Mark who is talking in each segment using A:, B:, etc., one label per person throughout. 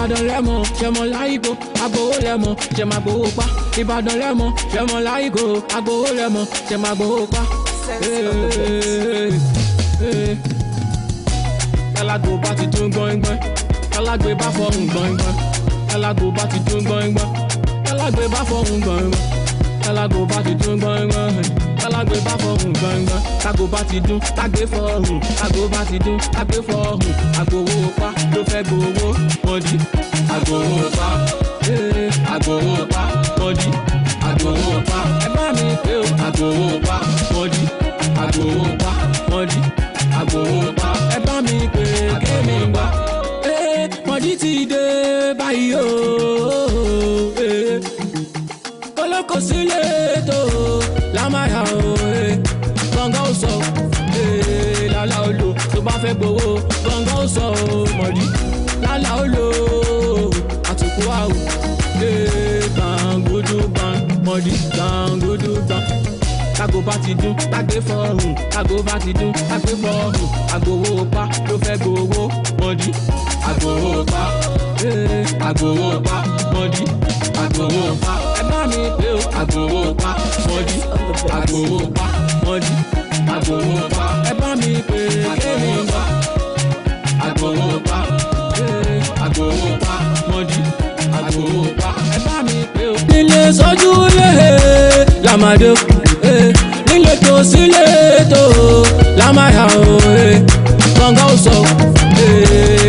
A: ìbàdàn lẹ́mọ̀ ṣẹmọ láìgò agbowó lẹ́mọ̀ ṣẹmọ agbowó pa ìbàdàn lẹ́mọ̀ ṣẹmọ láìgò agbowó lẹ́mọ̀ ṣẹmọ agbowó pa. kálágbó bá ti tún gbọ́ngbọ́n kálágbé bá fọ̀hún gbọ́ngbọ́n kálágbó bá ti tún gbọ́ngbọ́n kálágbé bá fọ̀hún gbọ́ngbọ́n kálágbó bá ti tún gbọ́ngbọ́n kálágbé bá fọ̀hún gbọ́ngbọ́n kágó bá ti dún kágé fọ̀hún kágó bá ti dún kágé fọ̀hún agbowó pa tó fẹ́ gbowó wọn di àgbòwò pa àgbòwò eh, pa wọn di àgbòwò pa ẹ bá mi pé o àgbòwò pa wọn di àgbòwò pa wọn di àgbòwò pa ẹ bá mi pé kémi gbà ẹ ti dé báyìí o. bá ti dún àgbé fọ̀hún àgò bá ti dún àgbé fọ̀hún àgòwò pa ló fẹ́ gbowó mọ́dí. àgòwò pa àgòwò pa mọ́dí. àgòwò pa ẹ bá mi pé o àgòwò pa mọ́dí. àgòwò pa mọ́dí. àgòwò pa ẹ bá mi pé kéwì pa. àgòwò pa àgòwò pa mọ́dí. àgòwò pa ẹ bá mi pé o. nílé sọ́jú lé làmàdé ètò sílé ètò lámàyà òwe gbọ̀ngàn sọ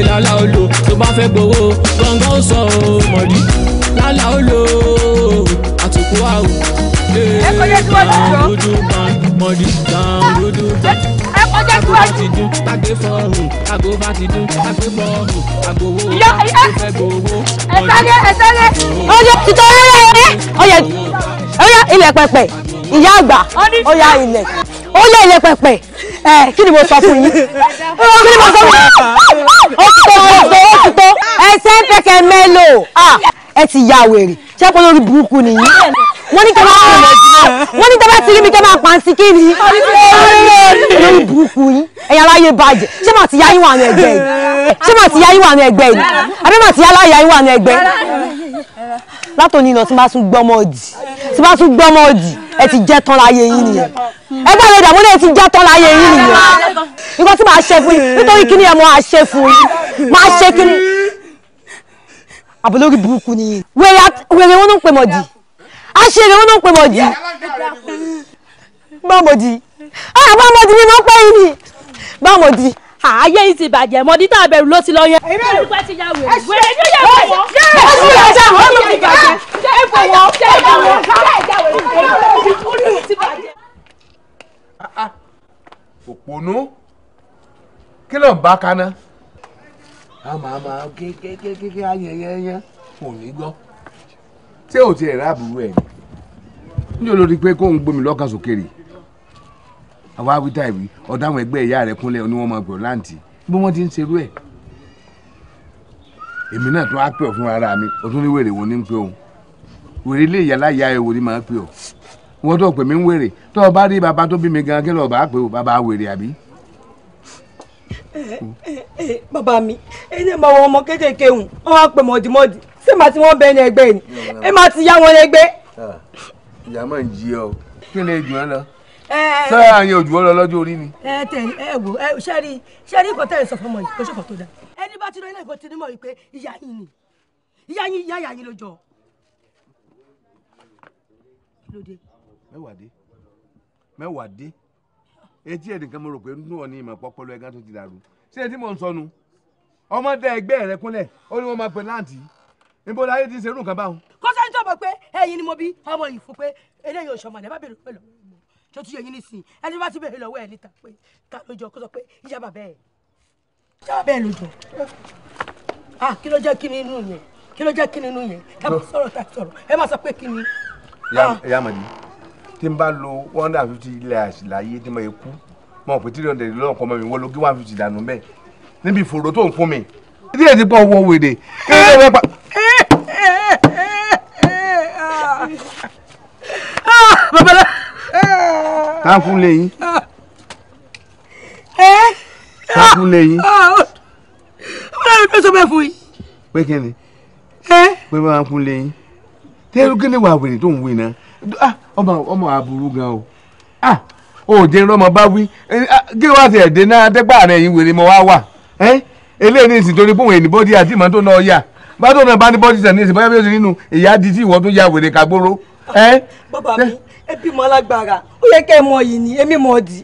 A: lálá olo tó bá fẹ́ gbowó gbọ̀ngàn sọ mọ̀lí lálá olo àtùkù àwò lójú bá mọ̀lí lójú bá àgò bá ti dún àgbé fọ́ọ̀rùn ti
B: dún
C: ọyọ
B: ọyọ ọyọ ilẹ̀ pẹ̀pẹ̀ ìyá àgbà ó yá ilẹ̀ ó yá ilẹ̀ pẹ̀pẹ̀ ẹ kí ni mo sọ fún yín kí ni mo sọ fún yín ó ti tó ó ti tó ó ti tó ẹsẹ̀ ń pẹ̀kẹ̀ mẹ́lò ẹ ti ya wèrè ṣé kó lórí burúkú nìyí wọ́n ní kẹ́má wọ́n ní kẹ́má ti rí mi kẹ́má pa sí kí ni lórí burúkú yín ẹ̀yà aláyé bàjẹ́ ṣé màá ti yá yín wà ní ẹgbẹ́ yìí ṣé màá ti yá yín wà ní ẹgbẹ́ yìí àbí màá ti yá láyà yín wà ní ẹgbẹ́ látòní lọ tí bá tún gbọ́mọ́ dì tí bá tún gbọ́mọ́ dì ẹ ti jẹ́ tán láyé yín nìyẹn
D: ẹgbẹ́ rẹ̀ dàmú náà ẹ ti jẹ́ tán láyé yín nìyẹn
B: nǹkan tí màá ṣe fún yín nítorí kíní ẹ máa ṣe fún yín màá ṣe kíní àbúlórí burúkú ni yín wèrè wọn ló ń pè mọ̀ dì á wọn ló ń pè mọ̀ dì bá mọ̀ dì ah, á ni mo pẹ́ yín ni bá mọ̀ ààyè yìí ti bàjẹ́ mọ́dí tá a bẹ̀rù ló ti lọ yẹn.
C: èmi ò dúpẹ́ ti ya wèrè wèrè ló yà wọ̀ wọ́n. ṣé ẹ fún mi ọjà wọn ló ti bàjẹ́
B: ṣé ẹ fún wọn ṣé ẹ fún wọn ṣé ẹ jà wèrè wèrè ló ti bàjẹ́.
E: òpònú kí ló ń bá kaná. àmọ́ àmọ́ kékeré ayẹyẹyẹ kò ní gbọ́ tí ò ti rà àbúrò ẹ̀ ní olórí pé kó ń gbómi lọ́kàn sókè rèé àwa wíta ìwí ọ̀dọ̀ àwọn ẹgbẹ́ ìyá rẹ̀ kúnlẹ̀ ni wọ́n máa gbọ̀ láǹtì bí wọ́n ti ń ṣerú ẹ̀ èmi náà tún á pè ọ́ fún ara mi o tún ní wèrè wo ní pé òun wèrè ilé ìyá láyà ẹ̀ wò ni màá pè ọ́ wọ́n tó pè mí ń wèrè tó o bá rí bàbá tó bí mi gan kí lọ́ọ́ bá pè o bàbá wèrè àbí.
B: bàbá mi ẹni máa wọ ọmọ kéékèèké hùn wọn á pè mọ̀dìmọ̀dì ṣé màá ti wọ́n bẹ ẹni ẹgbẹ́ ni ẹ máa ti yá wọn lẹ́gbẹ́.
E: Ah, ìyá máa ń jí ọ kí
B: Eh, eh, eh. ṣé àyàn òjò
E: ọ̀rọ̀ lọ́jọ́ orí ni.
B: ẹ tẹ ẹ wo ẹ sẹ́rí sẹ́rí nǹkan tẹ́ ẹ sọ fọmọ yìí kó ṣòfò tó dáa ẹni bá ti lọ ilé ìkọ́ ti ní mọ̀ wípé ìyá yín ni ìyá yín ìyá yàyín ló jọ. lóde.
E: mẹ́wàá dé mẹ́wàá dé etí ẹ̀ nìkan mo rò pé nínú ọ̀nì ìmọ̀ pọ́pọ́lọ́ ẹ̀gá tó ti dàrú ṣé etí mò ń sọnù ọmọdé ẹgbẹ́ rẹ kúnlẹ̀ ó ní wọ́n máa pè láǹtì níbo láyé ti ṣerú nǹkan báwọn.
B: kọ́sẹ́ ń tọ́ mọ̀ pé ẹ̀yin ni mo bí ọmọ yìí fún pé eléyìí ò ṣọmọ ní ẹ bá bèrè pẹ̀lú tó ti yẹ yín nísìnyí ẹni bá ti bèrè lọ́wọ́ ẹ̀ níta pé ta ló jọ kó sọ pé ìyá bàbá ẹ̀ ìyá bàbá ẹ̀ ló jọ ah kí ló jẹ́ kí ni inú yẹn kí ló jẹ́ kí ni inú yẹn ẹ má sọ̀rọ̀ ta sọ̀rọ̀ ẹ má sọ pé kí ni.
E: ìyá màdì tí n bá lo one hundred and fifty naira láyé tí mo yẹ kú mo pè three hundred lọ́nà kan mọ́ mi wọ́n lo one fifty dànù bẹ́ẹ̀ níbi ìfòrò tó ń fún mi. ilé ti pọ̀ wọ wèrè kí ló dé wọ́n ká fún lẹ́yìn ká fún lẹ́yìn.
B: ọlọ́run ló sọ bẹ́ẹ̀ fún yìí.
E: pé kí ni pé máa fún lẹ́yìn tẹ́lú kí ni wàá wèrè tó ń wé náà ah, ọmọ ọmọ àbúrú gan o ah, òde rọmọ bá wí ah, kí wàá ti ẹ̀dẹ́ náà dẹ́gbà rẹ̀ yìí wèrè mọ́ wá wà eléyìí ní ìsìn bóun di àti ìmọ̀tò náà yà bá tó náà bá ní bọ́ọ̀dì ní ìsìn bí ó ti nínú ìyá di tí ìwọ tó ya wèrè kàgbóró. bàbá mi ẹ bímọ alágbára ó yẹ kẹ́ ẹ mọ yìí ni èmi mọ̀ di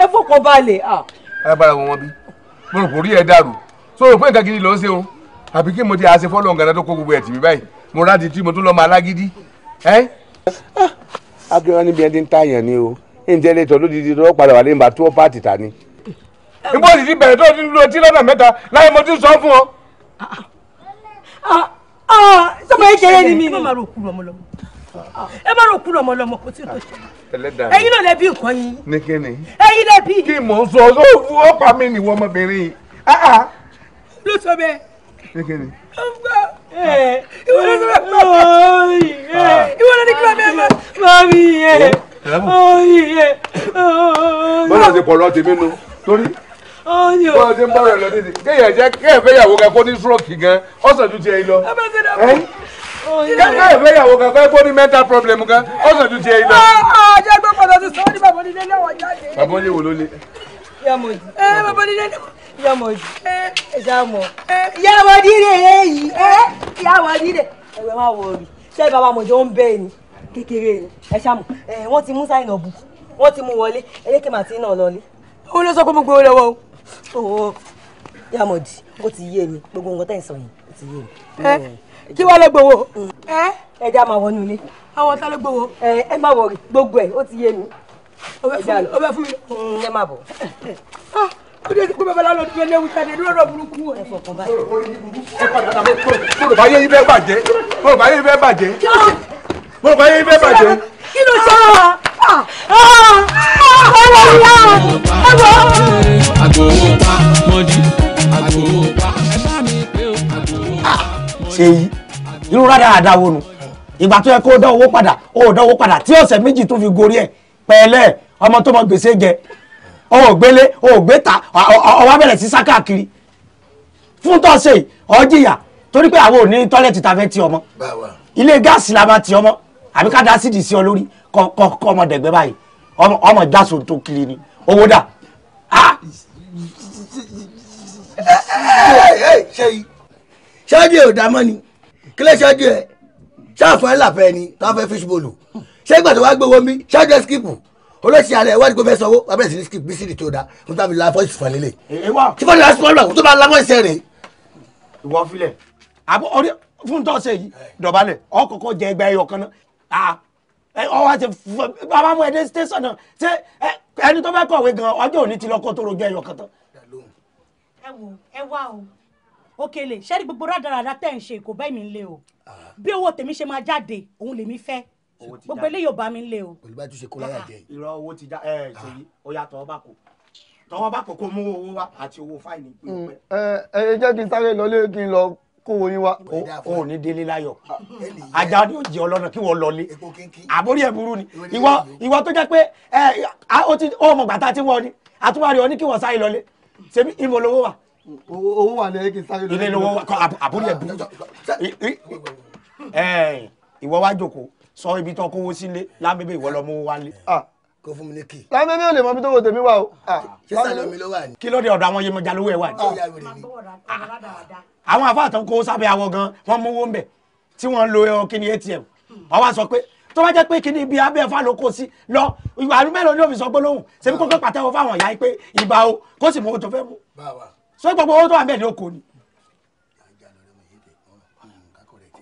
E: ẹ fọkàn balẹ̀. alábàárà wọn wọn bí mo rò pé orí ẹ dàrú so o fún nǹkan gidi lọ ṣe o àbí kí mo ti àṣẹ fọlọ nǹkan tó kó gbogbo ẹ tì mí báyìí mo rádi tí mo tún lọ máa lágídí. akérò níbi ẹni tá yàn ni o ǹjẹ́ lè tọ́ lódìdí tó padà wà lẹ́yìn bá tó pààtì ta ni. nígbà òdìdí bẹ̀rẹ̀ tó ti lo tí lọ́nà mẹ́ta láyé mo ti sọ fún ọ.
B: sọmọ ẹ kéré ni mí ẹ bá rò kú lọmọ lọmọ kò tí kò ṣe ẹ̀yin náà lẹbi nǹkan
E: yín ní kíni ẹ̀yin lẹbi. kí mò ń sọ ọ fún ọ̀pá mi nìwọ ọmọbìnrin ah, ah. ló sọ bẹ́ẹ̀. ní kíni.
C: ìwọ ló sọ bẹ́ẹ̀ ìwọ ló ní kí bàbá ẹ máa. mami yẹ oyi yẹ oyi. bọ́lá ti
E: pọ̀rọ̀ tèmi nu
C: torí bọ́lá ti ń bọ̀rọ̀ lọ dídì kéèyàn
E: jẹ́ kéèyàn fẹ́ yàwó kan kó ní stroke gan ọ̀sán ju tiẹ̀ lọ.
C: ọba ti dàbọ̀ ilé ìfẹ́ ìyàwó
E: kan fẹ́ kó ní mental problem kan ó sàn ju ti ẹyin lọ.
B: ọjọ́ ẹgbẹ́ pọ̀tọ́ ti sọ ọ́ bàbá onílé lẹ́wọ̀n jáde. bàbá onílé wo ló lé. yàmọ̀jì ẹ eh, bàbá onílé yàmọ̀jì eh, ẹ ìjàmọ̀ eh, yàmọ̀jì rè é yìí ẹ yàmọ̀jì rè ẹ̀wẹ̀ máa wọ̀ rí ṣé bàbá àmọ̀jọ́ ń bẹ́ẹ̀ ni kékeré ni ẹ ṣàmù wọ́n ti mú sáyìn ọ̀bù wọ́n ti mú wọlé eléke màtí náà lọlé. ó ló sọ pé mo gbowó lọ́wọ́ o. yàmọ̀jì ó ti yé mi gbogbo nǹkan tẹ̀ ń sọ yìí ó ti yé mi kí wàá lọ gbowó. ẹ ẹ já máa wọnú ilé. àwọn tá ló gbowó. ẹ má wọrí gbogbo ẹ ó ti yé mi. ó bẹ fún mi. Mm, ẹ má bọ̀. Ah, ó dé pé bàbá lọ́dún tó léwu tàdé ló rọ̀ burúkú ẹ. ẹ fọkàn báyìí.
E: mo rò bá ibẹ̀ bàjẹ́ mo rò bá ibẹ̀ bàjẹ́ kí ló ṣe ọ. Ah!
A: Agbowo ah! pa
E: mọ́dí, agbowo pa ṣe yìí irú rádaràda wo nu ìgbà tó yẹ kó dán owó padà ó dán owó padà tí ọ̀sẹ̀ méjì tó fi gorí ẹ̀ pẹ̀lẹ́ ọmọ tó mọ gbèsè jẹ ó gbélé ó gbé ta ọwọ́ bẹ̀rẹ̀ sí sá káàkiri fún tọ́sẹ̀ ọjìyà torí pé àwọn ò ní tọ́lẹ̀tì ta fẹ́ ti ọmọ ilé gáàsì la máa ti ọmọ àbí ká dá sídìí sí ọ lórí kọ́ ọmọ dẹ̀gbẹ́ báyìí ọmọ ìdásò tó kiri ni owó dà. ṣe ṣáájú ẹ̀ ò dá mọ́ ni kílẹ̀ ṣáájú ẹ̀ ṣáàfù ẹ̀ làfẹ́ ni tó wá fẹ́ fíṣbọ́ọ̀lù ṣé ìgbà tó wá gbé owó mi ṣáájú ẹ̀ skipu olóṣì alẹ ìwádìí kò fẹ́ sanwó abẹ́rẹ́ sí ní skip bísí ni tó da mo tàbí la fọ́ọ̀sì fún ẹlẹ́lẹ̀ tí fọ́ọ̀sì la sọ́ọ̀lù àwọn tó bá lámọ́ ẹsẹ̀ rẹ̀. ìwọ filẹ àbọ ọdẹ fún tọ́sẹ̀ yìí dọ̀bálẹ̀ ọkọ̀ọ̀kọ̀ jẹ ẹgbẹ́ ẹyọ kan náà ọwọ́ àti bàbá mu ẹdẹ station náà ṣé ẹni tó fẹ́ kọ̀wé gan ọjọ́ òní ti lọ́kọ́ tó rojọ́ ẹyọ kan tán.
B: ẹ wò ẹ wá o Òkèlè ṣẹ́rí gbogbo rádaràda tẹ̀ ń ṣe kò bá mi lé o ah. bí owó tèmi ṣe máa jáde òun lèmi fẹ́ gbogbo eléyìí ò bá mi lé o. olùbájú
E: ṣe kó láyà jẹ yìí. irọ́ owó ti já ẹ ṣe yí ó yà tọ́wọ́ bá kó tọ́wọ́ bá kó kó mú owó wá àti owó fáìní. Mm, ẹ ẹ jẹ́ kí n sáré lọ lé kí n lọ kówó yín wá. o ò ní délé láyọ̀ ah, ajá ni ó jẹ ọlọ́nà kí wọ́n lọ lé àbórí ẹ̀ burú ni ìwọ ìwọ tó jẹ́ pé ó mọ̀ gbàtà tí wọ́n ni àtúwárí ọ ní kí wọ́n sáré lọ lé ṣebí ìmọ̀ wà owó wà ní kí n sáré lọ. ilé lówó àbúrò ẹ̀ burú ìwọ wá jókòó sọ ibi tó kówó sílé lábẹ́bẹ́ ìwọ lọ mú wá lé kó fún mi ní kí. lámẹ́ ò lè mọ ibi tó wo tèmi wà o. ṣé sàlẹ̀ mi ló wà ní. kí ló dé ọ̀dọ̀ àwọn yemọja lówó ẹ̀ wà ní. àwọn àfáà tó ń kó sábẹ́ awọ gan wọ́n mú owó ń bẹ̀ tí wọ́n ń lo kíni atm wọ́n wá sọ pé tó bá jẹ́ pé kíni ibi abẹ́ ẹ̀fà ló kó sí lọ ìwà àrùn ni òfin sọ gbólóhùn ṣebí kó pé pàtẹ́wọ́ fáwọn ìyá yìí pé ìbá o kó sì mú owó tó fẹ́ mú. báwa sọ gbogbo owó tó wà bẹ́ẹ̀ ni ó kò ní.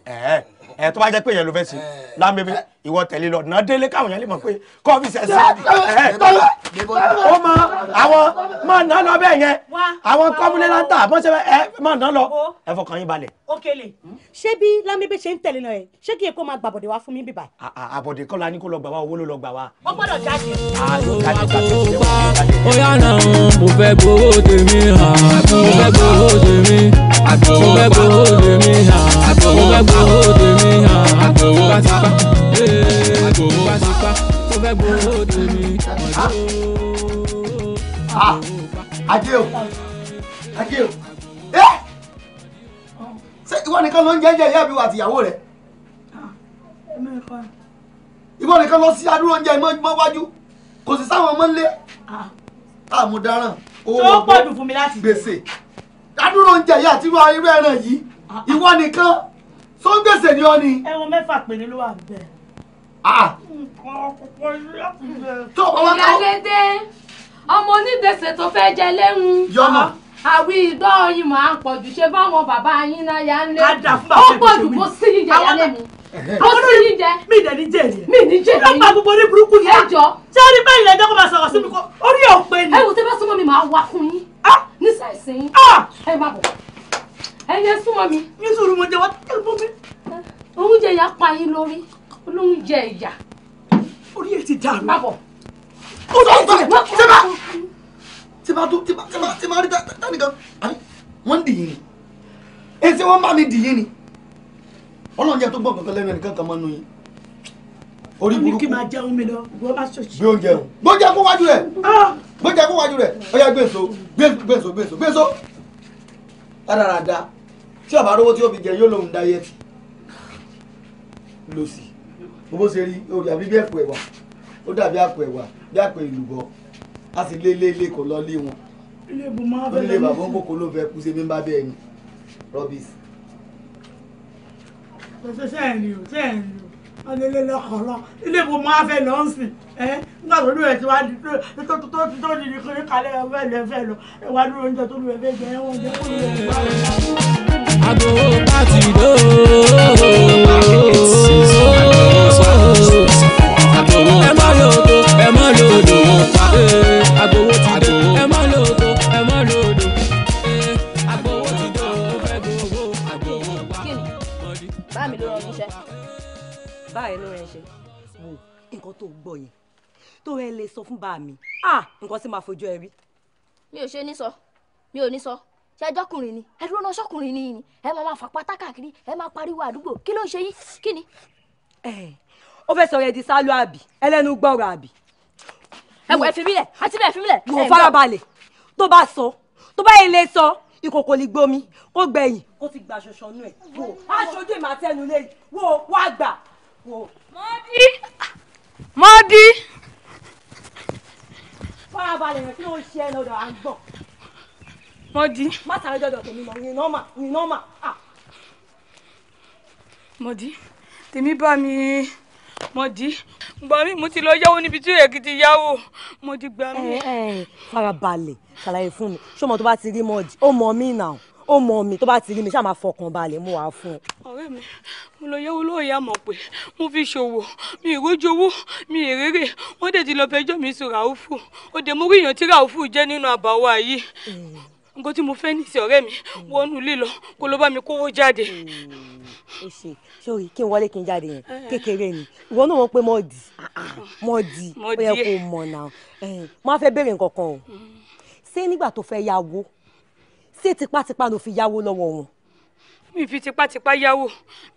E: ẹ ẹ tó bá jẹ́ pé yẹn ló fẹ́ sí lámẹ́bí ìwọ tẹ̀lé lọ náà délé káwọn yẹn lè mọ̀ pé kọ́ọ̀fì sẹ̀sẹ̀
B: ó mọ àwọn máa ná lọ bẹ́ẹ̀ yẹn àwọn kọ́múlé láńtà bọ́n ṣe ẹ máa ná lọ
E: ẹ fọkàn yín balẹ̀.
B: Okele hmm? ṣé bí lámẹ́bí ṣe ń tẹ̀lé lọ yẹn ṣé kí èkó máa gbàbọ̀dé wá fún mi bíbá.
E: àbọ̀dé kọ́ la ní kó lọ gbà wá owó ló lọ gbà wá.
B: ó gbọ́dọ̀ jáde.
E: àlọ́ ajé o ajé o ẹ eh! ṣé ìwọ nìkan ló ń jẹ́jẹ́ ìyá mi wà àtìyàwó rẹ̀ ìwọ nìkan lọ sí adúrò oúnjẹ mọ́ wájú kò sì sáwọn ọmọ ńlẹ̀ àmúdáràn ah, owó gbèsè adúrò oúnjẹ yìí àti irú irú ẹran yìí ah, ah. ìwọ nìkan tó ń gbèsè ni ọ ni.
B: ẹ̀wọ̀n mẹ́fà péré ló wà bẹ́ẹ̀. tó o bá wá náà ọmọ onígbèsè tó fẹ́ jẹ lẹ́hun. yọmọ. Ah, àwí ìdọ́ ọyìn máa ń pọ̀jù ṣe báwọn bàbá yín náà yá ń lé. ká dà fún bàbá ìgbésẹ̀ mi. ó pọ̀jù bó sí yíyẹ yá lẹ́mu. ó sí yíyẹ. mi ìdẹ̀ ní jẹ́ èrè. mi ní jẹ́ èrè. ó gba gbogbo orí burúkú yẹn. ẹjọ. ṣé ó ní bẹ́ẹ̀ ilẹ̀ ẹ̀dọ́kọ̀ máa sọ̀rọ̀ sí mi kọ́ orí ò pé ni. ẹ wò tẹ́fẹ́ súnmọ́ mi máa wá fún yín. Ah! nísàsìn yín. Ah! ẹ má bọ̀. ẹ yẹ súnmọ́ mi. mi sùúrù mo jẹ wá tẹ́lẹ̀ fún mi. oúnjẹ yà pa yín lórí olóúnjẹ ìyà ó tó ń tọ́ tẹ́bà tẹ́bà tó tẹ́bà tẹ́bà tẹ́bà rí tánìkan wọ́n
E: ń dìyìn ni ẹ ṣé wọ́n bá mi dìyìn ni ọlọ́run jẹ́ tó gbọ́ kankan lẹ́nu ẹnìkan kan máa ń nu yín orí burúkú kí máa jẹun mi lọ gbọ́ bá ṣọ̀ṣì. bí oúnjẹ o gbọ́njẹ kó wájú rẹ̀ gbọ́njẹ kó wájú rẹ̀ ọ̀yà gbèsò gbèsò gbèsò gbèsò rádaràda tí ọ̀bá rówó tí ó fi jẹ yóò lòun dáyẹ̀tì lòsì bó ṣe rí orí àbí bí ẹ̀kọ́ ẹ̀wà ó dàbí àpò ẹ̀wà bí àpè ìlúbọ a sì lé ilé ilé kò lọ lé wọn ilé bàbá ń kókó ló fẹ́ kú sí bímbá bẹ́ẹ̀ ni rubbish. ṣe sẹ́yìn ni o sẹ́yìn ni o wọ́n lé ilé lọ́kọ̀ lọ ilé ìbò máa fẹ́ lọ ń sìn ẹ́ nígbà tó lóye tí wàá di tó
B: tó tó tó di ní kiri kalẹ̀ ọ̀fẹ́ lẹ́ lọ ẹ̀ wá dúró oúnjẹ tó lóye fẹ́ jẹ ẹ̀ wọ́n jẹ kó lóye gbà. àgbo pàtì dòó. nǹkan tó gbọ́ yẹn tó ẹ lè sọ fún bàá ah nǹkan tí màá fojú ẹ rí. mi ò ṣe ní sọ mi ò ní sọ ṣe ẹjọkùnrin ni ẹ dúró náà ṣọkùnrin ni ni ẹ máa máa fàpá tákàkiri ẹ máa pariwo àdúgbò kí ló ń ṣe yín kí ni. ẹ ó fẹ́ sọ̀rọ̀ ẹ di sálọ àbí ẹlẹ́nu gbọ́rọ̀ àbí.
C: ẹ wọ ẹ fi mí lẹ̀ àti bẹ́ẹ̀ fi mí lẹ̀. wò farabalẹ̀
B: tó bá sọ tó bá yẹn lè sọ ìkòkò lè gbomi kó gbẹ̀yìn kó ti gbà ṣoṣo nù ẹ wò aṣojú ìmàtẹnu lè wò wá gbà wò. mọ́ọ́dí mọ́dí. farabalẹ̀ rẹ̀ kí ló ń ṣe ẹ lọ́dọ̀ à ń gbọ̀. mọ́dí. má sáré dọ́dọ̀ tèmi mọ̀ rìn nọ́mà rìn nọ́mà. mọ́dí tèmi bá mi mọ́dí gbà mí mo ti lọ yáwó níbi tí èkì ti yáwó mọ́dí gbà mí. ẹ eh, ẹ eh, farabalẹ̀ ṣàlàyé fún mi ṣé ọmọ tó bá ti rí mọ́dí ó mọ mí náà ó mọ mi tó bá ti rí mi ṣáà máa fọkàn balẹ̀ mú wa fún un. ọ̀rẹ́ mi mo lọ yẹ́wò lóòyè àmọ̀ pé mo fi ṣòwò mi ìrójú owó mi ìrèrè wọ́n dẹ̀ ti lọ fẹjọ́ mi sùn ràúfù ó dẹ̀ mo rí èèyàn tí ràúfù jẹ́ nínú àbáwá yìí hmm. nǹkan tí mo fẹ́ nísìn ọ̀rẹ́ mi hmm. wọnú lílọ kó ló bá mi kówó jáde. èsì hmm. sórí kí n wọlé kí n jáde yẹn eh. kékeré ni ìwọ náà wọn pé mọ di mọ di ó yẹ kó mọ náà eh, mo á fẹ́ béèrè nǹkan o ṣé nígbà tó fẹ́ yá owó ṣé tipátipá ló fi yáwó lọ́wọ́ wọn. mi fi tipátipá yáwó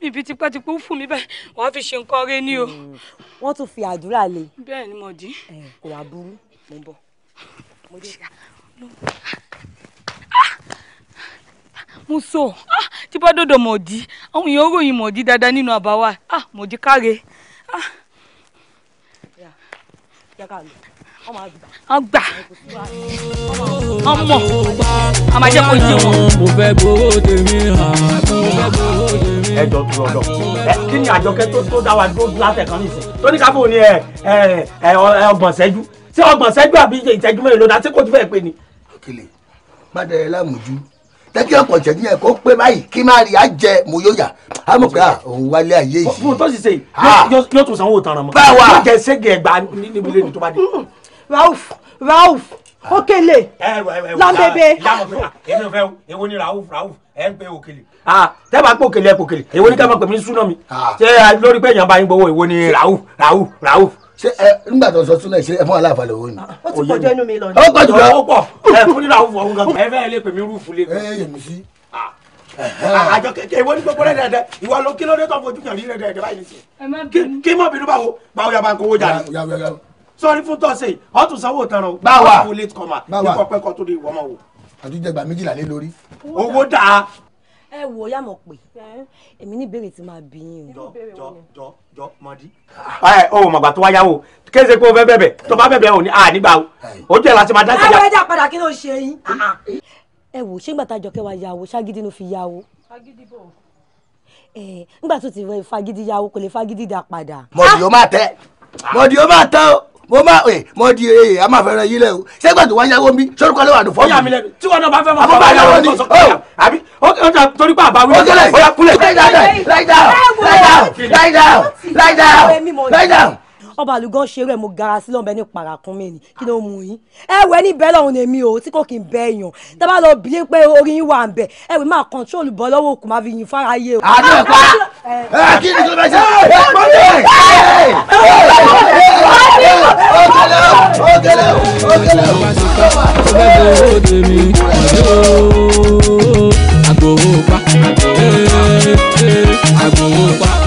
B: mi fi tipátipá fún mi báyìí wàá fi ṣe nǹkan rẹ ni o. Hmm. wọ́n tún fi àdúrà lé. bẹ́ẹ̀ ni mo di. kò wá burú mo ń bọ̀. mo ah! sọ ah! tí bá dòdò mọ̀ọ́dí àwọn èèyàn ròyìn mọ̀ọ́dí dáadáa nínú àbáwá ah! mọ̀ọ́dí káre. yàrá ọgbà ọmọ àmàjẹ kò yé wọn. mo fẹ́
E: gbowó tèmi hàn ẹ jọ tu ọdọ ẹ kí ni àjọkẹ́ tó tó dá wa dúró láti ẹ̀kan nìsín tó ní ká fún ni ẹ ẹ ọgbọ̀n ṣẹ́jú ṣé ọgbọ̀n ṣẹ́jú àbí ìṣẹ́jú mẹ́rin ló dá kò tí fẹ́ pé ni. òkèlè má dẹ̀ lámùjú tẹ́kí ọkọ̀ ìṣẹ́jú yẹn kó pé báyìí kí má rí àjẹ mo yóò yà á mọ̀ pé òun wálé ayé yìí. fún un tó sì ṣe yóò tún sanwó tán ra mọ́. báwa yóò jẹ ṣége ẹgbàá níbi lẹ́nu tó bá dé. Rauf Rauf Okele Lambebe. èmi ò fẹ́ Ewo ni Rauf Rauf ẹ̀ ń pe Okele. tẹ́bà pé Okele ẹ̀ pé Okele ni ká máa pè mí ní súná mi ṣé lórí pé èèyàn bá yín gbowó èwo ni Rauf Rauf Rauf ṣe ẹ nígbà tó sọ túnlẹ̀ ṣe ẹ fún aláàfà lówó ni. ó ti pọ̀jọ́
B: inú mi lọ ni. ó pọ̀jù lọ ó
E: pọ̀ ẹ fún nínú àwọn ọ̀hún gangan. ẹ fẹ́ lè pè mí rúfù lè. ẹ yẹ mi sí. àjọ kẹkẹ ìwọ ní gbogbo rẹ dẹdẹ ìwọ ló kí ló dé tó fojú kàn rí rẹ dẹdẹ báyìí nìyí. kí mọ̀ bínú báwo báwo yà bá ń kówó jà sọrí fún tọ́sẹ̀ ọ̀tún sanwó tanran o. báwa ọ̀tún late comer ní kọ́pẹ́ kan tó di ìwọ́mọ̀ wò. àdújẹgbà méjìlá lé lórí.
B: owó dáa. ẹ wo yá mọ̀ pé èmi ní ìbéèrè tí máa bí yín o. jọ jọ jọ jọ mọdí.
E: ẹ o màgbà tó wáyà o kése pé o fẹ́ bẹ̀bẹ̀ tó bá bẹ̀bẹ̀ o ní a nígbà o
B: o jẹ́ láti máa dájú. ẹ wẹ́ẹ́dà padà kí ló ṣe yín. Ah, ah. ẹ wo ṣé gbàtà jọkẹ́ wa yà wo ṣágídí ló fi yà wo. ṣágídí bò ẹ nígbà tó ti fagídí yà wo kò lè fagídí dà padà.
E: mọ̀dì ó máa tẹ ah. mọ̀dì ó máa tẹ o mo máa ẹ eh, mo di ẹ eh, a máa fẹ́ràn yín lẹ o ṣé gbàgbé wá yáwó mi sórúkọ lọ́wọ́ àdùn fọ́ọ̀mù. yàmi lẹnu tí wọn náà bá fẹ́ mọ fọ́ọ̀mù bá yáwó ni o oh! àbí ó kí ọjà torí pé àbáwí. ó kẹlẹ ó yà kúlẹ̀. lie down lie down
B: lie down lie down lie down lie down ọba àlùgán ṣeré mo gara sí lọ́nbẹ ní parakún mi ni kí ló mú yín ẹ ní bẹ́ẹ̀ lọ́hùn èmi o tí kò kí n bẹ́ èèyàn tẹ́ lọ bí pé orí yín wà ń bẹ̀ ẹ máa kọ́ńtrol bọ́ lọ́wọ́ òkú máa fi yín fara yé o. àdó ẹ̀ka ẹ kí ni tó ṣe ẹ pọ́n mi ẹ ọ̀gẹ̀lẹ̀ ọ̀gẹ̀lẹ̀ ọ̀gẹ̀lẹ̀
A: ọ̀gẹ̀lẹ̀ àgbòwò pa àgbòwò pa àgbòwò pa.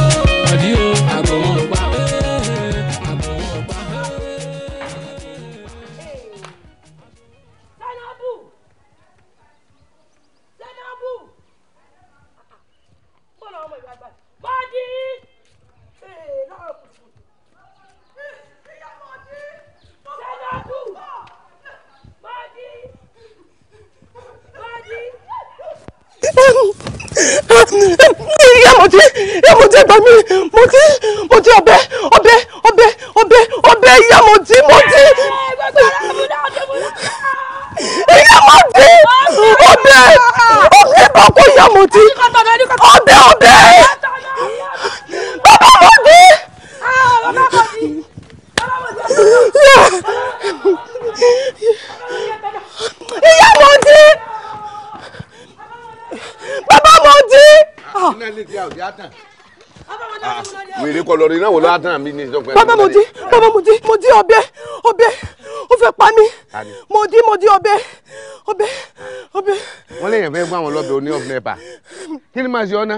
D: ìyá mo ti ìyá mo ti gbà mí mo ti
C: mo ti ọbẹ ọbẹ ọbẹ ọbẹ
E: Yeah. tí a ò já tàn
C: ah, wèrè
E: kọlọ rẹ náà wò ládàn mi ní ìjọba. bàbá mo di bàbá mo di mo di ọ̀bẹ ọ̀bẹ ó fẹ́ pa mí mo di mo di ọ̀bẹ ọ̀bẹ ọ̀bẹ. wọ́n lè yàn fẹ́ gbọ́ àwọn lọ́bẹ̀ oní ọ̀bẹ bá kí ni màá ṣe ọ́ ná.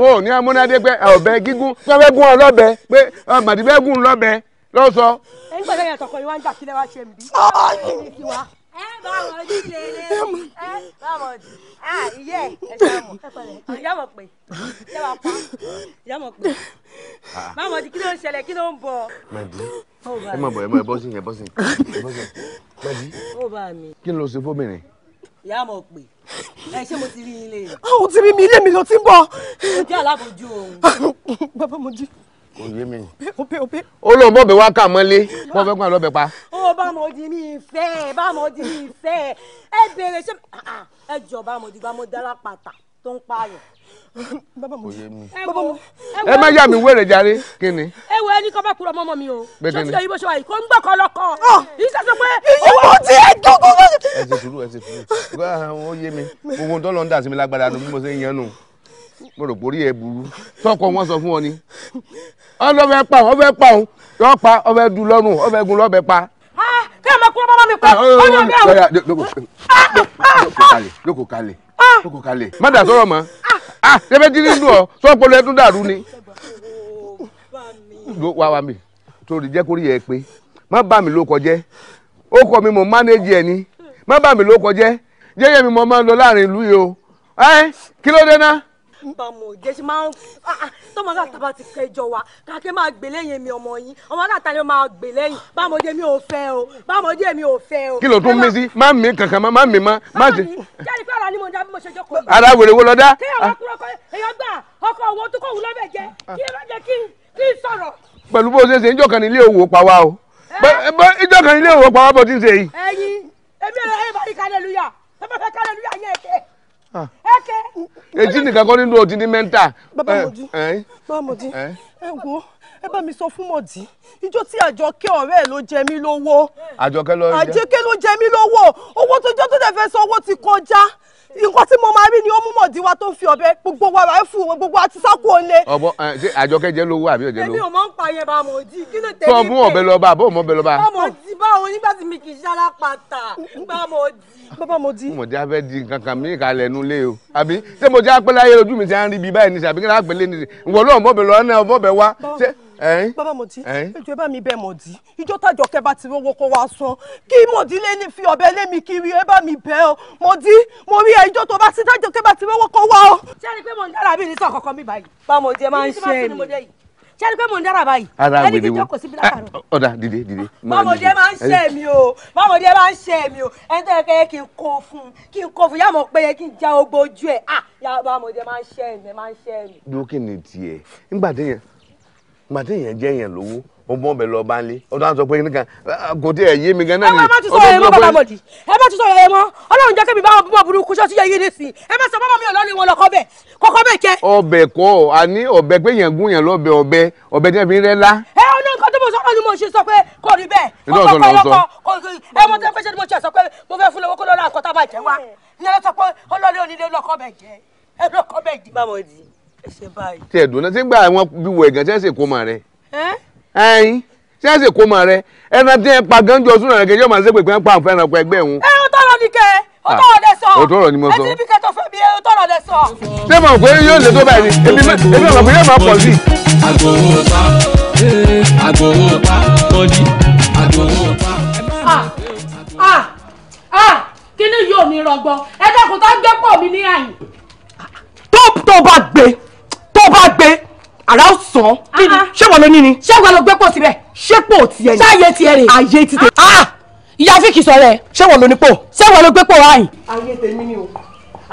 E: wọn ò ní amúnádégbé ọ̀bẹ gígùn pé fẹ́ gún ọ lọ́bẹ pé màdìbẹ́ gùn lọ́bẹ lọ́sọ.
B: ẹ̀yin gbọ́dọ̀ yàtọ̀ kọ́ ìwà ń jà kílẹ̀ wá ṣe mí ẹ bá ah. kí ló ń ṣẹlẹ̀ fóbìnrin. ìyá mọ̀ pé ẹ ṣé mo ti rí ilé rẹ. Ah, ti rí mi ilé mi ló ti ń bọ̀. mo jẹ́ alábòjú òun. bàbá mo jí òye mi.
E: ó lóun bọ̀ bẹ̀ wá kà mọ́lé wọ́n fẹ́ kún àlọ́ bẹ̀ pa.
B: ó bá mo di mi ìfẹ́ bá mo di mi ìfẹ́ ẹ bèrè ṣé ah, ah, ẹ jọ bá mo di bá mo dára pàtà tó ń pààyàn. òye mi. ẹ má yà mí
E: wẹ̀rẹ̀ jàre kí ni. ẹ
B: wo ẹni kọ́ bá kúrò ọmọ mi o ṣé ti lè yíbo ṣe wáyé kó ń gbọ́kọ̀ lọ́kọ̀ yìí ah! ṣe sọ pé. owó tí ẹ dọ́kọ̀.
E: ẹ ṣe sùúrù ẹ ṣe mi gbogbo tó lọ ń dà sí mi lágbára nù mo rò borí ẹ burú tọkọ wọn sọ fún ọ ni ọ lọ fẹ́ pa ọ fẹ́ pa ọ yọ pa ọ fẹ́ dùn lọ́rùn ọ fẹ́ gun lọbẹ pa. kí ẹ máa kú ọmọ mi pa ọyọ mi àwọn. lóko kalẹ̀ lóko kalẹ̀ má dà sọ̀rọ̀ mọ́ a ṣẹbẹ dídí dùn ọ sọ pọlọ ẹ tún dàrú ni. wá wá mi torí jẹ́ kórìí ẹ pé má bà mí ló kọjẹ́ ó kọ mi mọ̀ mánéjì ẹ̀ ni má bà mí ló kọjẹ́ jẹ́yẹ̀ mi mọ̀ máa ń lọ láàrin ìlú yìí o kí ló dé náà
B: ń bá mọ̀ jẹ́ ṣe máa ń ah, ah, tọ́mọ aláta bá ti kẹjọ wa kàkẹ́ máa gbè lẹ́yìn mi ọmọ yín ọmọ aláta ni máa gbè lẹ́yìn bá mọ̀ jẹ́ mi ò fẹ́ o bá mọ̀ jẹ́ mi ò fẹ́ o. kí ló tún mí
E: sí má mi kankan má mi má má ṣe.
B: jẹ́rìí pé ara ni mo dá bí mo ṣe jókòó. ara wèrè wo lọ dá. kéèyàn kúrò kọ èèyàn gbà ọkọ òwò tó kọ̀ wù jẹ́ kí ẹ má jẹ́ kí kí sọ̀rọ̀.
E: pẹ̀lú bó ṣe ṣe eh? Eh, ń
C: jọ̀kan èjì
E: ah. nìkan kọ́ nínú odi ní mẹ́ńtà. bàbá eh, mọ̀dí eh. bàbá mọ̀dí eh. ẹ wo ẹ bá mi sọ fún mọ̀dí ìjọ tí àjọkẹ́ ọ̀rẹ́ ẹ̀ ló jẹ mí lówó àjọkẹ́ ló jẹ mí lówó owó tó jẹ́ tó dẹ̀ fẹ́ sọ owó ti kọjá nǹkan tí mo máa rí ni ó mú mọ̀dí tó ń fi ọ̀bẹ gbogbo wa rà fún un gbogbo àti sáko ọ̀lẹ. ọ̀bọ ṣé àjọkẹ́ jẹ́ lówó àbí ọ̀jẹ́ lówó. èmi ò
B: mọ̀ ń pa yẹn bá mo di kí ló tẹ̀lé pé. tó mú ọ̀bẹ
E: lọ bá bó ọ̀bẹ lọ bá. bá mo
B: báwo nígbà tí mi kì í ṣára pàtà bá mo di. bá mo
E: mo di abẹ́ di kankan mi kà lẹ́nu lé o àbí ṣé mo di apẹ́lẹ́ ayé mi ti à ń rí ibi báyìí ní bàbá mọ̀dí ẹjọ́
B: ẹ bá mi bẹ mọ̀dí ìjọ tájọ kẹba ti rówó kó wá san kí mọ̀dí lé fi ọ̀bẹ lé mi kiri ẹ bá mi bẹ ọ mọ̀dí mo rí ẹ ìjọ tó bá ti tájọ kẹba ti rówó kó wá ọ. sẹ́ni pé mò ń dára bí ní sàn kankan mi báyìí. bá mọ̀dí ẹ máa ń ṣe é mi sẹ́ni pé mò ń dára báyìí. ara wèrè wo ah,
E: ọ̀dà dìde dìde. bámọ̀dé máa ń ṣe
B: mi o bámọ̀dé máa ń ṣe mi o ẹni tó yẹ kẹ́yẹ kí n kó fún kí n kó fún yàmọ̀ pé ah bámọ̀dé máa ń ṣe mi máa ń ṣe mi.
E: dúró kí ni tiẹ̀ màtí èèyàn jẹ́ èèyàn lówó ó bọ́ bẹ̀ lọ́ọ́ bá ń lé ọdún àwọn sọ pé nìkan kò tí ẹ̀ yé mi gan náà ni. o bá ti sọ ẹ mọ bàbá mọ̀dì
B: ẹ bá ti sọ ẹ mọ ọlọ́run jẹ́ kébi báwọn bímọ burúkú ṣọ́ọ́ ti yẹ yín nísìnyí ẹ bá sọ bábà mi ò lọ́ọ́ ní wọn lọ́kọ́ bẹ̀ kọ́kọ́
E: bẹ̀ kẹ́. ọbẹ̀ kọ́ àní ọbẹ̀ pé yẹn gún yẹn lọ́bẹ̀ ọbẹ̀ ọbẹ̀ tí wọ́n fi ń rẹ́ lá.
B: ẹ ọ nǹkan tó mọ̀ sọ́kàn ni mo ṣe sọ pé kò rí bẹ́ẹ̀ mo sọ pé ọlọ́kọ̀ ẹ mo tẹ́ fẹ́ ṣe ni mo ṣe ẹsẹ báyìí.
E: tí ẹdùn náà ṣé ń gbà wọn bí wọ ẹgàn ṣẹṣẹ kó mọ rẹ. ẹyin ṣẹṣẹ kó mọ rẹ ẹran tí ẹ pa gánjọ súnà rẹ kẹjọ máa ṣe pé pé pa àwọn fẹràn ọkọ ẹgbẹ òun.
B: ẹ o tọrọ ni kẹ o tọrọ dẹ sọ o ah, tọrọ ni mo sọ ẹ ti bí kẹtọ fẹ mi o
E: tọrọ dẹ sọ. ṣé mo pé yóò lè tó báyìí èmi mọ̀ pé yóò máa pọ̀ sí.
C: àgbòwò
B: ah ah ah kí ni yóò mi rọgbọ ẹ
C: dẹ́kun tó gbé pọ̀ mi ní àyìn. tó tó bá gbé tó bá gbé
B: ara ó sàn án ṣé wọn ló ní ni. ṣé wọn ló gbé pò síbẹ̀. ṣé pò tiẹ̀ ni. ṣáàyè tiẹ̀ rè. àyè ti tè. ìyá fíkì sọ̀rọ̀ ẹ̀. ṣé wọn ló ní pò. ṣé wọn ló gbé pò wáyìn. àyè tèmi ni o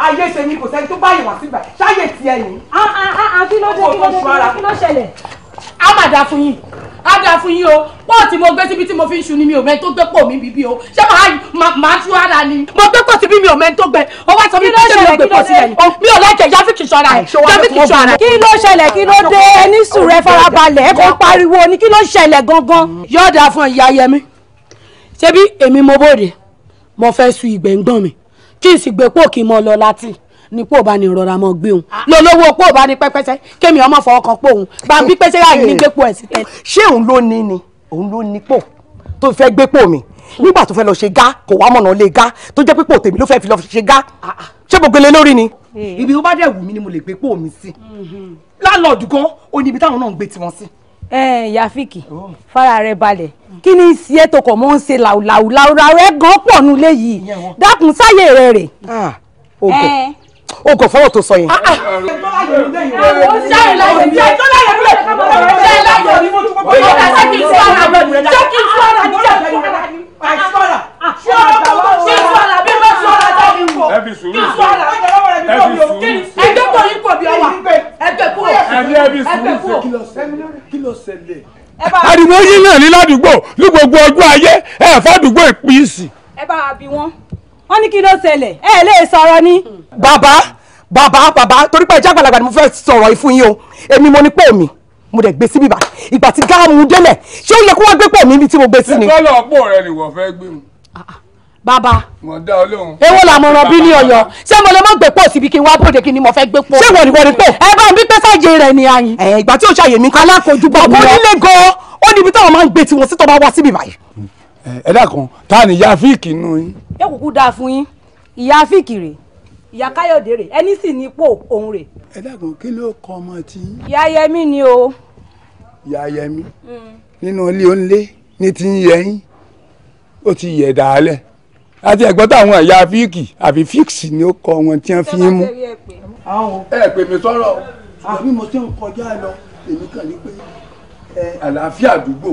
B: ayé ṣe ni kò sẹ́ni tó báyìí wá sígbà ṣáyè tiẹ̀ ni. Ah, ah, ah, kí ló dé kí ló dé kí ló ṣẹlẹ̀ á má dá fún yín á dá fún yín o pọ́ọ̀ tí mo gbé síbi tí mo fi ń ṣu ni mi ò mẹ́ni tó gbé pò mí bíbí o ṣé màá màá tú ara ni. mo gbé pò síbi mi ò mẹ́ni tó gbé o wá sọ mi pé mi ò gbé pò sílẹ̀ yìí mi ò lẹ́jẹ̀ jáfíkì ṣọ́ra ẹ̀ jáfíkì ṣọ́ra ẹ̀. kí ló ṣẹlẹ̀ kí ló dé ẹni sùn rẹ farabalẹ̀ ẹ kò pariwo ni kí ló ṣẹlẹ̀ gangan. Mm. yóò dáa fún ìyá yẹmi ṣebí èmi mo bòde mo fẹ́ su ìgbẹ́ ń gbọ́n mi kí n sì gbé pò kí n mọ lọ láti ni pò bá ní rọra mọ gbé òun lólówó pò bá ní pẹ́pẹ́sẹ́ kémi ọmọ fọwọ́ kan pò òun bàbí pẹ́sẹ́ yà ní gbé pò ẹ̀ síta. ṣé òun ló ní ni òun ló ní pò
E: tó fẹ́ gbé pò mi nígbà tó fẹ́ lọ ṣe gá kò wá mọ̀nà lé gá tó jẹ́ pípò tèmi ló fẹ́ fi lọ ṣe gá
B: ṣé mo gbélé lórí ni. Eh. ibi tó bá dẹ̀ wù mí ni mo lè gbé pò mi sí mhm. lálọ́ọ̀dù gan o ní ibi táwọn náà ń gbé tiwọn sí. ẹ ẹ yàfíìkì oh. fara rẹ balẹ̀ kí ni ìsìyẹ́ tó kọ̀ mọ́ ń ṣe làwùlàwùlàwù rẹ gan pọ̀ nulẹ̀ yìí dákun sáyé rẹ rè. ẹ ah, o kò fọwọ́ tó sọ yẹn. ẹbí
A: sùúrù
C: ẹbí sùúrù ẹgbẹ́ kò ní kò bí ọwà ẹgbẹ́ kò ẹgbẹ́ kò
B: kí ló ṣẹlẹ̀. ariwo
C: yín náà ní ládùúgbò ní gbogbo ọjọ́ ayé ẹ̀fọ́ àdúgbò ìpín ìsìn.
B: ẹ bá a bí wọn wọ́n ní kí ló ṣẹlẹ̀ ẹ lè
E: sọ̀rọ̀ ni. bàbá bàbá bàbá torí pé ẹjẹ àgbàlagbà ni mo fẹ́ sọ̀rọ̀ ìfún yín o èmi mo ní pé mi mo dẹ̀ gbé sí bíbá ìgbà tí gáàmù délẹ̀ ṣé ó yẹ kó wá gbé pọ̀ mi tí mo gbé sí ni. ṣé tọ́lọ̀
C: pò rẹ ni wọ́n fẹ́ gbé mu ah, ah, bàbá èwo la mo ran bí ní Ọ̀yọ́
B: ṣé mo lè mọ gbẹpọ síbi kí n wá bòde kí ni mo fẹ́ gbẹpọ. ṣé wọ́n ní wọ́n ní pé. ẹ bá mi pé sáàjì rẹ ni ayin. ẹ ìgbà tí o ṣàyè mi. alákojú bọ̀ bọ̀ nílé gan-an ó níbi táwọn máa ń gbé tiwọn sí tó bá wá síbi báyìí.
E: ẹ dákun ta ni yafik nù yín
B: yóò kúkú dáa fún yín ìyá fìkìrè ìyá káyọ̀dé rè ẹni sì ní ipò òun rè. ẹ dákun kí ló kọ ọmọ tí. ìyá yẹmí ni o. ìyá yẹmí hmm.
E: nínú ilé onílé ní ti ń yẹyìn ó ti yẹ dáálẹ̀ àti ẹ̀gbọ́n táwọn ìyá fíìkì àfi fíìkì ni ó kọ wọn tí wọ́n fi ń mú. ẹ pè mí sọ̀rọ̀ àbí ah. mo ti ń kọjá lọ èmi kàn ní pé àlàáfíà àdúgbò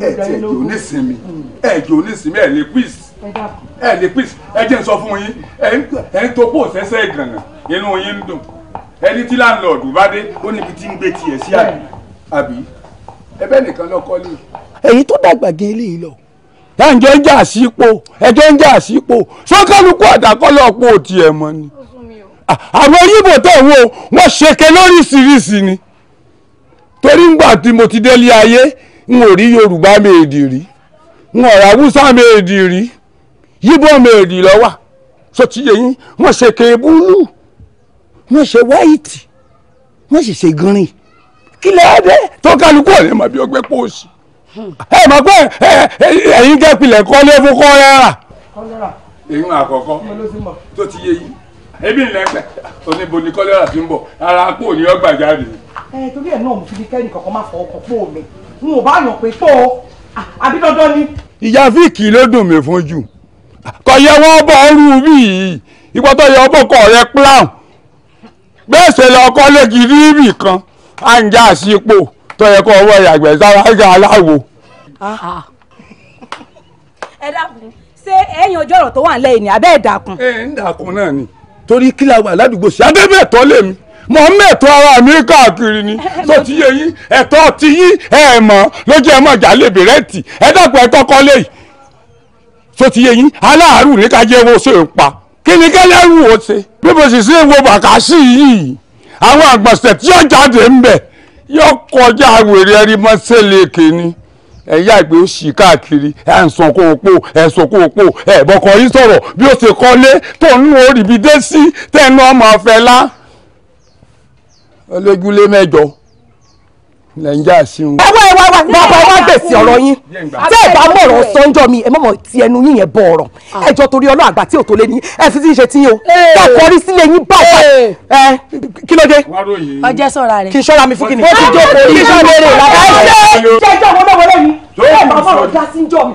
D: ẹ ti ẹjọ onísinmi
E: ẹjọ onísinmi ẹ lè quiz ẹ lè quiz ẹ jẹ́ n sọ fún yín ẹ ń tó pò sẹ́sẹ́ ìgànnà inú yín ń dùn ẹni tí láńlọ́ọ̀dù bá dé ó níbi tí ń gbé tiẹ̀ sí àbí ẹbẹ́ nìkan lọ́kọ́ lè. èyí tó dàgbà gé eléyìí lọ dáńjọ ń jà sípò ẹjọ́ ń jà sípò sọ́kàlùkù àdàkọ́lọ́ ọ̀pọ̀ òtí ẹ̀ mọ́ ni àwọn yíbò tó wo wọ́n ṣèké lóríṣiríṣi ni torí ń gbà tí mo ti délé ayé n ò rí yorùbá méèdì rí n ò rà haúsá méèdì rí yíbọ méèdì lọ́wà so ti yẹ yín wọ́n ṣe kébúlù wọ́n ṣe wáìtì wọ́n sì ṣe green kí lẹ́ẹ̀dẹ́ tó kálukú ọ̀rẹ́ mọ̀ bí ọgbẹ́ pòsì ẹ mọ̀ pé
C: ẹ̀yin jẹ́ pilẹ̀ kọ́lé fún kọ́lẹ́rà
E: èyí máa kọ̀ọ̀kan tó ti yé yín ebi lẹ́gbẹ̀ oníbo ni kọ́lẹ́rà ti ń bọ̀ ara pò ní ọgbà jáde. ẹ torí ẹ náà mo fi di kẹ́rin kankan má fọ ọkọ̀ pò mi. n ò bá yàn pé
C: fọ́ ọ àbí ni. ìyá fíìkì ló dùn mí fún jù kò yẹ wọ́n bọ̀ ọ́rù bí ìgbà tó yẹ ọbọ̀ kọ̀ rẹ plow bẹ́ẹ̀ ṣe lọ kọ́ lẹ́kì rírì kan à ń já sípò tó yẹ kó ọwọ́ ìyàgbẹ́ sára ẹ̀gà aláwo.
B: ẹ dákun ṣé ẹ̀yin ojú ọ̀rọ̀ tó wà yìí ni abẹ́ ẹ̀ dákun. ẹ ń dákun
C: náà ni torí kí la wà ládùúgbò sí adébẹ̀tọ́ mi. mọ̀ ń mẹ́tọ́ ara mi káàkiri ni tó ti yé yín ẹ̀tọ́ ti yín ẹ̀ mọ̀ lójú ẹ̀ mọ̀ jà lébi rẹ́ǹtì ẹ dàpọ̀ ẹ̀tọ́ kọ́ léyìí tó ti yé yín aláàárù ní ká jẹ́ wo ṣe pa kí ni kẹ́lẹ́rù wo ṣe bí mo sì ṣe wo bàkásì yìí àwọn àgbọ̀nsẹ̀ tí yóò jáde ń bẹ̀ yóò kọjá wèrè ẹ̀rí mọ́ sẹ́lẹ̀ kìíní ẹ̀yà ìgbé ó ṣì káàkiri ẹ̀ ń sọ̀kò òpó ẹ̀ sọ̀kò òpó ẹ̀ bọ̀kọ̀ yìí sọ̀rọ̀ bí ó ṣe tó ń
E: dé sí olójúlé mẹ́jọ lẹ ń já sí un. ẹwọ ẹwọ ẹwọ bàbá ẹ wá gbèsè ọ̀rọ̀ yín tẹ ẹ bá mọ ọ̀rọ̀ sọńjọ mi ẹ mọ mọ ti ẹnu yín yẹn bọ ọ̀rọ̀ ẹjọ́ torí Ọlọ́run àgbà tí ò tó lé ní ẹ fi ti ṣe tí yín o tẹ kọrí sílé yín bàbá ẹ kí ló dé.
B: ọjọ́ ṣọ́ra rẹ kí n ṣọ́ra mi fún kí ni. ó ti jókòó kí n ṣọ́ra rẹ làbá ẹ ṣe
E: ṣẹjọ wọlé wọlé mi tẹ ẹ bá mọ ọ̀rọ̀ já síjọ mi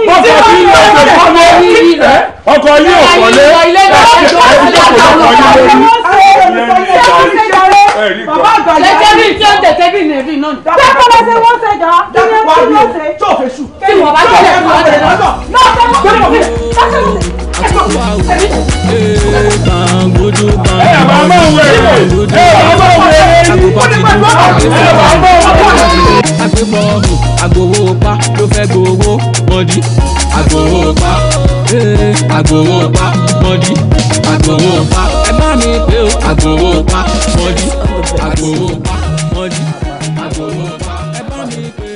C: ọkọ̀ yìí ò fọlé
B: ọkọ̀ yìí ò fọlé lẹ́jẹ̀ bí tí ó tẹ̀tẹ̀ bí nẹ̀bí náà. bẹ́ẹ̀ kọ́ lọ́sẹ̀ wọ́n ṣe dá kí ni ó pa ló
A: fẹ́ gbowó mọ́dí àgbòho pa àgbòho eh, pa mọ́dí àgbòho pa ẹ bá mi pé o àgbòho pa mọ́dí àgbòho pa
C: mọ́dí àgbòho pa ẹ bá mi pé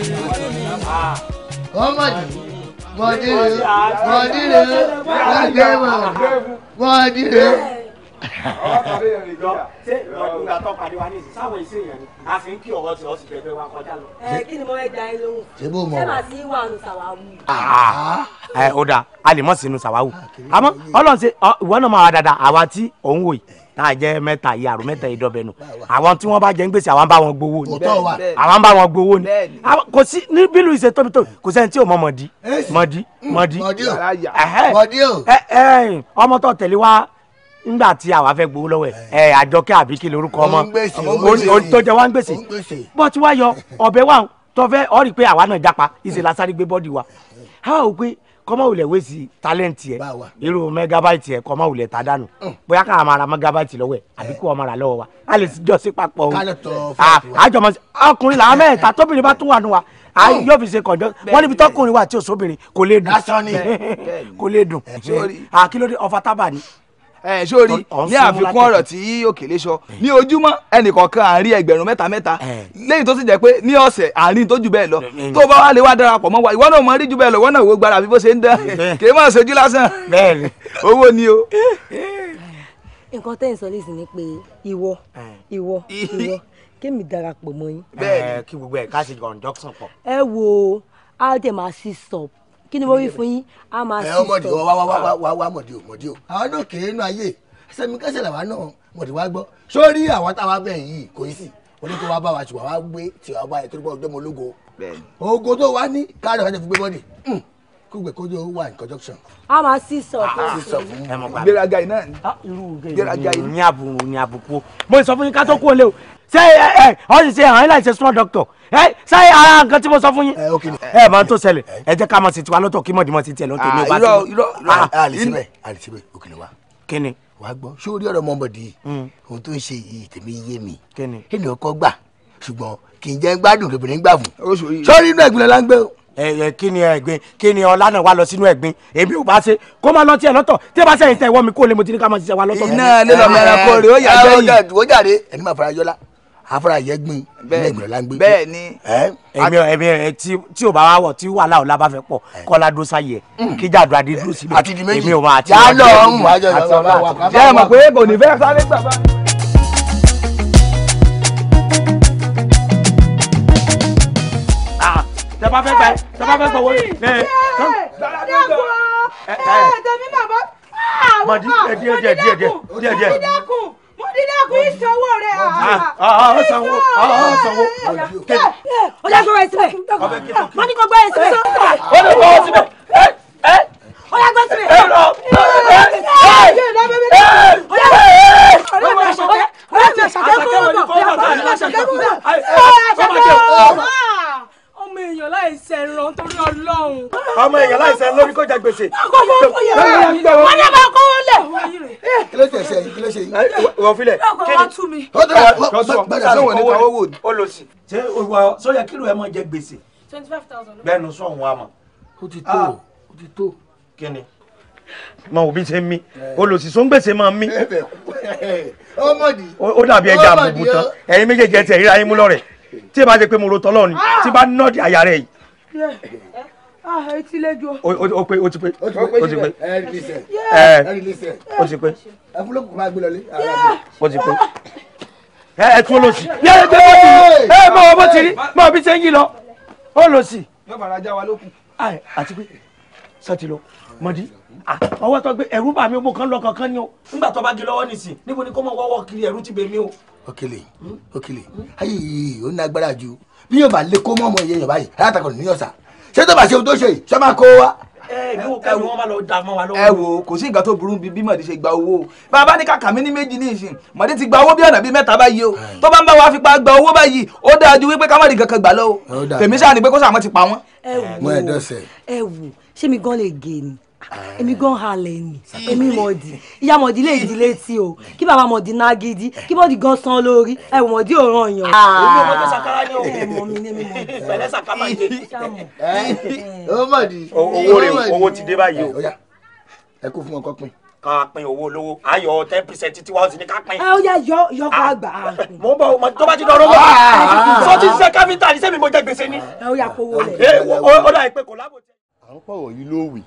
C: o. ọmọdé
E: mọdí rẹ mọdí rẹ lágbẹ́mọ̀ mọdí rẹ ọwọ́ pàdé yẹn lè gbọ́ ṣé ìgbà tó pàdé wa ní ìsìn sáwọn ìsìn yẹn ni a sì ń kí ọwọ́ tí ọ sì gbẹgbẹ wa kọjá lọ.
B: ẹ kí ni mo fẹ́ da yín lóhùn ṣé màá sí wà nù sàwáwù.
E: ẹ ó dáa a lè mọ̀ sí nù sàwáwù àmọ́ ọlọ́run ṣe ìwọ náà máa wà dáadáa àwa tí òun wò yìí tá a jẹ mẹ́ta yìí àrùn mẹ́ta yìí dọbẹ nù àwọn tí wọn bá jẹ ń gbèsè àwọn bá wọn gbowó ni àwọn bá wọn gbowó ni kò sí ní bílù ìṣe tóbi tóbi kò sẹ́ni tí ò mọ̀ mọ̀dí mọ̀dí mm, mọ̀dí mọ̀dí o ọmọ tó tẹ̀lé wa nígbà tí àwa fẹ́ gbowó lọ́wọ́ ẹ̀ eh. ẹ̀ àjọkẹ́ àbí kí lorúkọ ọmọ òǹtọ́jọ wa ń gbèsè bọ́ tí wàá yọ ọ̀bẹ wa tọ́fẹ́ ọ rí i pé àwa náà japa ìṣe la sáré gbé bọ́ọ̀dì wa àwa ò pé kọ́mọ wulẹ̀ wé sí tálẹ́ǹtì ẹ̀ irú mẹ́gábáìtì ẹ̀ kọ́mọ wulẹ̀ tá dànù mm. bóyá ká máa ra mẹ́gábáìtì lọ́wọ́ ẹ̀ eh. àbí kí wọ́n máa ra lọ́wọ́ wa a lè jọ sí papọ̀ o àjọmọ ah, ọkùnrin làwọn mẹ́ẹ̀ta tóbìnrin bá tún wà nù wa a oh. yóò fi ṣe kọ̀jọ́ wọ́n níbi tọkùnrin wà tí ò sóbìnrin kò lè dùn kò lè dùn àkìlódé ah, ọ̀fà tábà ni ẹ sórí ní àfikún ọ̀rọ̀ tí òkèlè sọ ní ojúmọ́ ẹnìkọ̀ọ̀kan àárín ẹgbẹ̀rún mẹ́ta mẹ́ta lẹ́yìn tó sì jẹ́ pé ní ọ̀sẹ̀ àárín tó jù bẹ́ẹ̀ lọ tó bá wà lè wá darapọ̀ mọ́ wa ìwọ náà mọ rí jù bẹ́ẹ̀ lọ ìwọ náà wo gbára bí bó ṣe ń dán kì í mọ̀ ṣojú lásán owó ni o.
B: nǹkan tẹ́ ń sọ lẹ́sìn ni pé ìwọ ìwọ ìwọ kémi darapọ̀ mọ́ yín. bẹ́ẹ̀
E: kí gbogbo ẹ̀ ká ṣe conduction pọ̀.
B: ẹ wo a dẹ̀ máa ṣí sọ̀pù kí ni mo wí fún yín a máa sí. ẹ ọmọdé wa wa wa ah.
E: wa wa mọ̀dé o mọ̀dé o àwọn náà kéré inú ayé sẹ́mi kẹ́sẹ̀ làwa náà mọ̀dé wa gbọ́ sórí àwọn táwa bẹ́ẹ̀ yìí kò í oníkó wa bá wa ṣùgbọ́n wa gbé tiwa bá yẹ torí pé ọjọ́ ogo tó wá ní káàdì ọ̀hánjẹ́ fi gbé bọ́dì hmm. kúgbẹ kójú wà ní conjunction.
B: a máa sí sọ fún
E: un. gbéraga yìí náà. Ah, irú gbéraga ní àbùkù ní àbùkù sọ fún yín ká tó kú ọ lé o ṣé ẹ ẹ ọ sì ṣe hàn láì ṣe small doctor ẹ ṣé ara nǹkan tí mo sọ fún yín ẹ máa ń tó ṣẹlẹ̀ ẹ jẹ́ ká mọ̀ sí tiwa lọ́tọ̀ kí mọ̀dìmọ̀ sí tiẹ̀ lọ́tọ̀ ní ọba tí àlìsíbẹ̀ àlìsíbẹ̀ òkèlè wa. kíni. wàá gbọ́ ṣé orí ọ̀rọ̀ mọ́mọ́dì yìí hmm. ohun tó ń ṣe yìí tèmi yé mi kíni ọkọ gbà ṣùgbọ́n kì í jẹ́ gbádùn lóbìnrin gbà fún sọ́ọ́rí inú ẹ̀gbìn la ń gbé o. ẹ eh, eh, kí ni ẹ̀gbin kí ni ọlá náà wá lọ sínú ẹ̀gbin èmi ò bá ṣe kó máa lọ tiẹ̀ lọ́tọ̀ tí ẹ bá ṣe ìtẹ̀wọ́ mi kó lè mo ti ní ká máa ṣiṣẹ́ wa lọ́tọ̀. iná lílọ mi ẹranko rè ó yà afárá yẹgbin lẹgbẹrẹ la ń gbé. bẹ́ẹ̀ ni. ẹmi ẹmi ẹ tí o bá wà wọ tí wàhálà ọ̀la bá fẹ́ pọ̀ kọ́lá dó sáyẹ kíjà àdúrà dé dúró síbẹ̀ àti di méjì èmi ò máa ti wà lọ ń wà jọ ìwà ọlá wà kàkà. jẹ́ ẹ mọ̀ pé kò ní fẹ́ sáré gbàgbà. tẹ́bá fẹ́ gbà tẹ́bá fẹ́ gbọ̀wọ́ ẹ̀
B: ẹ̀ tẹ̀mí bàbá.
E: mọ̀dí díẹ̀ díẹ̀ díẹ̀ díẹ̀ díẹ̀
B: díẹ̀ mo ti dẹ́kun ìsanwó rẹ̀ àá sanwó
E: àá sanwó.
B: ọjà gbọ́ ẹ síbẹ̀ mo ní kó gbọ́ ẹ síbẹ̀. ó
C: lè gbọ́ ọ síbẹ̀. ọjà gbọ́ síbẹ̀. ẹ lọ ẹ ẹ ẹ ọjà
B: gbọ́ síbẹ̀. ọjà gbọ́ síbẹ̀ ọmọ èèyàn láìsí ẹran torí Ọlọ́run. ọmọ èèyàn láìsí
E: ẹran lórí kọjá gbèsè. wọ́n ní máa kówó
B: lẹ̀.
E: kí ló tẹ̀sí ẹ̀yìn kí ló ṣe yìí. wọ́n filẹ̀ kí
B: ni ó dọ̀rọ̀ gbàdá sọ̀wọ́n nípa owó
E: wò ni. ó lọ sí. ṣé olùwà sọ́yà kí ló ẹ máa jẹ gbèsè. twenty five thousand. bẹ́ẹ̀ni sọ̀hún wa mọ̀. ó ti tó ah. ó ti tó. kí ni mọ òbí ṣe ń mí olùsìsó eh. ń gbèsè máa ń mí ó dàbí ẹja àbùkù tán ẹ̀yin méjèèjì ẹ tẹ ríra yín mú lọ́rẹ̀ẹ́ tí ẹ bá ṣe pé mo ro tọ́lọ́ ni tí bá nọ́ọ̀dì àyà rẹ̀ yìí. ah etí lẹ́jọ́. o pe o ti pe o ti pe ẹ o ti pe. ẹ fún lókùnkùn máa gbé lọlé. o ti pe ẹ ẹ tún olóòsì. yẹ́n tó bó ti ẹ mọ ọ bó ti rí mọ bí ṣe ń yí lọ olóòsì. yóò bàrà já wa lókun. àti pé sátì lọ mọ̀dí. Ah, ọwọ́ tó gbé ẹ̀rú bà mí mo kàn lọ kankan ni o nígbà tó bá gé lọ́wọ́ nìsín níbo ni kó mọ̀ wọ́wọ́ kiri ẹ̀rú ti bẹ̀ mí o. òkèlè hmm? òkèlè ayé ò ní agbára ju bí yóò bá lé kó mọ́ ọmọ iye yàn báyìí alátakọ̀ ní ọ̀sà ṣé tó bá ṣe ohun tó ṣe yìí ṣé máa kó wa. ẹ wo kò sí ìgbà tó burú bí mọ̀dé ṣe gba owó bàbá ní kàkà mí ní méjì ní ìsìn mọ̀dé ti gba owó bí ọ̀nà bíi mẹ́ta báyìí o tó bá ń bá wa fipá gba owó báyìí ó dáa ju wípé ká má di gbà lọ o tèmi sáà ni pé kó sàmọ́ ti pa wọ́n.
B: ẹ wò ẹ wò ṣé mi gan lè gé ni Ah. èmi gan halẹ̀ ni èmi mọ̀dì ìyá mọ̀dì lè di létí o kí bàbá mọ̀dì náà gidi kí mọ̀dì gan san lórí ẹ mọ̀dì ò ràn yàn. Ah. èmi ò mọ̀dì
E: sàkárà ni òun. ẹ mọ̀ mi ní èmi mọ̀dì. pẹ̀lẹ́ sàkárà ìdè. owó mọ̀dì. owó rẹ owó ti dé báyìí o. ẹ kú fún ọkọ pin ká pín owó olówó ayọ ten percent tí wọn sì ní ká pín. ẹ o yà yọ yọ kó ah. àgbà. mo ń o ọmọ tó bá ti dọ̀rọ̀ mọ́ sọ ti ṣe káfíńtà ní sẹ́mi mo jẹ gbèsè ni. ẹ o yà kó owó eh, rẹ. ó dà pé kò lábò. à ń pọ̀wọ̀ yìí ló wì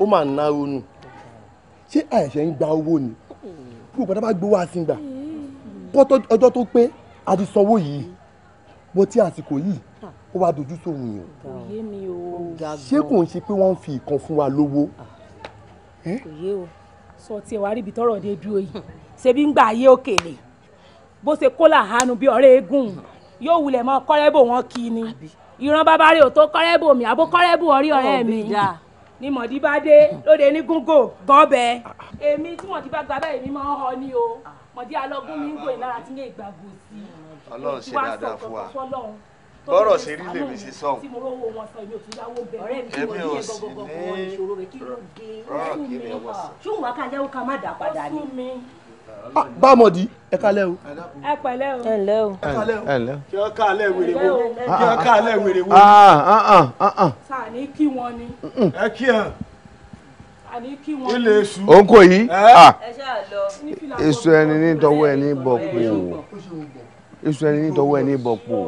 E: ó máa ná ronú ṣé àìṣe ń gba owó ni fún ìpàdé bá gbowó àsìngbà kọ́tọ́ ọjọ́ tó pé a ti sanwó yìí bó ti àsìkò yìí ó wá dojú sóhun
B: yìí o ṣé kò ń
E: ṣe pé wọ́n ń fi ìkan fún wa lówó. Ah,
B: kò yé o sọ tí ẹ wá ríbi tọrọ dé dúró yìí ṣebí ń gbà ayé òkèèrè bó ṣe kó làhánu bí ọ̀rẹ́ eégún yóò wulẹ̀ mọ́ kọ́rẹ́bò wọn kí ni ìran bàbá rẹ̀ ò tó kọ́rẹ́bò mi àbó kọ́rẹ́bò ọ̀rí ọ̀rẹ́ mi ni mọ̀dí bá dé lóde ní gúngò gọ́bẹ. èmi tí mọ̀dí bẹ́ẹ̀ mi máa ń họ ni o mọ̀dí alọ́gún mi ń gòyìn lára tí ń lè gbà gò sí i. ọlọ́run ṣe dáadáa fún wa bọ́rọ̀ ṣe rí lèmi ṣe sọ. tí
E: mo rówó wọn sọ èmi ò tún dáwọ́ bẹ̀rẹ̀. mi wọ̀ ní ẹgbọ̀gbọ̀gbọ̀ ìṣòro rọ́ọ̀kì rẹ̀ wọ̀ sọ.
B: ṣùgbọ́n ká yẹ́wò ká má dà padà ni. ó sún mi Ah,
E: bá mọ̀ di ẹ kálẹ̀ o.
B: ẹ pẹ̀lẹ́ o. ẹ ǹlẹ́ o. ẹ ǹlẹ́ o. kí wọ́n ká alẹ́ wèrè wo ah, ah, kí wọ́n ká alẹ́ wèrè wo. sani kí wọn
A: ni.
E: ẹ kí hàn. àní kí wọn. ilé èṣù. òun kò yí. èṣù ẹni ní tọwọ́ ẹni bọ̀ pé o èṣù ẹni ní tọwọ́ ẹni bọ̀ pé o.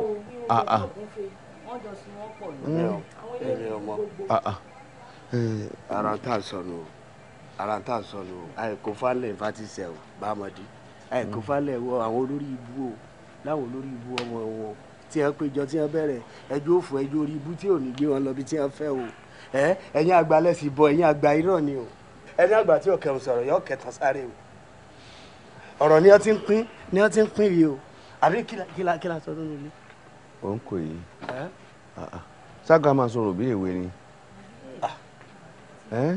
E: ara tá a sọ ara tá a sọ nù o àìkó falẹ̀ fatisẹ̀ o bámọ́dé àìkó falẹ̀ wọ àwọn olórí ibú o láwọn olórí ibú ọmọ wọn tí wọ́n péjọ tí wọ́n bẹ̀rẹ̀ ẹjọ́ òfò ẹjọ́ orí ibú tí ò ní gbé wọn lọ bí tí wọ́n fẹ́ o ẹ̀yin àgbà lẹ́sìn bọ ẹ̀yin àgbà irọ́ ni o ẹni àgbà tí ọ̀kẹ́ sọ̀rọ̀ yọ ọ̀kẹ́ tán sáré o ọ̀rọ̀ ni wọ́n ti ń pín ni wọ́n ti ń pín yìí o àbí kíla kíla sọ nínú ilé. ò ń kò yìí ságà ah, ah. máa sọ̀rọ̀ bí èwe ni. Ah.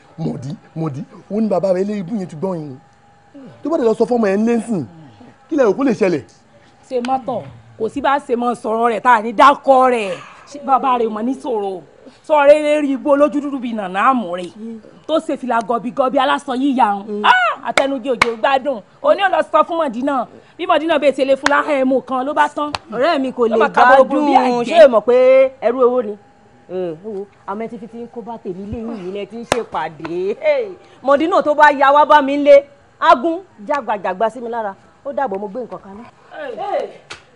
E: mọ̀dí mọ̀dí òun ni bàbá rẹ eléyìí bú yẹn ti gbọ́n yìí tó bá dé lọ sọ fọmọ ẹ lẹ́sìn kí lẹ́rù kó lè ṣẹlẹ̀.
B: ṣe mọ́tọ̀ kò sí bá ṣe mọ́ sọ̀rọ̀ rẹ̀ tá à ní dákọ́ rẹ̀ bàbá rẹ̀ mọ̀ ní sọ̀rọ̀ sọ̀rọ̀ eré rí igbó lójú dúdú bíi nànà àmú rẹ̀ tó ṣe fìlà gọ̀bìgọ̀bì aláṣọ yíyà ń àtẹnujẹ òjò gbádùn òní ọ̀lọ́ sọ fún mọ̀dínà bí mọ̀dínà bẹ́ẹ̀ ṣe fún láhẹ́ kan ló bá tán. ọ̀rẹ́ mi kò lè gbádùn ṣé èèmọ̀ pé ẹrú owó ni wo àmọ́ ẹ ti fi ti ń kó bá tèmi léyìn yìí lẹ ti ń ṣèpàdé mọ̀dínà tó bá ya wá bá mi lé agún jágbàjàgbà sí mi lára ó dàbọ̀ mo gbé nǹkan kan ná.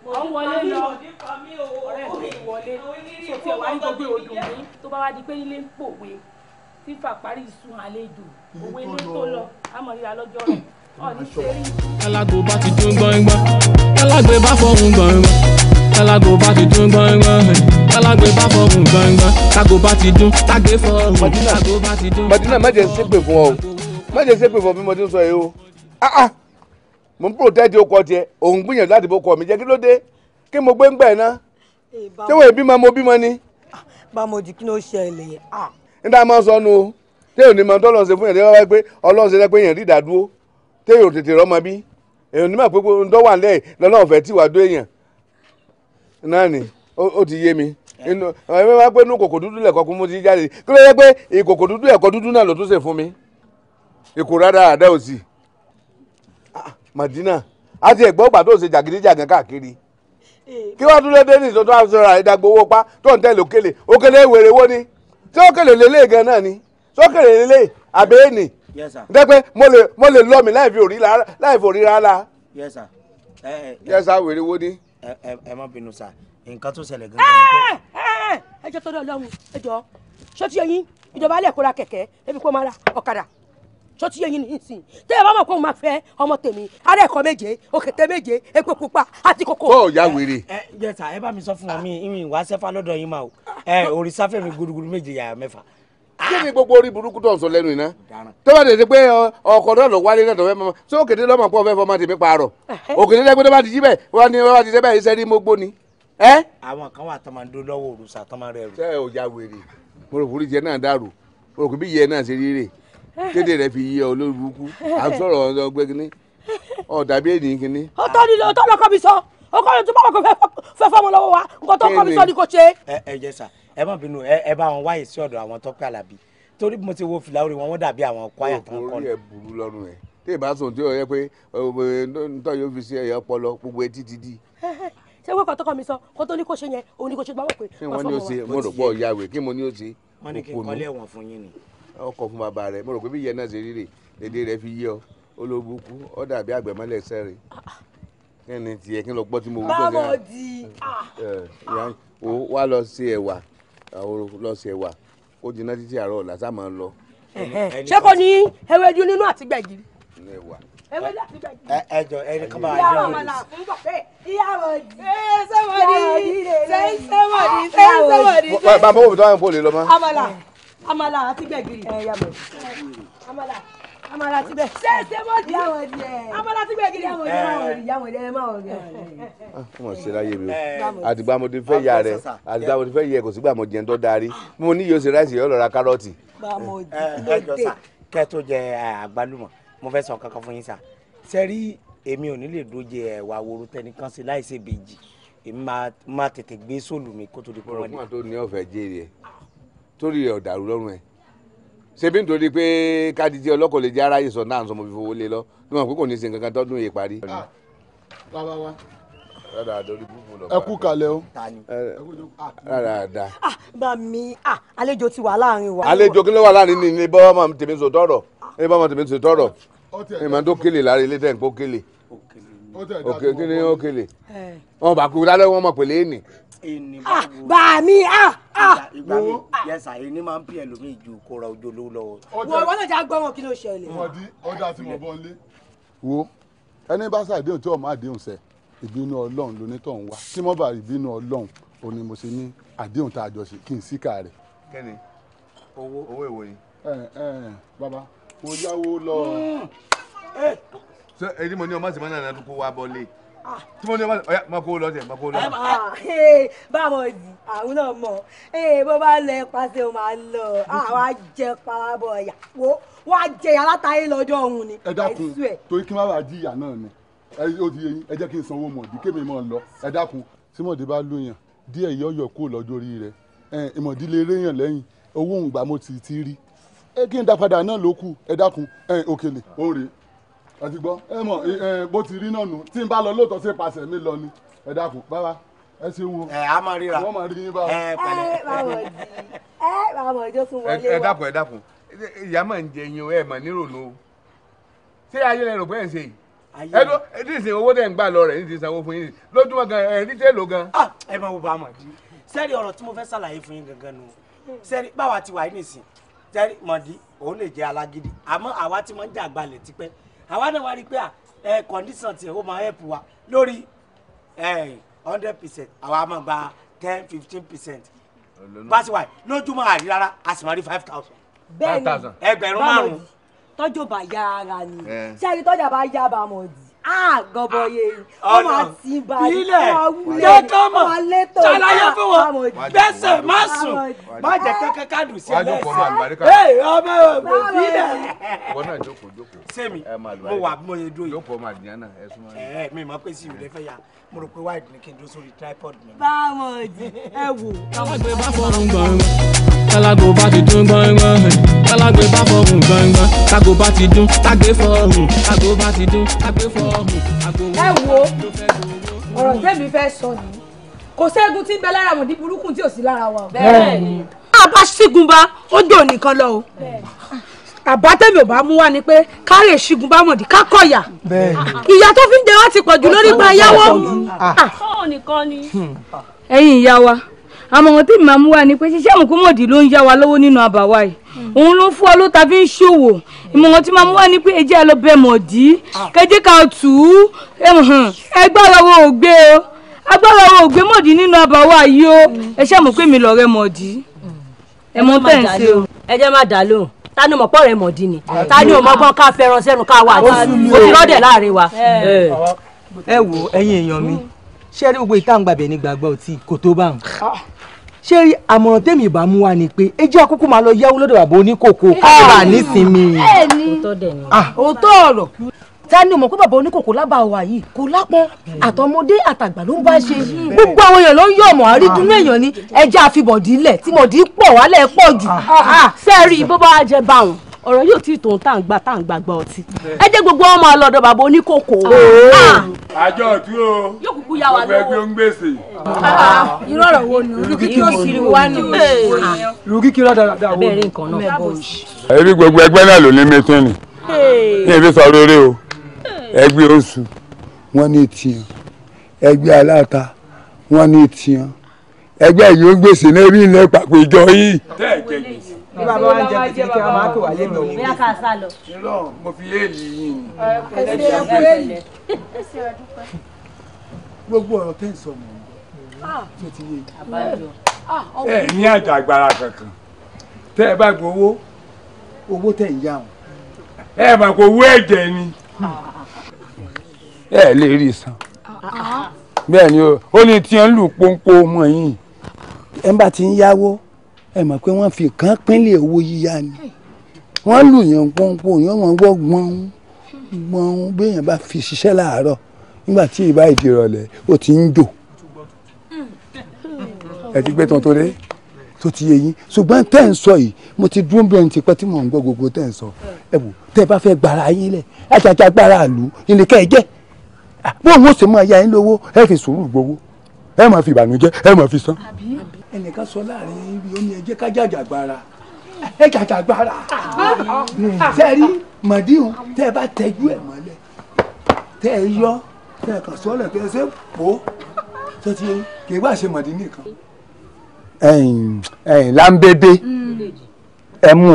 B: ọ̀hún wọlé lọ ọ̀rẹ́ mi wọlé tó tiẹ̀ wá ní gbogbo mi tó bá wá di pé ilé ń pòwe fífà parí ìsun àlejò òwe ló tó lọ àmọ́ ríra lọ́jọ́ rẹ̀ ọ̀
A: ní sẹ́rí. alágbó bá ti dún gbọ́ngbọ́n alágbé bá fọ́hún tálágò bá ti dún gbọ̀ngbọ̀n tálágò bá fọhùn gbọ̀ngbọ̀n go
E: bá ti dún tágè fọhùn go bá ti dún. madina má jẹ ṣépè fún ọ o má jẹ ṣépè fún ọ bí mo ti ń sọ yìí o ah ah mo ń protect okọ tiẹ òun gbìyànjú láti bó kọ mi jẹ kí ló dé kí mo gbé ń gbẹ náà
B: eh, ṣé wọ́n bímọ mo bímọ ni. Ah, bámojì
E: kí ló ṣẹlẹ̀. Ah. nígbà máa ń sọ nu o téèyàn ní máa tọ́lọ́ ṣe fún yàrá wáyé pé ọlọ́run ṣe lẹ́pẹ́ yẹn rí ìdádúró téèyàn ò tètè rọ́mọ bí èèyàn ní máa pé ń dọ́wà lẹ́yìn lọ́nà ọ̀fẹ́ tí wàá dó èèyàn náà ni ó ti yé mi inú ẹ máa pé inú kòkò dúdú lẹ̀kọ́ kún mo ti jáde kí ló yẹ pé ìkòkò dúdú ẹ̀kọ́ dúdú náà ló tún ṣe fún mi ìkò rárá àdá òsì ah, ah, Madina àti ẹ̀gbọ́n gbà tó ṣe jàgídíjàgàn káàkiri kí wọ́n tún lé dénì tó tún aṣọ àìdàgbò owó pa tó ń tẹ̀lé òkèlè òkèlè wèrè wo ni tí òkèlè lélẹ̀ gan náà ni tí òkèlè lélẹ̀ àbẹ́ ènì dẹ́pẹ́ mo lè lọ́ mi láì fi òrí rárá. yẹ́sà eh, eh, wèrè wo ni ẹ má bínú sà nǹkan tó ṣẹlẹ̀
B: gan-an ni pé. Eh, eh, eh, ẹ jọ tọdọ Ọlọ́run ẹ jọ ṣó ti yẹyin ìjọba alẹ kó ra kẹ̀kẹ́ ebi kó máa ra ọ̀kadà ṣó ti yẹyin nìyí sìn tẹ ẹ bá mọ̀ pé òun máa fẹ́ ọmọ tèmi ara ẹ̀kọ́ méje òkètè méje epo pupa àti kòkó. kó o ya wèrè. ẹ
E: jẹ sà ẹ bá mi sọ fún wọn mi ìwà sẹfà lọ́dọ̀ yín máa o ẹ òrìṣà fẹmi gudugudu méje yàrá mẹ́fà kí ni gbogbo orí burúkú tó ń sọ lẹ́nu iná tó bá tètè pé uh, ọkọ̀ náà lọ wálé náà tó fẹ́ mọ́ tó òkèdè lọ́mọ pọ̀ fẹ́ fọmọ tèmi pààrọ̀ òkèdè lẹ́gbẹ́ tó bá ti jí bẹ́ẹ̀ wọ́n ní wọ́n ti ṣe bẹ́ẹ̀ iṣẹ́ ní mo gbóni. àwọn kan wà tó máa ń dó lọ́wọ́ òrùsà tó máa rẹ̀ rù. ṣé o ya wèrè mo rò fúrijẹ náà dàrú mo rò bí iye náà ṣe rí ni
B: ó tọ́ lọ́kọ́ mi sọ ọkọ rẹ̀ tó bá wà kó fẹ́ fọmọ lọ́wọ́ wa nǹkan tó kọ́ mi
E: sọ ni ẹ má bínú ẹ bá wọn wáyé sí ọ̀dọ̀ àwọn Tọ́pẹ́ Àlàbí torí mo ti wo fìlà orí wọn dàbí àwọn kwaya tán kọ́ ni. orí ẹ burú lọ́rùn ẹ tí ì bá sùn tí o yẹ pé ntọ́ yóò fi ṣe ẹ̀yà ọpọlọ gbogbo etí ti di.
B: ṣé wọ́n kọ́ tọkọ mi sọ kó tó ní kó ṣe yẹn òun ni kó ṣe gbọ́n pé. kí wọ́n ní o ṣe mo rò pọ̀
E: yàwé kí mo ní o ṣe. wọ́n ní kí n kọ́lé ẹ̀wọ̀n fún yín ni. ọkọ fún bàbá rẹ mo rò pé bí ìyẹn náà ṣe rí lọ́sẹ̀ wa ó jiná títí àárọ̀ ọ̀la sá máa ń lọ.
B: ṣé kò ní ewédú nínú àti gbẹ̀gìrì. ewédú àti gbẹ̀gìrì.
E: ẹ jọ ẹni kan bá wà ní ọ̀rọ̀ ìyá ọ̀la
B: fún bàbá ẹ̀ ìyá sẹ́wọ̀dì sẹ́wọ̀dì sẹ́wọ̀dì. bàbá òbí
E: tó wà ní pòlì lọ mọ́. àmàlà
B: àmàlà àti gbẹ̀gìrì amala ti bẹ. ṣé ṣe mọ di àwọn di ẹ. amala ti bẹ gidi. yàwọn di àwọn di yàwọn di ẹ má wọ gẹ.
E: Ah, mo ṣe láyé mi o àtìgbà eh. mo ti fẹ́ ya rẹ àtìgbà mo ti fẹ́ yẹ kò sígbà mo jẹun tó ah. darí mo ní yóò ṣe ráìsì yóò lọ ra kárọ̀tì. Eh, ẹ jọ sá kẹ tó jẹ eh, àgbálùmọ̀ mo fẹ́ sọ kankan fún yín sá sẹ́rí èmi ò ní lè dóje ẹ̀wà woro tẹnìkan sí láìsí ìbejì èmi máa tètè gbé sóòlù mi kó tó di pọ́nmọ́dé. ọ̀rọ̀ fún ní ọ̀fẹ́ jèrè ẹ̀ torí ọ̀dàrú lọ́rùn ẹ̀ ṣebí nítorí pé kádìtì ọlọ́kọ̀ lè jẹ́ aráyè sọ náà sọmọ fífowó lé lọ ní wọn pé kò ní í ṣe nǹkan kan tọ́dún yìí parí. bàbá ah, wa ẹ kú kalẹ̀ o. Ah, dáadáa.
B: Ah, bá ah àlejò ti wà láàrin wa. àlejò kí ló wà láàrin
E: ni ní bá ọmọ tèmi sọ tọrọ ní bá ọmọ tèmi sọ tọrọ ìmọ̀ tó kélé lára ilé tẹ̀ ń pọ́ kélé òkè kí ni ó kélé eh. wọn bá kú lálẹ́ wọn mọ̀ pẹ̀lẹ́ ni ẹni ah, bá ah, ah. wo mi á á wo yẹsà ẹni máa ń pè ẹlòmíì ju kó ra ojú olówó lọ́wọ́. wọ́n wọ́n lọ́jà gbọ́ wọn kí ló ṣẹlẹ̀. ọmọdé ọjà tí mo bọ́ ń lé. wo ẹni bá ṣàdéhùn tí ọmọ àdéhùn ṣẹ ìbínú ọlọ́run lonítọ̀hún wá tí mo bá ìbínú ọlọ́run ò ní mo ṣe ní àdéhùn tá a jọ ṣe kí n síkà rẹ̀. kẹ́ni owó owó èwo ni. ẹ ẹ bàbá mo yáwó lọ. Hmm. Eh. ṣé ẹni mo ní ọmọ sì máa ń nà Ah. tí mo ní ọba ọyá máa kó lọ tẹ máa kó lọ.
B: Ah, ah, eh, báwo ni àwọn náà mọ eh, bó bá lọ pàṣẹ o máa lọ àwa jẹ parabọ ọyà wo wàá jẹ alátayé lọ́jọ́ ọ̀hún ni.
E: ẹ dákun torí kí n má bàa jí ìyá náà ni ó di eyín ẹ jẹ́ kí n sanwó mọ̀ọ́dí kémi mọ̀ lọ ẹ dákun. tí mọ̀ọ́dí bá lóyàn díẹ̀ yọ yọ kó lọ́jọ́ orí rẹ ìmọ̀ọ́dí lè réyàn lẹ́yìn owó òǹgbà mo ti ti rí kí n dá padà náà ló kù ẹ dákun òkèlè òun rèé ẹ ti gbọ́ ẹ mọ̀ bó ti rí náà nù tí n bá lọ lóòótọ́ sí ìpàṣẹ mi lọ ni ẹ dákun bàbá ẹ ṣe wo. ẹ a máa ríra wọn máa rí yín bá. ẹ pẹ̀lẹ́ ẹ báwọ̀ di
D: ẹ
B: báwọ̀ ìjọ tún wọlé wa. ẹ dákun
E: ẹ dákun ìyá máa ń jẹ yín o ẹ mà níròlò o ṣé ayé lẹ rò pé ẹ ṣe yìí ẹ ló ẹ ti sìn owó dẹ̀ ń gbà lọ rẹ̀ ní ti sanwó fún yín lójúmọ́ gan ẹ ní tẹ́lò gan. ẹ máa wo bá a mọ̀ di sẹ́ẹ̀rì ọ̀rọ̀ tí mo fẹ́ ṣàlàyé fún yín gangan nù sẹ́ẹ̀rì báwa ti wà yín nìsín sẹ́ẹ̀rì mọ̀dí òun lè jẹ́ alágídí àmọ́ àwa ti máa ń jà gbalẹ̀ tipẹ́ àwa náà wá rí i pé ẹ condition tiẹ̀ ó máa help wa lórí hundred percent àwa máa gba ten fifteen percent báṣiwáì lójúmọ́ àrí rárá a sì máa rí five thousand. bẹ́ẹ̀ni ẹgbẹ̀rún márùn-ún
B: tọ́jú bá yára ni ṣé ẹni tọ́jà bá yá bá mọ̀ dì àgọ́bọ̀yé ah, ah, yìí ah, wọ́n máa ti bá a ilẹ̀ lẹ́tọ́ mọ̀ ṣàlàyé fún wọn gbẹ́sẹ̀ má sùn má jẹ́
E: kẹ́kẹ́ kádùn sí ẹlẹ́sìn ee ọmọ òbí ilẹ̀. wọn náà jókòó jókòó sẹ́mi mo wà bí mo yẹ dúró yìí jókòó máa dìyàn náà ẹ súnmọ́. ẹ mi máa pèsè ìrẹ̀lẹ̀ fẹ́ ya mo rò pé wáìdì ni kí n dúró sórí tripod
B: mi. báwo ẹ wò. káwọn gbé bá fọrùn gbọ̀ngàn
A: tálágbó bá ti dún gbọ́ngbọ́n eh, tálágbé bá fọ̀hún gbọ́ngbọ́n tágò bá ti dún tágé fọ̀hún tágò bá ti dún tágé fọ̀hún
B: àgò wọn. ẹ wo ọ̀rọ̀ tẹ́mi fẹ́ sọ nìyí kò ségun tí ń bẹ lára àwọn burúkú tí ò sí lára wa. bẹ́ẹ̀ àbá ṣígun bá ó jò nìkan lọ o àbá tẹ̀mí ò bá mú wá ni pé káre ṣígun bá mọ̀dí ká kọ̀yà ìyá tó fi ń jẹ wá ti pọ̀jù lórí gba ìyàwó. Ah. Hmm. ẹ̀yin ìyá wa àmọ̀ràn tí màá mú wa ni pé ṣiṣẹ́ mùkúmọ̀dì ló ń yá wa lọ́wọ́ nínú àbàwá yìí òun ló fún ọ ló ta fi ń ṣòwò ìmọ̀ràn tí màá mú wa ni pé ẹjẹ́ lọ bẹ mọ̀dí kẹjẹ́ ká tù ú ẹgbàá wo ò gbé o agbára wo ò gbé mọ̀dí nínú àbàwá yìí o ẹ mọ̀ pé mi lọ rẹ mọ̀dí ẹ mọ̀ tẹ̀ ṣe o. ẹ má dà lóhùn ta ni mọ̀ pọ̀ rẹ mọ̀dí ni ta ni ò mọ̀gbọ́n ká fẹ́ràn sẹ́nu ká wà ó ti rọ́dẹ̀ láàrin wa. ẹ wo ẹ̀yin èèyàn mi ṣé
E: rí gbogbo ìtàǹgbàbẹ̀ ní gbàgbọ́ ti kò tó báwọn ah ṣé rí àmọ̀ràn tèmi ìbá mú wa ni pé ẹ jẹ́ àkókò máa lọ yáwó lọ́dọ̀ bàbá oníkòkò ah, káàbà nísìnyí.
B: Ah, òótọ́ ọ̀rọ̀ ta ni o mọ̀ pé bàbá oníkòkò lábàá wa yìí kò lápọn àtọmọdé àtàgbà ló ń bá ṣe gbogbo àwọn èèyàn ló ń yọ̀ mọ̀ àrídùnú ah. èèyàn ni ẹja àfibọ̀dì ilẹ̀ tí mọ̀dì pọ̀ wálẹ̀ pọ̀ jù. sẹ́ẹ̀rì bó bá jẹ báwọn ọ̀rọ̀ yóò tí tòun tá à ń gbà tá à ń gbàgbà ọtí ẹ jẹ́ gbogbo ọmọ ọlọ́dọ̀ bàbá oníkòkò. Ah. Ah.
C: àjọ òtú o yóò kúkú yá wa lọ́wọ́ ọgbẹ́ gbèsè.
B: Ah. irú ọ̀rọ̀ wo ni olùkíkí ó sì wá ní olùkíkí rádaràda wo ni
C: ẹbí gbogbo ẹgbẹ́ náà ló ní mẹ́tẹ́ẹ̀nì ní ibi
E: sọ rere o ẹgbẹ́ oṣù wọ́n ní tiẹ̀ ẹgbẹ́ aláta wọ́n ní tiẹ̀ ẹgbẹ́ yìí ó gbèsè náà rí ilẹ̀ pàpéjọ yìí
B: bí bàbá wa ń jẹ kí kí a máa pè wá lé mi òní. irọ́ mo fi éèlì yìí ni.
E: gbogbo ọ̀rọ̀ tẹ́ ń sọ mọ̀ tó ah. ti yé
D: ah, ẹ ní àjàgbára
E: kankan tẹ́ ẹ bá gbowó owó tẹ́ ń yá wọn ẹ máa kó owó ẹ̀jẹ̀ ni
C: ẹ lè rí san ah, bẹ́ẹ̀ ni
E: ó ní tí wọ́n ń lù pọ́npọ́ mọ́ yín ẹ̀ ń bá ti ń yáwó ẹ mọ̀ pé wọ́n fi nǹkan pínlẹ̀ owó yíyá ni wọ́n lù yàn pọ́npọ́ yàn wọ́n wọ́ gbọ́n gbọ́n béèyàn bá fi ṣiṣẹ́ láàárọ̀ nígbà tí ìbá ìdìrọ̀lẹ̀ ó ti ń jò ẹ ti gbé tán tó dé tó ti yé yín ṣùgbọ́n tẹ́ ń sọ yìí mo ti dúró bẹ́ẹ̀ ti pẹ́ tí mò ń gbọ́ gbogbo tẹ́ ń sọ ẹ wò tẹ́ ẹ bá fẹ́ gbára yín lẹ̀ ajaja gbára àlù ìlẹ̀kẹ́ ẹ jẹ́ bóun ó sì máa ya yín lówó ẹ fi sùúrù gbowó ẹ máa fi ìbànújẹ́ ẹ máa fi san ẹnìkan sọ láàrin ibi ó ní ẹjẹ́ ká jàjàgbara ẹ jàjàgbara sẹ́rí hmm. mọ̀díhùn tẹ́ ẹ bá tẹjú ẹ̀ mọ́lẹ̀ tẹ́ ẹ yọ tẹ́ ẹ kàn sọ́lẹ̀ tẹ́ ṣe pò tó ti kì í bá ṣe mọ̀dí nìkan. ẹ̀yin ẹ̀yin lámbébé ẹ mú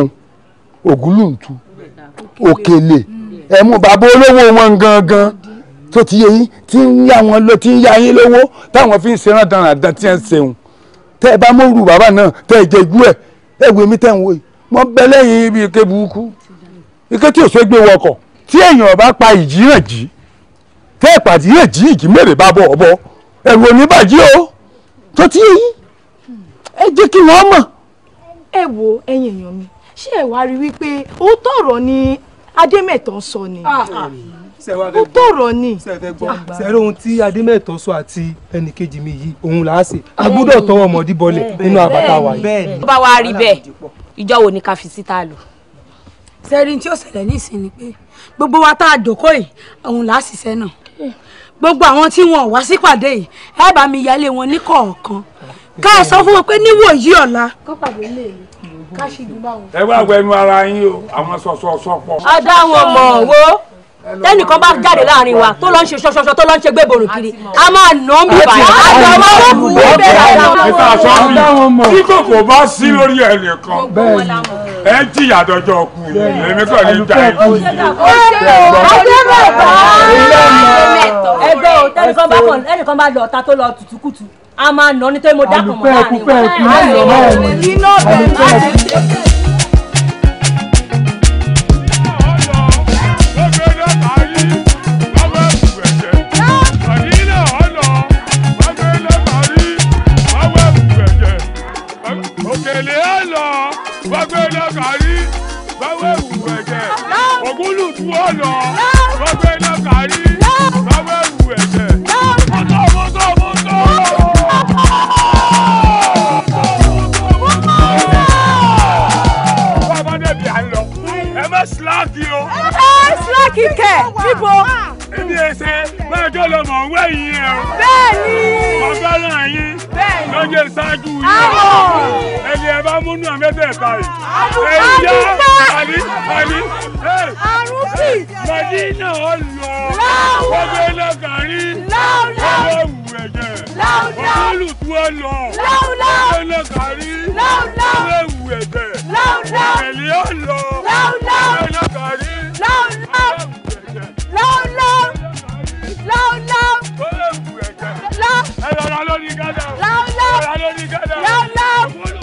E: òkèlè ẹ bàbá olówó wọn gangan tó ti yẹ yín tí ń yá wọn ló ti ń yá yín lówó táwọn fi ń ṣe rán dandan tí ń ṣeun tẹ́ ẹ bá mọ́rù bàbá náà tẹ́ ẹ jẹ igbó ẹ̀ ẹ wo mi tẹ́ ń wo yìí mo bẹ lẹ́yìn ibi ike burúkú ike tí òṣèlú gbé wọkọ̀ tí èèyàn bá pa ìjì náà jì tẹ́ ẹ pàdé yẹn jì ìjì mẹ́rẹ̀ bá bọ̀ ọ̀bọ ẹ̀rù
B: ò ní bàjẹ́ o tó ti yẹ yín ẹ jẹ́ kí wọ́n mọ̀. ẹ wo ẹ̀yin èèyàn mi ṣé ẹ wá rí wípé òótọ́ ọ̀rọ̀ ni adémẹ̀tàn sọ ni. Ah, ah
E: ó tọrọ ni. sẹfẹ gbọ́ sẹrẹ ohun tí adémẹtọ sọ àti ẹnìkejì mi yìí òun là á ṣe a gbọ́dọ̀ ọmọdé bọlẹ̀ nínú àbàtà wa yìí. bá wa rí bẹ́ẹ̀
B: ìjọ wo ni ká fi síta lò. sẹ́rin tí ó ṣẹlẹ̀ nísìnyí pé gbogbo wa tá a jókòó yìí òun là á ṣiṣẹ́ náà gbogbo àwọn tí wọn ò wá sípàdé yìí ẹ bá mi yálé wọn ní kọ̀ọ̀kan ká ẹ sọ fún wọn pé níwòyí ọ̀la. ká ṣe jù báwọn. ẹ wá wẹnu ara yín o àwọn sọ̀sọ̀ sọ̀pọ̀. ọ̀dà wọn mọ̀ wo tẹ́nìkan bá jáde láàrin wa tó lọ ń ṣe ṣọṣọṣọ tó lọ ń ṣe gbébòrò kiri a máa nà án bí ìbàdàn àti ọmọ olóògùn yìí bẹ̀rẹ̀ àwọn.
C: bí kòkò bá sí lórí ẹnìkan ẹ ń jìyà dọjọ́ kù èmi kàn ní ìjà ìlú.
B: ẹgbẹ́ o tẹ́nìkan bá kọ̀ ẹnìkan bá lọ ọ̀tá tó lọ tutukutu a máa nà án nítorí mo dákun mọ́ láàrin wa.
C: gèlè ẹ lọ gbọgbẹ́ iná kárí gbọgbẹ́ ìwù ẹ̀jẹ̀ ògúnlùtù ọ lọ gbọgbẹ́ iná kárí gbọgbẹ́ ìwù ẹ̀jẹ̀ mọ́tò mọ́tò yín lọ́jọ́ ìṣáájú yìí ẹni ẹ bá múnú àmẹ́tẹ̀ẹ̀ta yìí ẹ̀yìn yá àní àní mọ̀dínà ọ̀lọ́ wọ́pẹ́ lọ́kàrí wọ́pẹ́ wù ẹ̀jẹ̀ wọ́pẹ́ lùtú ọ̀lọ́ wọ́pẹ́ lọ́kàrí wọ́pẹ́ wù ẹ̀jẹ̀ ẹ̀lì ọ̀lọ́ wọ́pẹ́ lọ́kàrí wọ́pẹ́ wù lọ́wọ́ lọ́wọ́ lọ́wọ́ lọ́wọ́ ẹ lọ́ra lórí gádà. láúláú láúláú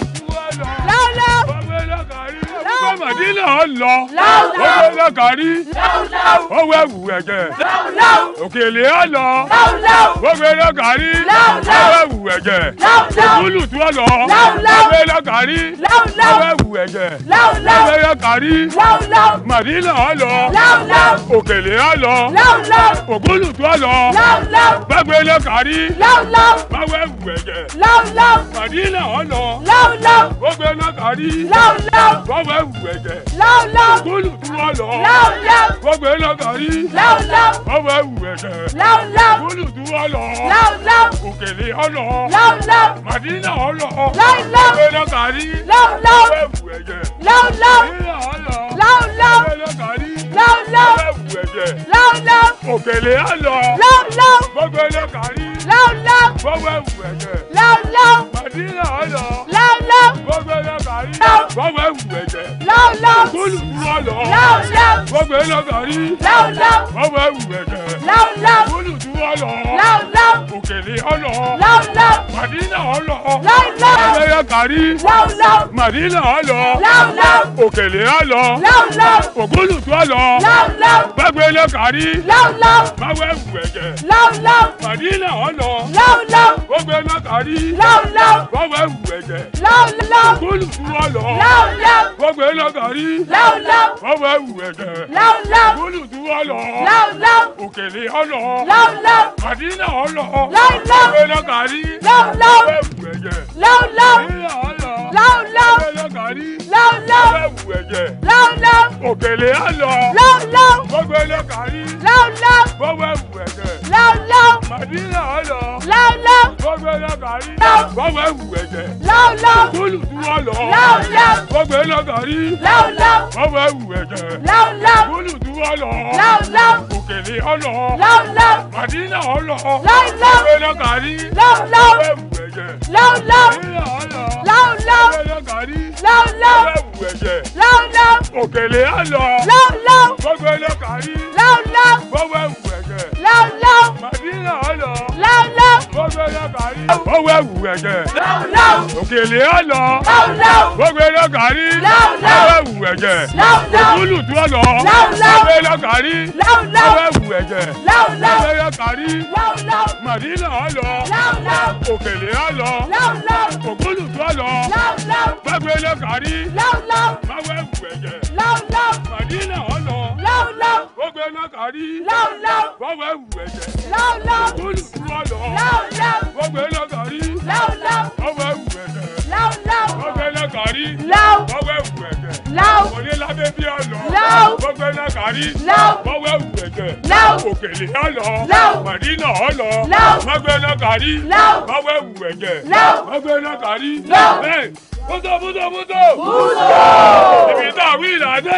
C: mọ̀dínà ó lọ. láwùláwù. ó gbé lọ́kàrí. láwùláwù. ó wẹ̀ wù ẹ̀jẹ̀. láwùláwù. òkèlè ó lọ. láwùláwù. ó gbé lọ́kàrí. láwùláwù. ó wẹ̀ wù ẹ̀jẹ̀. láwùláwù. òkúlùtù ó lọ. láwùláwù. ó gbé lọ́kàrí. láwùláwù. ó wẹ̀ wù ẹ̀jẹ̀. láwùláwù. ó gbé lọ́kàrí. láwùláwù. mọ̀dínà ó lọ. láwùláwù. òkèlè ó lọ. láwùláwù. òkúlùtù ó lọ. láwùláwù. gbàgbé lọ́kàrí. láwùláwù. ó wẹ̀ wù ẹ̀jẹ̀. láwùláwù. mọ̀dínà ó lọ. láwùláwù. ó gbé lọ́kàrí. láwùláwù. ó wẹ̀ gbẹgẹ. láúláú. kúlù dúró lọ. láúláú. gbogbo ẹlọgàn yìí. láúláú. ọmọ ẹwù ẹgẹ. láúláú. kúlù dúró lọ. láúláú. òkèlè ọlọ. láúláú. màdínà ọlọ. láúláú. gbogbo ẹlọgàn yìí. láúláú. ọmọ ẹwù ẹgẹ. láúláú. màdínà ọlọ. láúláú. gbogbo ẹlọgàn yìí. láúláú. ọmọ ẹwù ẹgẹ. láúláú. òkèlè ọlọ. láúláú. gbogbo ẹlọgàn yìí. Loud, loud, ewu ẹ̀jẹ̀. Loud, loud, ọ̀lọ́. láúláú. gbogbo Loud, loud, ewu ẹ̀jẹ̀. Loud, loud, ọ̀lọ́. láúláú. gbogbo Loud, loud, gbogbo ewu ẹ̀jẹ̀. láúláú. kúlùkù ọ̀lọ́. láúláú. òkèlè ọ̀lọ́. láúláú. màdínà ọ̀lọ́. láúláú. ẹlẹ́kàrí. láúláú. màdínà ọ̀lọ́. láúláú. òkèlè ọ̀lọ́. láúláú. ògúlùkù ọ̀lọ́. láúláú. gbogbo ẹlẹ́kàrí. láúláú. gbogbo ewu ẹ̀jẹ̀. láúláú. màdínà ọ̀l lọ. láúláú. gbogbo iná kárí. láúláú. gbogbo ẹ̀wù ẹ̀jẹ̀. láúláú. kúlùkù ọlọ. láúláú. gbogbo iná kárí. láúláú. gbogbo ẹ̀wù ẹ̀jẹ̀. láúláú. kúlùkù ọlọ. láúláú. òkèlè ọlọ. láúláú. kàdínà ọlọ. láúláú. gbogbo iná kárí. láúláú. gbogbo ẹ̀wù
B: ẹ̀jẹ̀. láúláú
C: láúláú láúláú láúláú òkèlè á lọ láúláú gbogbo ẹlẹ́kàrí láúláú gbogbo ẹ̀wù ẹ̀jẹ̀ láúláú màdínà á lọ láúláú gbogbo ẹlẹ́kàrí gbogbo ẹ̀wù ẹ̀jẹ̀ láúláú kúlùtúwọ̀ lọ láúláú gbogbo ẹlẹ́kàrí láúláú gbogbo ẹ̀wù ẹ̀jẹ̀ láúláú kúlùtúwọ̀ lọ láúláú òkèlè á lọ láúláú màdínà á lọ láúláú gbogbo ẹlẹ́kàrí láúláú gbogbo ẹ̀wù ẹ̀jẹ̀ láúláú láúláú láúláú láúláú láúláú òkèlè á lọ láúláú gbogbo ẹlẹ́kàrí láúláú gbogbo ẹ̀wù ẹ̀jẹ̀ láúláú màdínà á lọ gbogbo ẹ̀rọ gàrí. owó ẹ̀wù ẹ̀jẹ̀. láwùláwù. òkèlè ọ̀lọ́. láwùláwù. gbogbo ẹ̀rọ gàrí. láwùláwù. owó ẹ̀wù ẹ̀jẹ̀. láwùláwù. òkúlùtù ọ̀lọ́. láwùláwù. gbogbo ẹ̀rọ gàrí. láwùláwù. gbogbo ẹ̀rọ gàrí. láwùláwù. màdínà ọ̀lọ́. láwùláwù. òkèlè ọ̀lọ́. láwùláwù. gbogbo ẹ̀rọ gàrí. láwùláwù. owó ẹ̀wù ẹ̀jẹ̀. láwùláwù. màdínà ọ̀lọ́. láwùláwù. gbogbo ẹ̀rọ gàrí. láwùláwù. owó ẹ̀wù ẹ̀jẹ̀. láwùláwù. òkúlùtù ọ̀lọ́. láwùláwù láúláú. wọ́n gbé lọ́gàrí. láúláú. wọ́n wẹ̀ wù ẹ̀dẹ̀. láúláú. wọ́n gbé lọ́gàrí. láú. wọ́n wẹ̀ wù ẹ̀dẹ̀. láú. òní lábẹ́ bí ọ̀lọ́. láú. wọ́n gbé lọ́gàrí. láú. wọ́n wẹ̀ wù ẹ̀dẹ̀. láú. òkèlè ọ̀lọ́. láú. màdínà ọ̀lọ́. láú. wọ́n gbé lọ́gàrí. láú. wọ́n wẹ̀ wù ẹ̀dẹ̀. láú. wọ́n gbé lọ́gàrí. láú. bẹ́ẹ̀ Mútò mútò mútò. Mútò. Ibi tá a wí ìlàdé.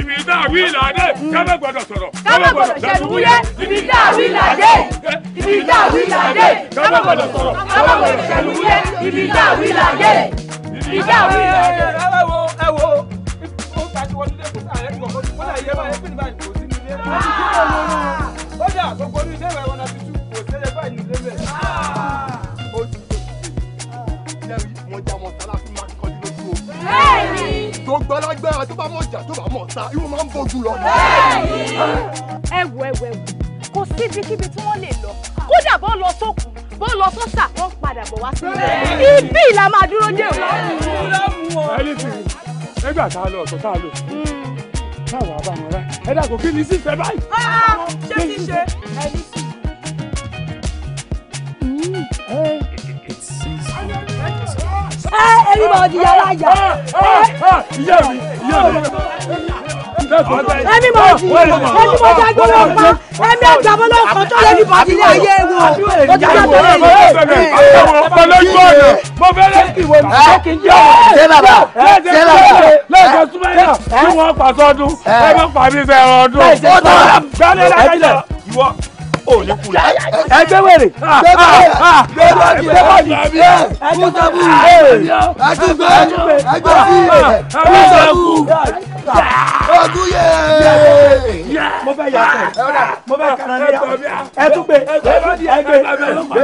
C: Ibi tá a wí ìlàdé. Kábẹ́ gbọ́dọ̀ sọ̀rọ̀. Kábẹ́ gbọ́dọ̀ sẹ́nu wúyẹ́. Ibi tá a wí ìlàdé. Ibi tá a wí ìlàdé. Kábẹ́ gbọ́dọ̀ sọ̀rọ̀. Kábẹ́ gbọ́dọ̀ sẹ́nu wúyẹ́.
D: Ibi tá a wí ìlàdé.
E: Ibi
C: tá a wí ìlàdé.
E: Ẹ wo ẹ wo. Ó ta ti wọlé lẹ́kọ̀ọ́ ààrẹ gbọ̀ngàn. Ó dà yẹ báyẹn pé nígbà ìgbò sínú ilé. Ó dà gbogbo orí ilé ìwẹ̀ wọn náà ti
B: tó gbọ́ lágbára tó bá mọ̀ jà tó bá mọ̀ ta irú máa ń bójú lọ. ẹ wo ẹ wo ẹ wo kò síbikíbi tí wọ́n lè lọ kódà bọ́ lọ sókun bọ́ lọ sọ́sà wọ́n padà bọ̀ wá sí ibi la máa dúró dé o.
C: ẹni tí nígbà tá a lọ ọ̀tọ̀ tá a lọ hmm. táwa bá rẹ ẹ dàgbọ́ kí ni sí báyìí.
B: Ah, ah, ṣé kí ṣe ẹni tí.
C: Hmm
B: ẹ ẹni máa di yàrá yà.
C: ìyá mi ìyá mi ẹmí mo jì ẹmí mo jágbó ló pa ẹmí àgbàbọ ló kọ tó lẹni bọ nílé ayé wo o ti ká tó lẹni. ọmọlẹ́gbọ̀n rẹ̀ mo fẹ́ lẹ́kì wo ṣé kí n jẹ́ ọ̀rọ̀. ṣé bàbá ṣé bàbá lẹ́ẹ̀kan súnmọ́yà tí wọ́n pàṣọ ọdún ẹ bá pàmì bẹ̀rẹ̀ ọdún. ọ̀dọ́ ẹ̀ bẹ́ẹ̀ ni ẹ̀ ò ní kú la. ẹgbẹ́ wèrè gbẹ́bọ́ọ̀dì gbẹ́bọ́ọ̀dì kúsàbù àtúgbẹ́ àgbẹ̀sí kúsàbù ọdúnyẹ. mo bẹ yà sẹ mo bẹ kàrà ní yà ẹ tún gbé ẹ tún gbé ẹ gbé ẹ tún gbé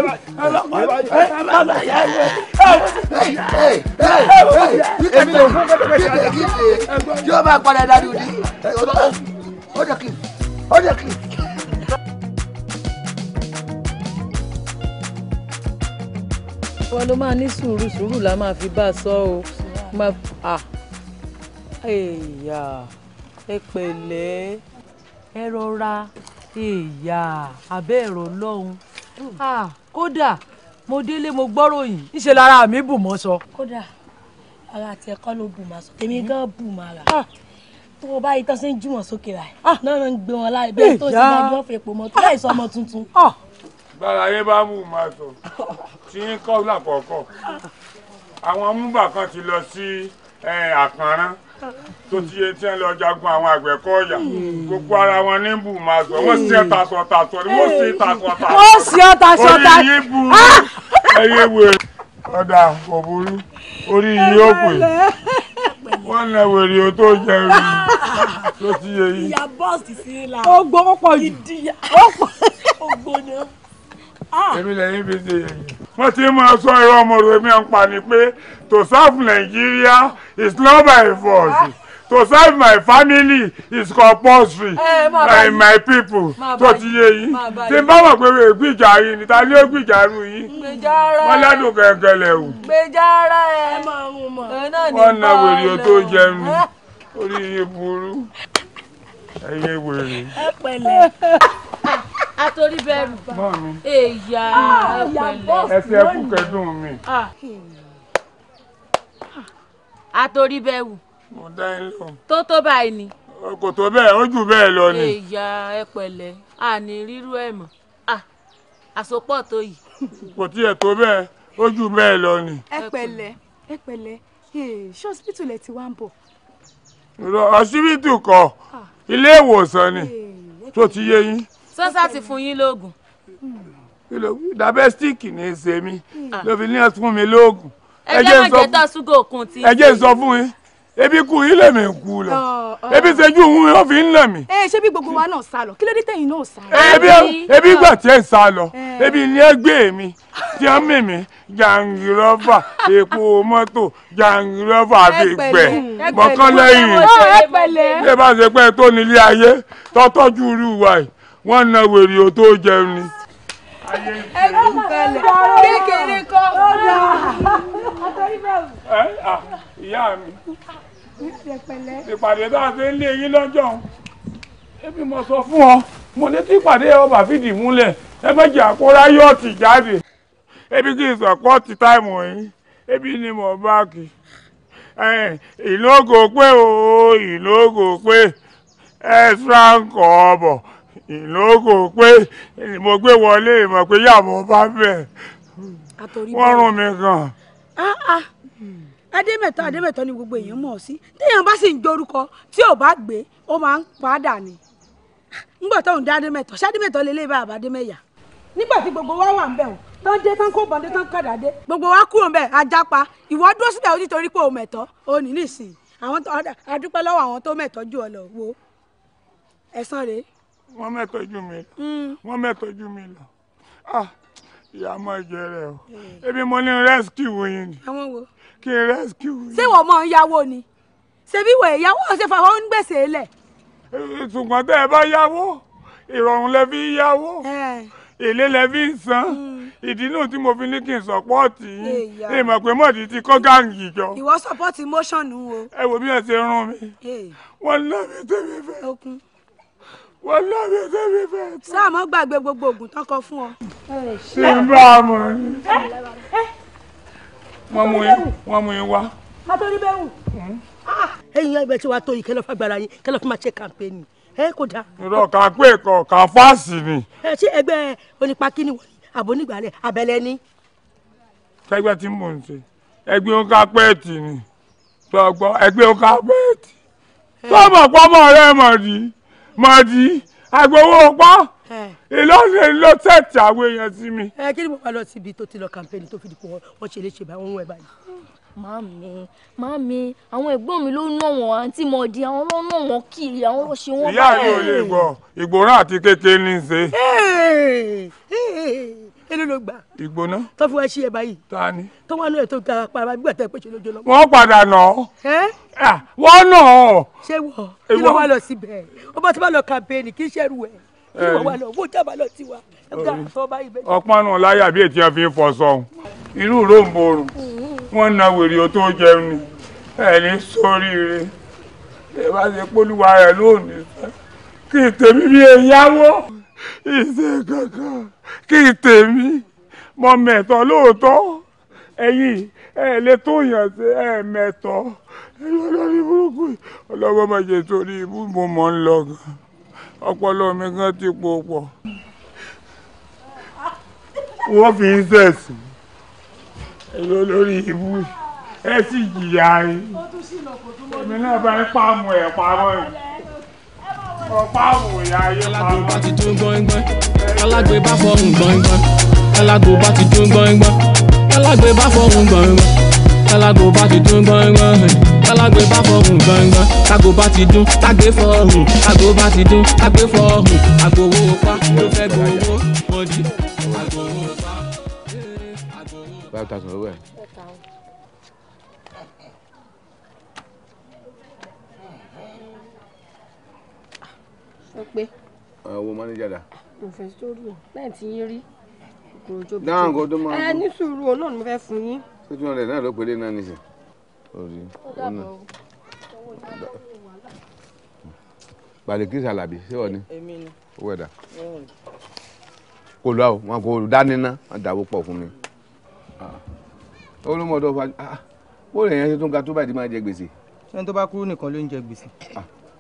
C: ẹ tún gbé. yóò máa padà dáadúró ní ọdọ kìí
B: ọdọ kìí. wọn ló máa ní sùúrù sùúrù la máa fi bá a sọ o máa à èèyà ẹ pẹ̀lẹ́ ẹ rọra èèyà abẹ́ ẹ̀rọ lọ́hùn kódà mo délé mo gbọ́rọ̀ yìí níṣẹ́ lára mi bù mọ́ sọ. kódà ara tiẹ̀ kọ́ ló bù máa sọ tèmi gan bù máa rà tó o bá yí tán sí ń jùmọ̀ sókè rà náà ń gbé wọn láì bẹ́ẹ̀ tó ti bá gbọ́ fèpò mọ́tò láì sọ ọmọ tuntun
C: bára ayé bá mú máa sọ tí ń kọ́ lápọ̀ọ́kọ́ àwọn múbà kan ti lọ sí àkànrán tó ti yé tí ń lọ jagun àwọn àgbẹ̀ kọ́ọ̀yà gbogbo ara wọn ní bù máa sọ wọ́n sì ẹ́ tasọ̀tasọ̀ ni wọ́n sì ẹ́ tasọ̀tasọ̀ wọ́n sì ẹ́ tasọ̀tasọ̀ orí yín bu ah! ẹyẹ wèrè ọ̀dà kò burú orí yín ó pè wọ́n na wèrè o tó jẹ rí ló ti yé yín. ìyá
B: bọ́ọ̀sì sí i la ó gbọ́ pọ̀ jù ó gbóná.
C: Ah. èmi lẹ́yìn fi ṣe èyí. wọ́n ti máa sọ irọ́ ọmọ rẹ̀ mi ń pa ni pé to serve Nigeria is not by force ah. to serve my family is compulsory eh, by my people tó ti yé yìí tí n bá mọ̀ pé ègbìjà yìí ni ta ni ó gbìjà yìí wọ́n lẹ́dùn kẹ̀kẹ́lẹ̀ o. gbèjàrá ẹ wọ́n na wèrè o tó jẹun ni eh. orí iye burú ẹ̀yin wèrè.
B: ẹ pẹ̀lẹ́. àtòrí bẹ̀rù èyà ah, ẹ̀pẹ̀lẹ́ ẹsẹ̀ ẹkú kẹdùn mi. àtòrí ah. bẹ̀rù tó tó báyìí ni.
C: kò tó bẹ́ẹ̀ ó jù bẹ́ẹ̀ lọ ni.
B: èyà a àní rírú ẹ̀ mọ́ ah, àsopọ̀ tó yìí.
C: kò tiẹ̀ tó bẹ́ẹ̀ ó jù bẹ́ẹ̀ lọ ni.
B: ẹ̀pẹ̀lẹ́ ẹ̀pẹ̀lẹ́ ṣé ọsibítù lẹ ti wá ń bọ̀.
C: ọsibítù kọ́ ilé ìwòsàn ni eh, tó ti yé yín
B: sọ́sà ti fún yín lóògùn.
C: dàbẹ́stíìkì ni ṣe mi ah. ló fi ní ọtún mi lóògùn. ẹjẹ́ máa jẹ́ tọ́
B: ṣúgà òkun ti. ẹjẹ́ sọ
C: fún yín ebi kú yín lèmi
B: kú lọ oh, oh. ebi ṣẹ́jú òun
C: yóò fi ń nà mí.
B: ẹ eh, ṣé bí gbogbo wa náà sá lọ kí ló dé tẹ̀yin náà sá lọ. Eh, ebi gbà
C: tí ẹ sá lọ eh. ebi ni ẹ gbé mi tí ẹ mì mí jàǹgìrọ́fà epo mọ́tò jàǹgìrọ́fà àfi gbẹ̀ mọ́kànlẹ́yìn bí ẹ bá ṣe pẹ́ tó nílé ayé tọ́tọ́jú irú wa yìí wọ́n na wèrè o tó jẹun ni. ìpàdé tá ṣe ń lé lọ́jọ́ mo sọ fún ọ mo ní tí ìpàdé ọba fìdí múlẹ̀ ẹ méjì àkórá yọ̀ọ̀tì jáde ebi kì í sọ̀pọ̀tì táìmù yín ebi ni mo bá kì í ìlógo pé o ìlógo pé ẹ ìlókò pé mo gbé wọlé ìmọ̀ pé yàmọ̀ bá bẹ̀ wọ́n rún mi gan.
B: Ah, ah. adémẹ̀tọ́ adémẹ̀tọ́ ni gbogbo èèyàn mọ̀ ọ́ sí téèyàn bá sì ń jorúkọ tí ò bá gbé ó máa ń padà ni nígbà tóun dá adémẹ̀tọ́ sádémẹ̀tọ́ lè lè bá àbá adémẹ̀yà nígbà tí gbogbo wa wà ń bẹ̀ wọ́n tó ń dé tán kó bọ̀ǹdé tán kàdà dé gbogbo wa kúrò ń bẹ̀ ajapa ìwọ dúró síbẹ̀ ojú torí pé o mẹ̀tọ́ o nì nísìnyí àwọn adúpẹ́ lọ́wọ́ àwọn tó mẹ̀tọ́ jù ọ lọ wo ẹ̀san rèé wọ́n mẹ́tọ́ ju mi lọ hmm. wọ́n mẹ́tọ́ ju mi lọ ah,
C: ìyá mọ̀ jẹ rẹ o hmm.
B: ebi mo ní rescue yín ni kí n rescue yín. ṣé wọ́n mọ ìyàwó ni ṣebí wọ̀ ìyàwó ọ̀sẹ̀ fàwọn onígbèsè lẹ̀. ṣùgbọ́n tẹ́ ẹ bá yáwó
C: ìrọ̀rùn lẹ fi yáwó èlé lẹ fi ń san hmm. ìdí náà tí mo fi ní kí n sọpọ́ọ̀tì yín èèmọ̀ pé mọ̀dí ti kọ́ gáàngì jọ. ìwọ sọpọ́ọ̀tì mọ́ṣọ̀nù o. ẹ wo bí ẹ ṣe rún mi wọ́n ná mi tẹ́mi fẹ́ wọ́n
B: lọ́ọ̀rẹ́ sẹ́mi gbàgbé gbogbo oògùn tán kọ fún ọ. ṣé n bá a mọ̀ ni. wọ́n mú yín wọ́n mú yín wá. mátorí bẹ́ẹ̀ wù. Hmm? Ah! ẹ̀yin ẹgbẹ́ tí wàá tó yìí kẹ́lọ́ fagbára yín kẹ́lọ́ fún máa ṣe kàmpẹ́ẹ̀nì ẹ kò dáa. irọ́ kà pé
C: kọ̀ kà fáàsì ni.
B: ẹ ṣé ẹgbẹ́ onípakí ni àbónígbàlẹ̀ abẹ́lẹ́ ni.
C: sẹ́gbẹ́ tí mò ń ṣe ẹgbẹ́ ó ká pẹ́ẹ̀tì ni tọ́gbọ́ ẹgbẹ́ ó ká pẹ́ẹ̀tì mọ̀dí agbowó pọ́
B: ìlọsẹ̀ ló tẹ̀tẹ̀ àwọn èèyàn sí mi. ẹ kí ni mo bá lọ síbi tó ti lọ kàmpẹ́ẹ̀nì tó fi di pé wọ́n ṣe léṣe báyìí wọ́n ń wẹ̀ báyìí. màámi màámi àwọn ẹ̀gbọ́n mi ló ná wọn àǹtí mọ̀dí àwọn ló ná wọn kiri àwọn ló ṣe wọn báyìí. ìyá yóò lè
C: gbọ́ ìgbòrán àti kékeré ní í ṣe èló ló gbà. ìgbóná.
B: tó fi wá sí ẹ báyìí. ta ni. tó wà nínú ẹ tó ga para gbígbà tẹ pé ṣe lójó lọ. wọ́n padà nà ọ́. wọ́n nà ọ́. ṣé wọ kí ló wá lọ síbẹ̀ ọba tí wọ́n lọ kàmpéènì kì í ṣẹ́rù ẹ̀ kí ló wà lọ wó jábà lọ tiwa. ọpọ́n
C: nù láyà bí ètí ẹ fi fọ sọ̀hún irú ròǹbòrò wọ́n na wèrè o tó jẹun ni ẹ̀ ní sóríire ẹ̀ bá ṣe pólúwa rẹ̀ lónìí kí tèmi bí èyí á wọ́ iṣẹ́ kankan kí tèmi mọ mẹ̀tọ́ lóòótọ́ ẹ̀yìn ẹ̀ lè tó yàn sí ẹ̀ mẹ̀tọ́ ẹ̀yìn olórí burúkú ọlọ́wọ́ máa jẹ torí ibú mo mọ̀ ń lọ gan ọpọlọ mi gan ti pò pọ̀ wọ́n fi ń sẹ̀sìn ẹ̀yìn olórí ibú ẹ̀ sì jìyà rẹ̀ èmi náà bá ń pàmò ẹ̀ pamọ́ yìí ọ̀pá àwòyá ayé pamọ́. alágbó bá ti dún gbọ́ngbọ́n alágbó bá fọ̀hún
A: gbọ́ngbọ́n alágbó bá ti dún gbọ́ngbọ́n alágbó bá fọ̀hún gbọ́ngbọ́n alágbó bá ti dún gbọ́ngbọ́n alágbó bá fọ̀hún gbọ́ngbọ́n agbó bá ti dún agbé fọ̀hún agbó bá ti dún agbé fọ̀hún agbó owó pa ló fẹ́ gbowó mọ́dí agbó owó pa. five thousand owó
B: ó pé.
E: owó mọ́níjà dà.
B: mo fẹ́ sórí o láì tí yín rí kòkòrò tó
E: bí. dáhùn kó tó máa dùn. ẹ
B: ní sùúrù o náà ni mo fẹ́ fún yín.
E: tó tún ọ̀rẹ́ náà ló pèlè náà nìsín. orí ọ̀nà Balikiri Alabi ṣé wọ́n ni owó ẹ̀dá kò lọ́wọ́ wọn kò dání ná wọn dàwó pọ̀ fún mi. olùmọ̀dọ́ fa bóòlù yẹn ṣe tún ga tó báyìí máa jẹ gbèsè. sẹ́ni tó bá kúrú nìkan ló ń jẹ gbèsè.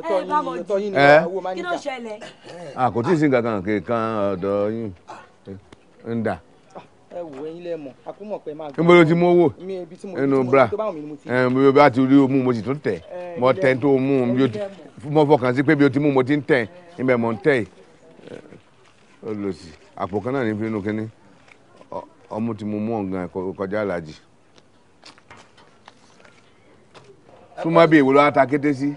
B: ẹ̀tọ́ yín ni owó máníjà. kí ló ṣẹlẹ̀.
E: kò tí ì sí nǹkan kan kankan ọ̀dọ̀ yín ń dà ah, ẹ wò níbo ló ti mú owó nínú bra bí o bá ti rí o mú mo sì tún tẹ̀ mo tẹ̀ tó o mú mo fọkàn sí pé bí o ti mú mo ti ń tẹ̀ ibẹ̀ mo ń tẹ̀ ó lọ sí àpò kan náà ní bínú kínní ọmú ti mú mú ọ̀gàn kọjá àlàjì súnmọ́ bí èwo ló wá ta kété sí. Si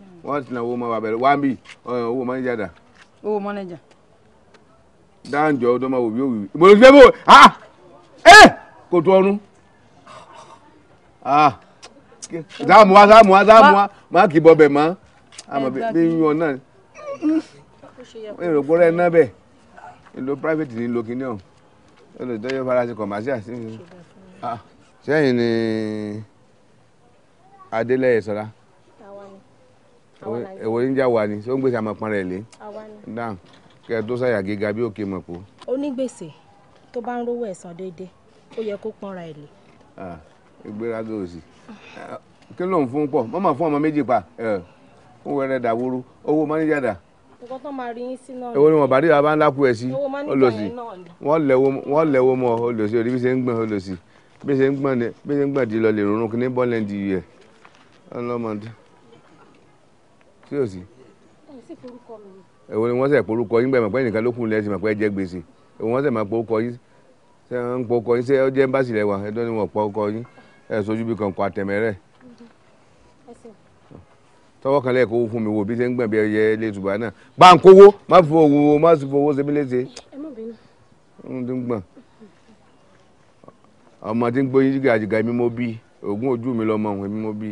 E: wọ́n ti na owó mọ́ wa bẹ̀rẹ̀ wá bí owó mọ́nẹ́jà dà. owó mọ́nẹ́jà. dáńjọ ọdún máa wò bí òwì mo lè fi bó a ẹ kò tó ọrùn a ah! sáàmù wa sáàmù wa sáàmù wa má kì í bọ bẹ̀ mọ́ àmọ́ bí yún ọ náà èrò gbọ́dọ̀ ẹ̀ náà bẹ̀ èlò private ní lo kíní ọ̀hún olùdóyè farasi commercial sí mi sẹ́yìn ah! ni adélẹ́yẹ sọ́ra. So èwo ń jà wà ní ṣé ó ń gbèsè àmọ̀pọ̀n rẹ̀ lé dáhùn kẹ́ ẹ tó ṣàyà gíga bí òkè mọ̀ pọ̀.
B: onígbèsè tó bá ń rówó ẹ̀san déédéé ó yẹ kó pọ́nra ẹ̀ lé.
E: ìgbéraga òsì kí ló ń fún pọ̀ mọ́ máa fún ọmọ méjì pa fún wẹrẹ dàwúrú owó máníjà dà.
B: nǹkan tó máa rí yín sí náà. èwo ni wọn
E: bá rí bàbá ńlá kú ẹ sí olòsì wọn lẹwọ mọ olòsì orí bí ṣe ń gbọn olòsì bí ṣe ń gbọn bí ṣe ń gbọn di lọ lè ronú kí ní bọ́ọ̀lù ẹ̀ ń di yẹ ọlọ́mọdé sí ò sí. èwo ni wọ́n sẹ̀ porúkọ yín gbẹ̀mọ̀ pé nìkan ló kún lẹ́sìn mọ̀ pé ẹ jẹ́ gbèsè èwo wọ́n sẹ̀ máa porúkọ yín sẹ́ ń porúkọ yín sẹ́ ọ jẹ́ ẹ́mbáàsì lẹ́wà ẹjọ́ ni wọ́n porúkọ yín ẹ sojú bí kankan àtẹ̀mẹ́rẹ́. tọwọ́ kan lẹ́ẹ̀kọ́ owó fún mi wo bí ṣe ń gbọ̀n bí ẹyẹ ilé ìtura náà bá ń kówó má fi owó má fi owó ṣe mí léṣe. ọmọ tí ń gbóyin jìgàjìgà mi mo bí ògún ojú mi lọmọ òun mi mo bí.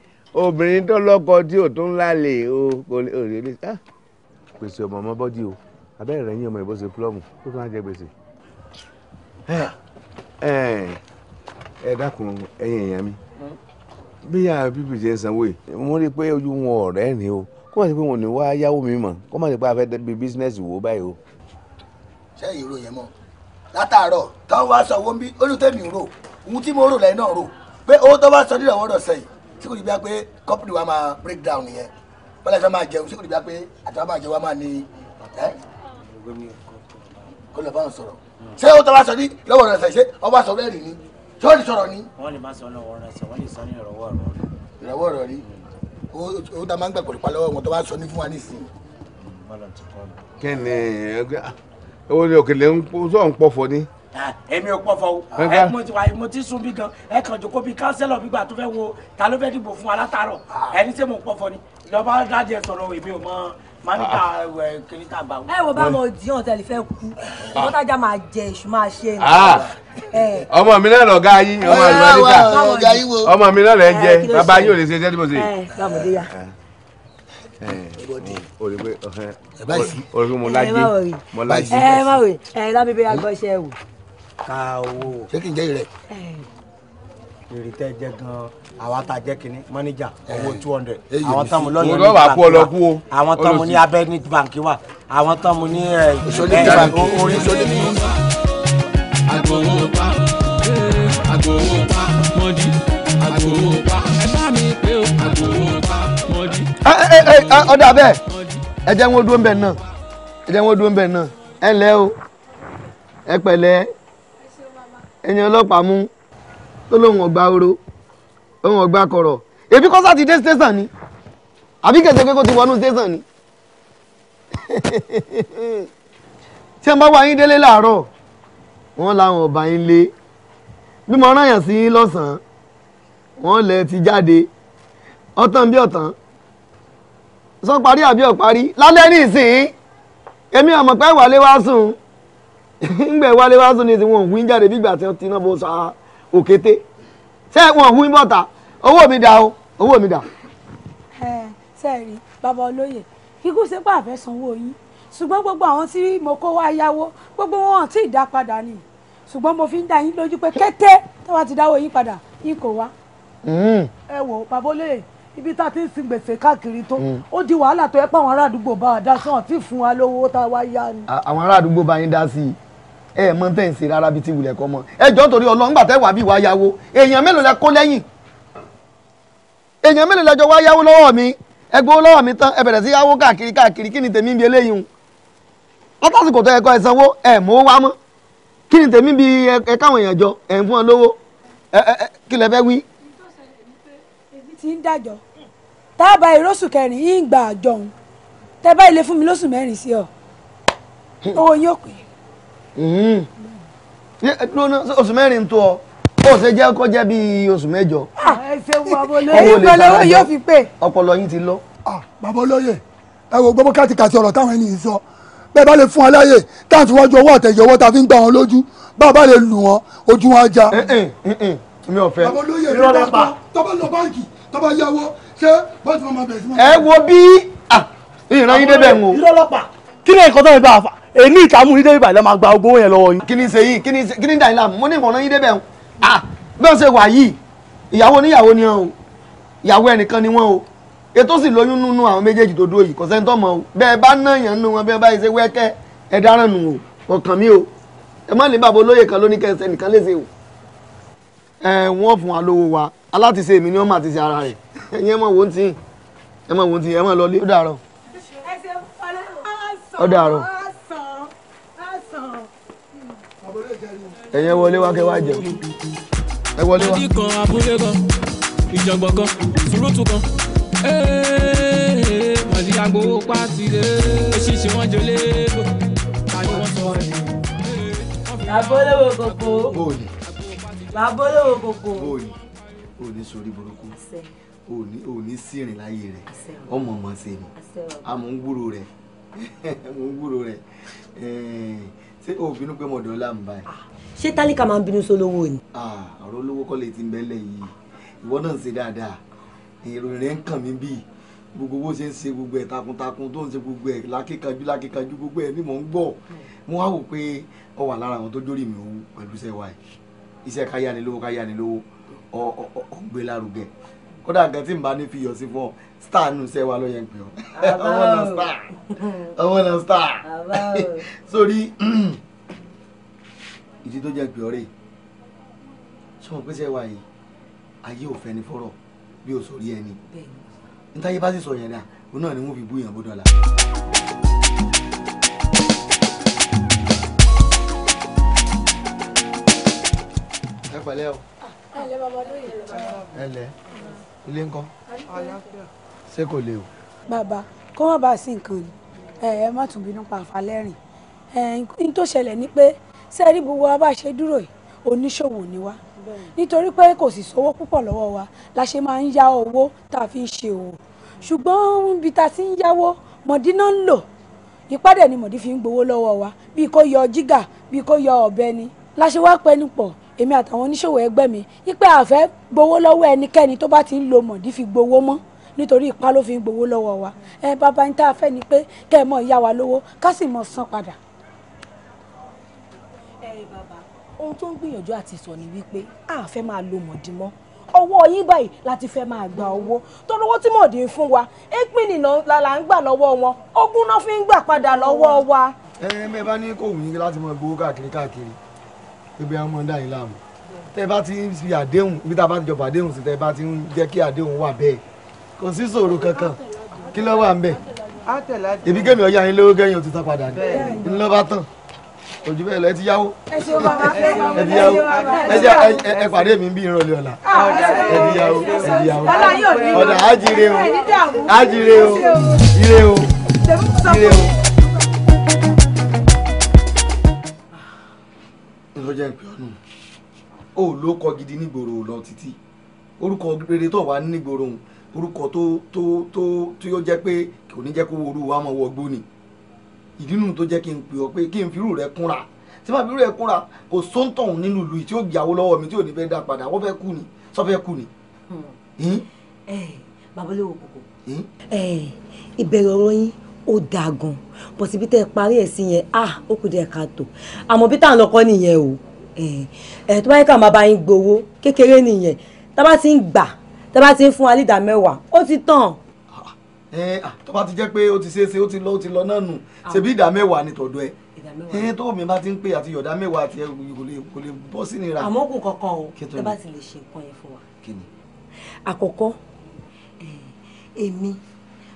E: obìnrin tó lọ́kọ tí ò tún lálẹ́ o kò lè ò lè pèsè ah, ọmọ ọmọ bọ́dí o abẹ́rẹ́ rẹ̀ yín ọmọ ìbọn ṣe plọ́mù tó tún á jẹ gbèsè. Ah, eh, ẹ dákun ẹ̀yin èèyàn mi bí àwọn pípì ṣe ń sanwó yìí mo rí i pé ojú wọn ọ̀rẹ́ ni o kó má ṣe pé wọn ò ní wá yáwó mi mọ̀ kó má ṣe pé a fẹ́ bí bísínẹ́sì wò báyìí o. ṣé ìró yẹn mọ látàárọ̀ táwọn wá sanwó ń bí olùtẹ̀mí rò ohun tí mo rò lẹ́yìn náà rò pé owó tó bá sọ nílẹ̀ wọ́n rọ̀ sẹ́yìn sí kò dìbíyà pé company wa máa break down nìyẹn bọ́lá ìṣọ́ máa jẹun sí kò dìbíyà pé àtàwọn máa jẹun wa máa ní ẹ́ kó lọ bá wọn sọ̀rọ̀ ṣé o tọ́ bá sọ ní lọ́wọ́ rẹ̀ ṣe ọba sọ bẹ́ẹ̀ rì ni ṣé o lè sọ̀rọ̀ ni. wọ́n lè má sọ lọ́wọ́ rẹ̀ ṣe wọ́n lè sọ ní ìrọ̀wọ́ rẹ̀ rí. ìrọ̀wọ́ rẹ̀ rí o ta máa ń gbà pẹ̀lú palọ́wọ́ wọn tó bá sọ ní fún wa nísìnyí. kẹ́ni ẹgbẹ́ owó ni òkèlè ń pọ̀ fọ́ ni èmi ò pọ̀ fọ o ẹ mo ti wà mo ti sun bí gan ẹ kàn jókòó bí kánsẹ́lọ̀ gbígbà tó fẹ́ wo ta ló fẹ́ dìbò fún wa látàárọ̀ ah. ẹni tí mo pọ̀ fọ ni lọ́ba dájẹ́ sọ̀rọ̀
B: èmi ò mọ mánítà ah. kiri tá a gbà. ẹ wo bá mo di ọ̀n tẹ̀lé fẹ́ kú ọ̀tọ́jà máa jẹ èṣù máa ṣe é. Ah.
E: ọmọ mi náà lọ̀gá yín ọmọ àlùmọ́nìkà
B: ọmọ mi náà lẹ̀ ń jẹ bàbá yín ò lè ṣe iṣẹ́ tí mo ṣe.
E: olùgbé mo lajé mo lajé. ẹ
B: má wò ẹ lábẹ́bẹ́
E: agbọ́ṣẹ́ wò káwó. ṣé kì í jẹ́ ìrẹ̀. èrè tẹ́ jẹ́ gan-an àwa tá a jẹ́ kínní mọ́níjà owó two hundred àwọn tán mu lọ́yọ̀ ní bank wa àwọn tán mu ní abẹ́nit bank wa àwọn tán mu ní orí. àgbòwò pa àgbòwò pa mọ́dí
A: àgbòwò pa ẹ bá mi pé o àgbòwò pa mọ́dí.
E: ọ̀dà bẹ́ẹ̀ ẹ jẹ́ wọn dúró ń bẹ̀ náà ẹ jẹ́ wọn dúró ń bẹ̀ náà ẹ ǹlẹ́ o ẹ pẹ̀lẹ́ ẹni ọlọ́pàá mú tó lóun ọgbà oro lóun ọgbà kọ̀rọ̀ èbí kọ́sà ti dé station ni àbí kẹ̀sẹ̀ pé kó ti wọnú station ni tí wọ́n bá wá yín délé láàárọ̀ wọ́n làwọn ọba yín lé bí mo rán yàn sí yín lọ́sàn-án wọ́n lẹ̀ ti jáde ọ̀tàn bí ọ̀tàn sọ parí àbí ọ̀parí lálẹ́ ní ìsìn èmi ọ̀mọ̀ pẹ́ wà lé wá sùn ńgbẹ wálé wá sọ ní ti wọn òhun jáde bígbà tí wọn ti náà bó sa òkété ṣé wọn òhun bọ̀tà owó mi dà o owó mi dà.
B: ẹ sẹ́ẹ̀rì bàbá olóyè kíkú ṣe pé àfẹ́ sanwó yín ṣùgbọ́n gbogbo àwọn tí mo kó wá yáwó gbogbo wọn tí ì dá padà ni ṣùgbọ́n mo fi ń dá yín lójú pé kété táwa ti dáwọ́ yín padà yín kò wá. Hmm. ẹ wò bàbá olóyè ibi tá a ti ń sin gbèsè káàkiri tó hmm. ó di wàhálà tó yẹ pé àwọn ará àdúgbò bá a dá sí wọn tí fún wa lówó tá a wá yá ni.
E: àwọn ará àdúgbò bá yín dá sí i ẹ mọ tẹ́ ń ṣe rárá bíi ti wulẹ̀ kọ́ mọ́ ẹ jọ́ torí ọlọ́run gbà tẹ́ wà bí wàá yáwó èèyàn mélòó lẹ kó lẹ́yìn èèyàn mélòó lẹ jọ wá yáwó lọ́wọ́ mi ẹ lọ́wọ́ mi tán ẹ bẹ̀rẹ̀ sí yáwó káàkiri káàkiri kí ni tèmi bí eléyìí o látàsìkò tó yẹ kọ́ ẹ sanwó ẹ mọ́ wá mọ́ kí ni tèmi bí ẹ káwọn èèyàn jọ ẹ ń fún ọ lówó ẹ ẹ kí lẹ fẹ́ wí.
B: èmi ń dàjọ
E: Mhm. oṣù mẹ́rin tó ọ ó ṣe jẹ́ kó jẹ́ bíi oṣù mẹ́jọ. Ah, ẹ ṣeun babolóye èyí babolóye yóò fi pè. ọpọlọ yín ti lọ. Ah, babolóye ẹ wo gbogbo káàtì kàti ọ̀rọ̀ táwọn ènìyàn sọ bẹ́ẹ̀ bá lè fún aláyè táwọn fi wájú ọwọ́ àtẹ̀yẹ ọwọ́ ta fi ń gbà wọn lójú bá a bá lè lù wọn ojú wọn á já. Eh, eh, eh, mi ò fẹ́ babolóye ìrọ̀lẹ́ pa tọ́ba lọ báńkì tọ́ba yáwó ṣé bọ́ọ̀tì wọn máa bẹ̀rẹ̀ sí. ẹ wo bí ah, ìran yín débẹ̀ ń wo kí ni nǹkan tó ń bá a fà èmi ìkàmú yín débìbà lẹ́ máa gba ogbó yẹn lọ́wọ́ yín. kí ni ṣe yìí kí ni mo ní ìmọ̀ràn yín débẹ̀ ah bí ṣe wà yìí ìyàwó oníyàwó ni o ìyàwó ẹnìkan ni wọn o ètò sì lóyún nínú àwọn méjèèjì tó dúró yìí kò sẹ́ni tó o bẹ́ẹ̀ bá ná yàn nínú wọn bẹ́ẹ̀ bá ṣe wẹ́kẹ́ ẹ dáràn nù o ọkàn mi o ẹ má ní bàbá olóyè kan lóní kẹsẹ̀ nìkan lè ṣe o ẹ wọ́n fún wa lówó ẹ̀yẹn wọlé wá kẹ́ wá jẹun ẹ wọlé wá. ìkan abúlé kan
A: ìjọ̀gbọ̀n kan fúrúùtù kan mọ̀lì agbowó pàtì lé ṣíṣe wọ́n jọ léèbò tàbí sọ ẹ̀.
C: làbólówó kòkó
E: bòòlì làbólówó kòkó bòòlì òní burúkú òní òní sírìn láyé rẹ ọmọ ọmọ sí ni àmọ́ ń gbúrò rẹ àmọ́ ń gbúrò rẹ ẹ̀ẹ́ ṣé o bínú pé mo dọ̀ ọ́ láàmú báyìí. Ah,
B: ṣé tálíkà máa ń bínú sólówó ni.
E: Ah, ọ̀rọ̀ olówó kọ́ lè ti bẹ́lẹ̀ yìí ìwọ náà ń ṣe dáadáa ìròyìn rẹ̀ ń kàn mí bíi gbogbo bó ṣe ń ṣe gbogbo ẹ̀ takuntakun tó ń ṣe gbogbo ẹ̀ lákíkanjú lákíkanjú gbogbo ẹ̀ ni mò ń gbọ́ mo wá wò pé ọ wà lára àwọn tó dórí mi òun pẹ̀lú iṣẹ́ wa iṣẹ́ káyánilówó káyánilówó ọ̀ ọ̀ ọ̀ ń gbé lárugẹ kódà nǹkan tí n bá ní fi yọ̀ sí fún ọ star nù sẹ́ wa ló yẹ ń pè ọ́ ọmọ náà star ọmọ náà star sórí ìdí tó jẹ́ pé ọ̀rẹ́ ṣé wọn pèsè wa yìí ayé ò fẹ́ni fọ́rọ̀ bí ò sórí ẹni níta yé bá sì sọ yẹn dà òun náà ni wọ́n fi bú yàn bó dọ́là. ẹ pẹ̀lẹ́ o. Ah, ẹ lẹ́
B: bàbá lóye lọ́wọ́.
E: ẹ lẹ́ ilé ńkọ́ ṣé kò le o.
B: bàbá kó má bàa sí nǹkan ni ẹ ẹ má tún bínú pa àfàlẹ́rìn ẹ n tó ṣẹlẹ̀ ni pé sẹ́ẹ̀rí gbogbo wa bá ṣe dúró yìí oníṣòwò ni wá nítorí pé kò sì sówó púpọ̀ lọ́wọ́ wa la ṣe máa ń yá owó tá a fi ń ṣe òwò ṣùgbọ́n ibi tá a ti ń yáwó mọ̀dí náà ń lò ìpàdé ni mọ̀dí fi ń gbowó lọ́wọ́ wa bí kò yọ jígà bí kò yọ ọ̀bẹ ni la ṣe wá pẹnu pọ̀ èmi àtàwọn oníṣòwò ẹgbẹ́ mi wípé àfẹ́ gbowó lọ́wọ́ ẹnikẹ́ni tó bá ti ń lo mọ̀dí fi gbowó mọ́ nítorí ipá ló fi ń gbowó lọ́wọ́ wa ẹ bàbá ń tá a fẹ́ ni pé kẹ́ ẹ mọ̀ yá wa lówó ká sì mọ̀ san padà. ẹ bàbá ohun tó ń gbìyànjú àti sọ ni wípé àfẹ́ máa lo mọ̀dí mọ́ ọwọ́ yín báyìí láti fẹ́ máa gba owó torí owó tí mọ̀dí ń fún wa ẹ̀pìn nìna là ń gbà lọ́wọ́ wọn ogún náà fi ń gbà padà lọ́wọ́ wa.
E: ẹ ẹ mẹ bá ní kò wù yín láti mọ gbowó káàkiri káàkiri ebi àwọn ọmọ dá yín láàmú tẹ bá ti ń fi àdéhùn ibi tá a bá ti jọba àdéhùn sí tẹ bá ti ń jẹ́ kí àdéhùn wà bẹ́ẹ̀ kò sí ṣòro kankan kí ló wà ń bẹ̀ ibi kémi ọ̀yá yín lówó kẹ́yìn òtítọ́ padà ní ńlọ bá tán òjú bẹ́ẹ̀ lọ ẹ ti yáwó
D: ẹ ti yáwó ẹ ti
E: ẹ pàdé mi bí ìrọ̀lẹ́ ọ̀la ah, ẹ ti yáwó ẹ ti yáwó ọ̀dà ájíire o ájíire o ire o ire o. tó jẹ́ ìpè ọ́nù o ò lóko gidi nígboro lọ títí orúkọ rere tó wà nígboro òun orúkọ tó tó tó tó yóò jẹ́ pé kò ní jẹ́ kó orú wa mọ̀ wọgbó ni ìdí nù tó jẹ́ kí n pè ọ́ pé kí n fi irú rẹ kúnra tí màá fi irú rẹ kúnra kò sóńtọ̀hún nínú ìlú yìí tí ó gbìyàwó lọ́wọ́ mi tí ò ní fẹ́ dá padà wọ́n fẹ́ kú ni sọ fẹ́ kú ni.
B: Hmm. Eh, babaláwo kòkó eh, ìbẹ̀rẹ̀ ọ̀rọ̀ yín ó dáa gan bọ̀sí bí tẹ́ ẹ sí yẹn ah ó kù díẹ̀ káàtó àmọ́ bí táwọn lọ́kọ́ nìyẹn o ẹ̀ tó bá yẹ ká máa bá yín gbowó kékeré nìyẹn tá bá ti ń gbà tá bá ti ń fún wa lídà mẹ́wàá ó ti tàn. Ah,
E: eh, ah, tó bá ti jẹ́ pé ó ti ṣeé ṣe ó ti lọ ó ti lọ náà nù ah. ṣebí ìdá mẹ́wàá ni tọ̀dọ̀ ẹ̀ ẹ̀ẹ́n eh, tó mi bá ti ń pè àti yọ̀dá mẹ́wàá àti kò lè kò lè bọ́ sí nira. àmọ́ kò kankan o tẹ́ bá ti
B: lè ṣe nǹkan yẹn fún wa. àkọ́kọ́ eh, èmi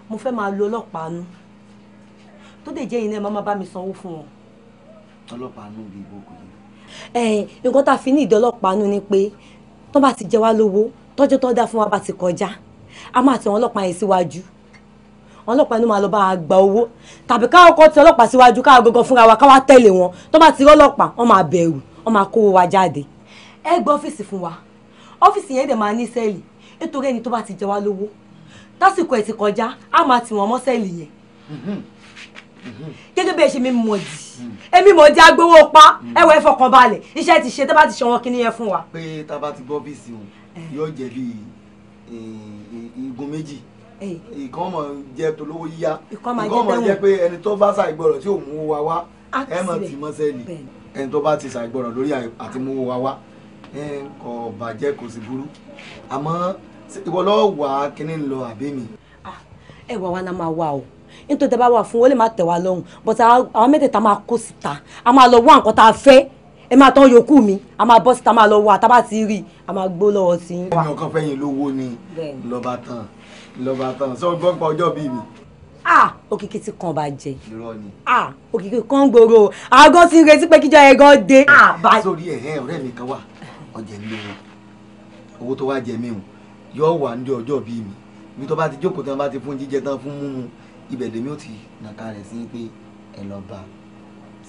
B: mo fẹ́ máa lo ọlọ́pàá nù tó dẹ̀ jẹ́ iná ẹ̀ máa bá mi sanwó fún wọn.
E: ọlọ́pàá nù bí ibo kò yẹ.
B: ẹ̀ẹ́n nǹkan tá a fi ní ìdí ọlọ́pàá nù ni pé tó bá ti jẹ wá lówó tọ́jọ́ tó dá fún wa bá ti kọjá a máa tẹ àwọn ọlọ́pàá yẹn síwájú àwọn ọlọ́pàá inú máa lọ bá a gba owó tàbí káwọn kọ́ ti ọlọ́pàá síwájú káwọn gọ́gọ́ fúnra wa káwa tẹ̀lé wọn tó bá ti rí ọlọ́pàá wọn máa bẹ̀rù wọn máa kówó wa jáde ẹ gbọ́ ọ́fíìsì fún wa ọ́fíìsì yẹn dẹ̀ máa ní sẹ́ẹ̀lì nítorí ẹni tó bá ti jẹ wá lówó tásìkò ẹ̀ ti kọjá a máa tì wọ́n mọ́ sẹ́ẹ̀lì yẹn mhm gẹ́gẹ́ bí ẹ ṣe mi mọ̀ dì èmi mọ̀ dì agbowó pa ẹwọ ẹ fọkàn balẹ̀ iṣẹ́ ti ṣe tó bá ti ṣe wọn kí ni yẹn wa.
E: pé tá a bá ti gbọ́ bíìsì òun yóò jẹ́ bí igun méjì ìkan mọ̀ jẹ́ tolówó yíyá ìkan mọ̀ jẹ́ pé ẹni tó bá ṣàìgbọràn tí òun wá wá ẹ mọ̀ tì mọ́ sẹ́ẹ̀lì ẹni tó bá ti ṣàìgbọràn lórí àtimú wá wá kò bàjẹ́ kò sì burú àmọ́ ìwọ lọ́ọ́ wà á kíní lọ àbí mi.
B: ẹ wà wá ná máa wà o nítorí tẹ bá wà fún ó lè má tẹ̀ wá lọ́rùn but àwọn mẹ́tẹ̀ẹ̀ta máa kó síta a máa lọ wá nǹkan tá a fẹ́ ẹ máa tán yòókù mi a máa bọ́ síta máa lọ wá àtàbà ti rí a máa gbó lọ́wọ́ sí. ẹni ọkàn
E: fẹ́yìn lówó ni lọ́ba tán lọ́ba tán sọ gbọ́n pa ọjọ́ bíi mi ah
B: òkìkí tí kan bá jẹ
E: ah òkìkí
B: kan gbòòrò aago ti retí pé kíjọ ẹgọ dé. sórí
E: ẹ̀hẹ́ ọ̀rẹ́ mi kan wà ọ̀jẹ̀ ní owó owó tó wá jẹ mí o yóò wà ní ọjọ́ bíi mi ibi tó bá ti jókòó tán bá ti fún jíjẹ tán fún mímu ibẹ̀ lèmi ò ti nàka rẹ̀ sí pé ẹ lọ bá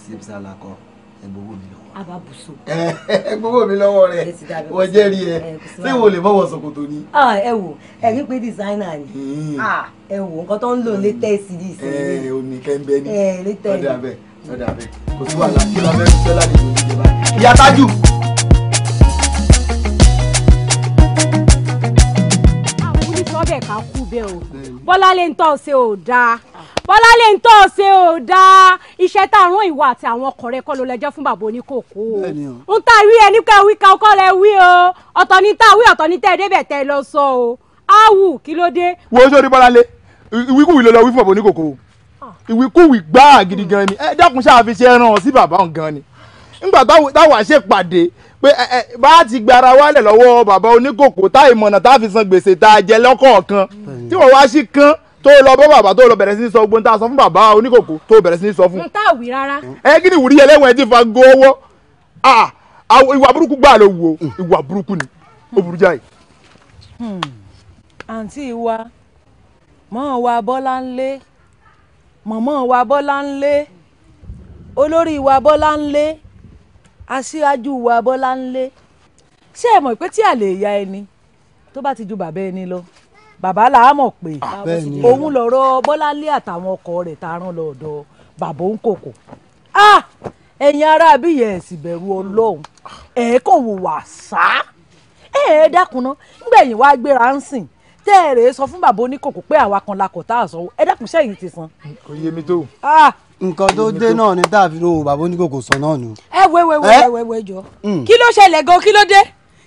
E: sípsà lakọ ẹ gbowó mi
B: lọ́wọ́. ababuso.
E: ẹ gbowó mi lọ́wọ́ rẹ wọ́n jẹ́rìí ẹ ṣé wo lè bọ́wọ́ ṣòkòtò
B: ni. ẹ wò ẹ rí pé designer ni hmm. ẹ wò nǹkan tó ń lò latest ní ìsinmi. ẹ omi
E: kẹ́ńbẹ́ ni eh, ọ̀dà bẹ́ẹ̀ ọ̀dà bẹ́ẹ̀ kò sí wàhálà kí ló fẹ́ fẹ́ lálejò ìjọba. ìyá tájù.
B: bẹ o bọ́láńlé ń tọ́ ṣe ò dáa bọ́láńlé ń tọ́ ṣe ò dáa iṣẹ́ tá a rán ìwà àti àwọn ọkọ̀ rẹ kọ́ ló lẹ́jọ́ fún bàbá oníkòkó o ń tà wí ẹ nípa ẹwí ká ọkọ rẹ wí o ọ̀tọ̀ ní tá a wí ọ̀tọ̀ ní tẹ́ ẹ débẹ̀ tẹ́ ẹ lọ sọ o áwù kí ló dé.
E: wo sórí bọ́láńlé ìwíkúwì ló lọ wí fún bàbá oníkòkó ah. ìwíkúwì gbáà gidi gan ni ẹ dákun ṣáà fi ṣe ẹran sí bàbá òun gan ni ńgbà pé ẹ bá a ti gbara wálẹ̀ lọ́wọ́ bàbá oníkòkò tá ìmọ̀nà tá a fi san gbèsè tá a jẹ lọ́kọ̀ọ̀kan tí wọ́n wá sí kán tó lọ bọ́ bàbá tó lọ bẹ̀rẹ̀ sí sọ gbogbo tá a sọ fún bàbá oníkòkò tó bẹ̀rẹ̀ sí ní sọ fún. n ta wí rárá. ẹ kí ni ìwúrí ẹlẹ́wọ̀n ẹ ti fa go owó ìwà burúkú gbà ló wo ìwà burúkú ni ó burú jáì.
B: Hmm. àǹtí wa mọ́ wa bọ́lá ń lé mọ̀mọ́ wa bọ́lá ń lé olórí wa bọ́lá ń lé aṣíwájú wa Bọ́láńlé ṣé ẹ mọ̀ pé tí àlè ìyá ẹni tó bá ti ju bàbá ẹni lọ bàbá là á mọ̀ pé ah, òun lọ̀rọ̀ Bọ́láńlé àtàwọn ọkọ rẹ̀ tá a rán lọ ọ̀dọ̀ bàbá òǹkòkò ah, ẹ̀yin ará abíyẹ̀ ẹ̀ sì bẹ̀rù ọlọ́run ẹ̀ kò wò wá sá ẹ̀ ẹ̀ dákunná ngbẹ̀yìn wá gbéra ń sìn tẹ́ ẹ̀ rèé sọ fún bàbá oníkòkò pé àwa kan la kọ̀ tá a sanwó ẹ̀ dákun sẹ́yìn ti san. kò yé mi tó. Ah, nǹkan tó dé náà
E: ni tàbí ro bàbá oníkòkò sọ náà nù.
B: ẹ wẹ wẹ wẹ wẹ wẹ jọ kí ló ṣẹlẹ̀ gan kí ló dé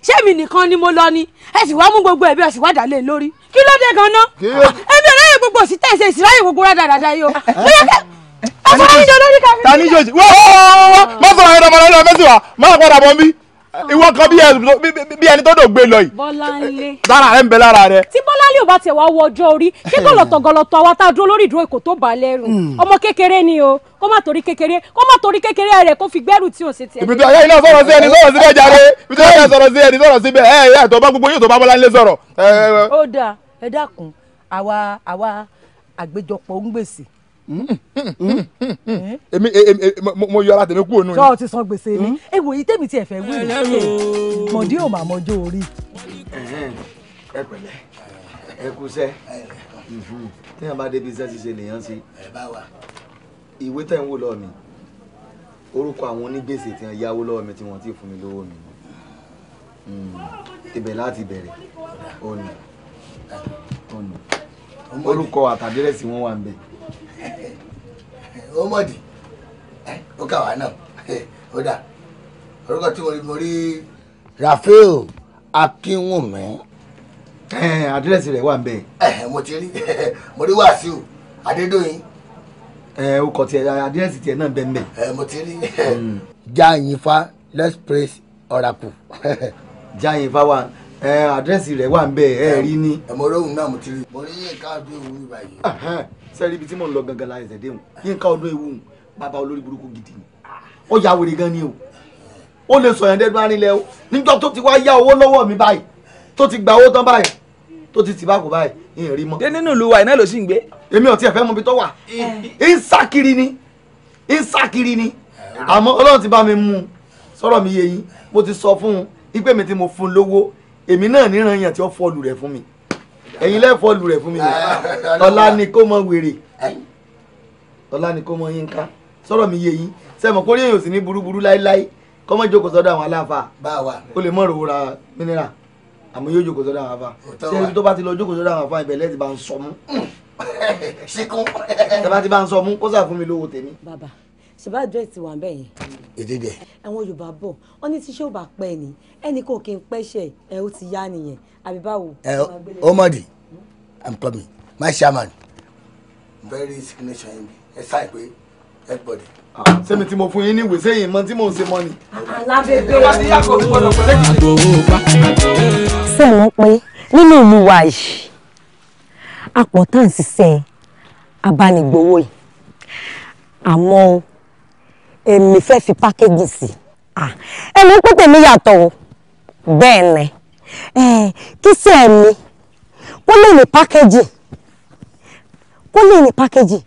B: ṣé èmi nìkan ni mo lọ ni ẹ sì wá mú gbogbo ẹbí ẹ sì wá dàlẹ́ lórí kí ló dé gan náà ẹbí ọlọ́yẹ gbogbo sí tẹ̀sẹ̀ ìsìláyè gbogbo rẹ̀ dáadáa yìí o ọ̀sán ayíjọ lórí kàfíńtì. tani jòjì wọ́ọ́ má sọ̀rọ̀ ayọ̀dọ̀mọ́lá lọ́wọ́ fẹ́sì wa má padà bọ̀ ń bí ìwọ kan bí ẹni tó dògbé lọ yìí.
C: bọ́láńlé.
B: lára rẹ ń bẹ lára rẹ. tí bọ́láńlé ò bá tẹ̀ wá wọ ọjọ́ orí ṣé hmm. gọlọ̀tọ̀ gọlọ̀tọ̀ àwa tá a dúró lórí ìdúró èkó tó bá lẹ́rù hmm. ọmọ kékeré ni o kó má torí kékeré kó má torí kékeré rẹ kó fi gbẹ́rù tí ò ṣe tiẹ̀. ibùdó ayé iná sọ̀rọ̀ sí ẹni sọ̀rọ̀ síbẹ̀ jáde
E: ibùdó ayé sọ̀rọ̀ sí ẹni sọ̀rọ̀ síbẹ̀ ẹ ẹ àtọ̀ bá gbogbo yóò tó bá bọ́láńlé sọ̀rọ̀.
B: ó dáa ẹ dákun ń gbèsè èmi
E: e, e, e, mo yọ ara tèmi kúrò nù. sọ
B: ti san gbèsè mi hmm? ẹ wò yìí tèmi tiẹ̀ fẹ́ wí rè é mọ̀dí ò mà mọ́jọ́ orí.
E: ẹ pẹ̀lẹ́ ẹ kúṣẹ́ téèyàn bá débi iṣẹ́ ṣíṣe lèèyàn ṣe ìwé tẹ̀ ń wò lọ́ọ̀ mi orúkọ àwọn onígbèsè tí wọ́n yáwó lọ́wọ́ mi tí wọ́n ti fún mi lówó mi hmm, ibẹ̀ láti bẹ̀rẹ̀ ọ̀nà orúkọ àtàdírẹ́sì wọn wà ń bẹ̀ ó mọ̀dì ó kà wá náà ó dà orúkọ tí mo rí mo rí. Rafael Akínwùmí. àdírẹ́sì rẹ̀ wà ń bẹ̀. mo ti rí mo rí Wàsíù Adédọ́yìn. ó kọ tiẹ̀ àdírẹ́sì tiẹ̀ náà bẹ́ẹ̀ bẹ́ẹ̀. mo ti rí. Hmm. Jayinfa let's praise oracle. Jayinfa wa ẹ àdírẹ́sì rẹ̀ wà ń bẹ̀ ẹ rí ní. ẹ̀mọ olóhùn náà mo ti rí. mo rí yínká ọdún ewu ní báyìí. sẹ́ẹ̀rì ibi tí mò ń lọ gangan la ẹ̀sẹ̀ dé hùn yínká ọdún ewu hùn bàbá olórí burúkú gidi ni ó ya wèrè gan ni o ó lè sọ̀yàn dẹ́gbẹ́ arinlẹ̀ o níjọ́ tó ti wá yá owó lọ́wọ́ mi báyìí tó ti gba owó tán báyìí tó ti tìbá kò báyìí ìyẹn rí mọ́. dé nínú ìlú wa iná ló sì ń gbé. èmi ò tiẹ̀ fẹ́ mọ ibi tó wà ń sákiri ni ń sákiri ni àmọ́ ọlọ́run ti bá mi mú un sọ̀rọ̀ mi yé yín mo ti sọ fún un ipe mi tí mo fún un lówó èmi náà níran yàn tí ó fọlù rẹ̀ fún mi ẹ̀yin lẹ́ fọlù rẹ̀ fún mi ọ̀la ni kó mọ wèrè ọ̀la ni kó mọ yín ká sọ̀rọ̀ mi yé yín sẹ́mọ̀ kórè èèyàn ò sì ní burúburú láéláé kọ́mọ jókòó sọ́dọ̀ àwọn aláfa o lè mọ̀ rò ra mínírà àmọ́ yóò jókòó sọ́dọ̀ àwọn afa ṣé ibi tó bá ti lọ jókòó sọ́dọ̀ àwọn afa ìbẹ̀lẹ̀ ti bá ń sọ mú.
B: ṣíkún.
E: tẹ́lá ti bá ń sọ mú kó sà fún mi lówó tèmi
B: ṣùgbọ́n àdúrà ti wà bẹ́ẹ̀ yẹn. èdè dẹ. àwọn yorùbá bọ̀ wọ́n ní tíṣẹ́ ò bá pẹ́ ni ẹnì kò kí n pẹ́ṣẹ̀ ẹ ó ti yá nìyẹn àbí báwo. ẹ ọmọdé
E: i'm coming my chairman very signature yín ẹ sáì pé ẹ gbọ́dọ̀. sẹ́mi tí mo fún yín ní ìwé sẹ́yìn mọ tí mò ń ṣe mọ́ ni. alábẹ́bẹ́
B: sẹ́mọ̀ pé nínú ìlú wa yìí àpọ̀ tá à ṣiṣẹ́ abánigbówó yìí àmọ́ èmi fẹ́ fi pákéjì sí ẹ mọ̀ pé tèmi yàtọ̀ o bẹ́ẹ̀ ni kí sí ẹ̀mí kó lè ní pákéjì kó lè ní pákéjì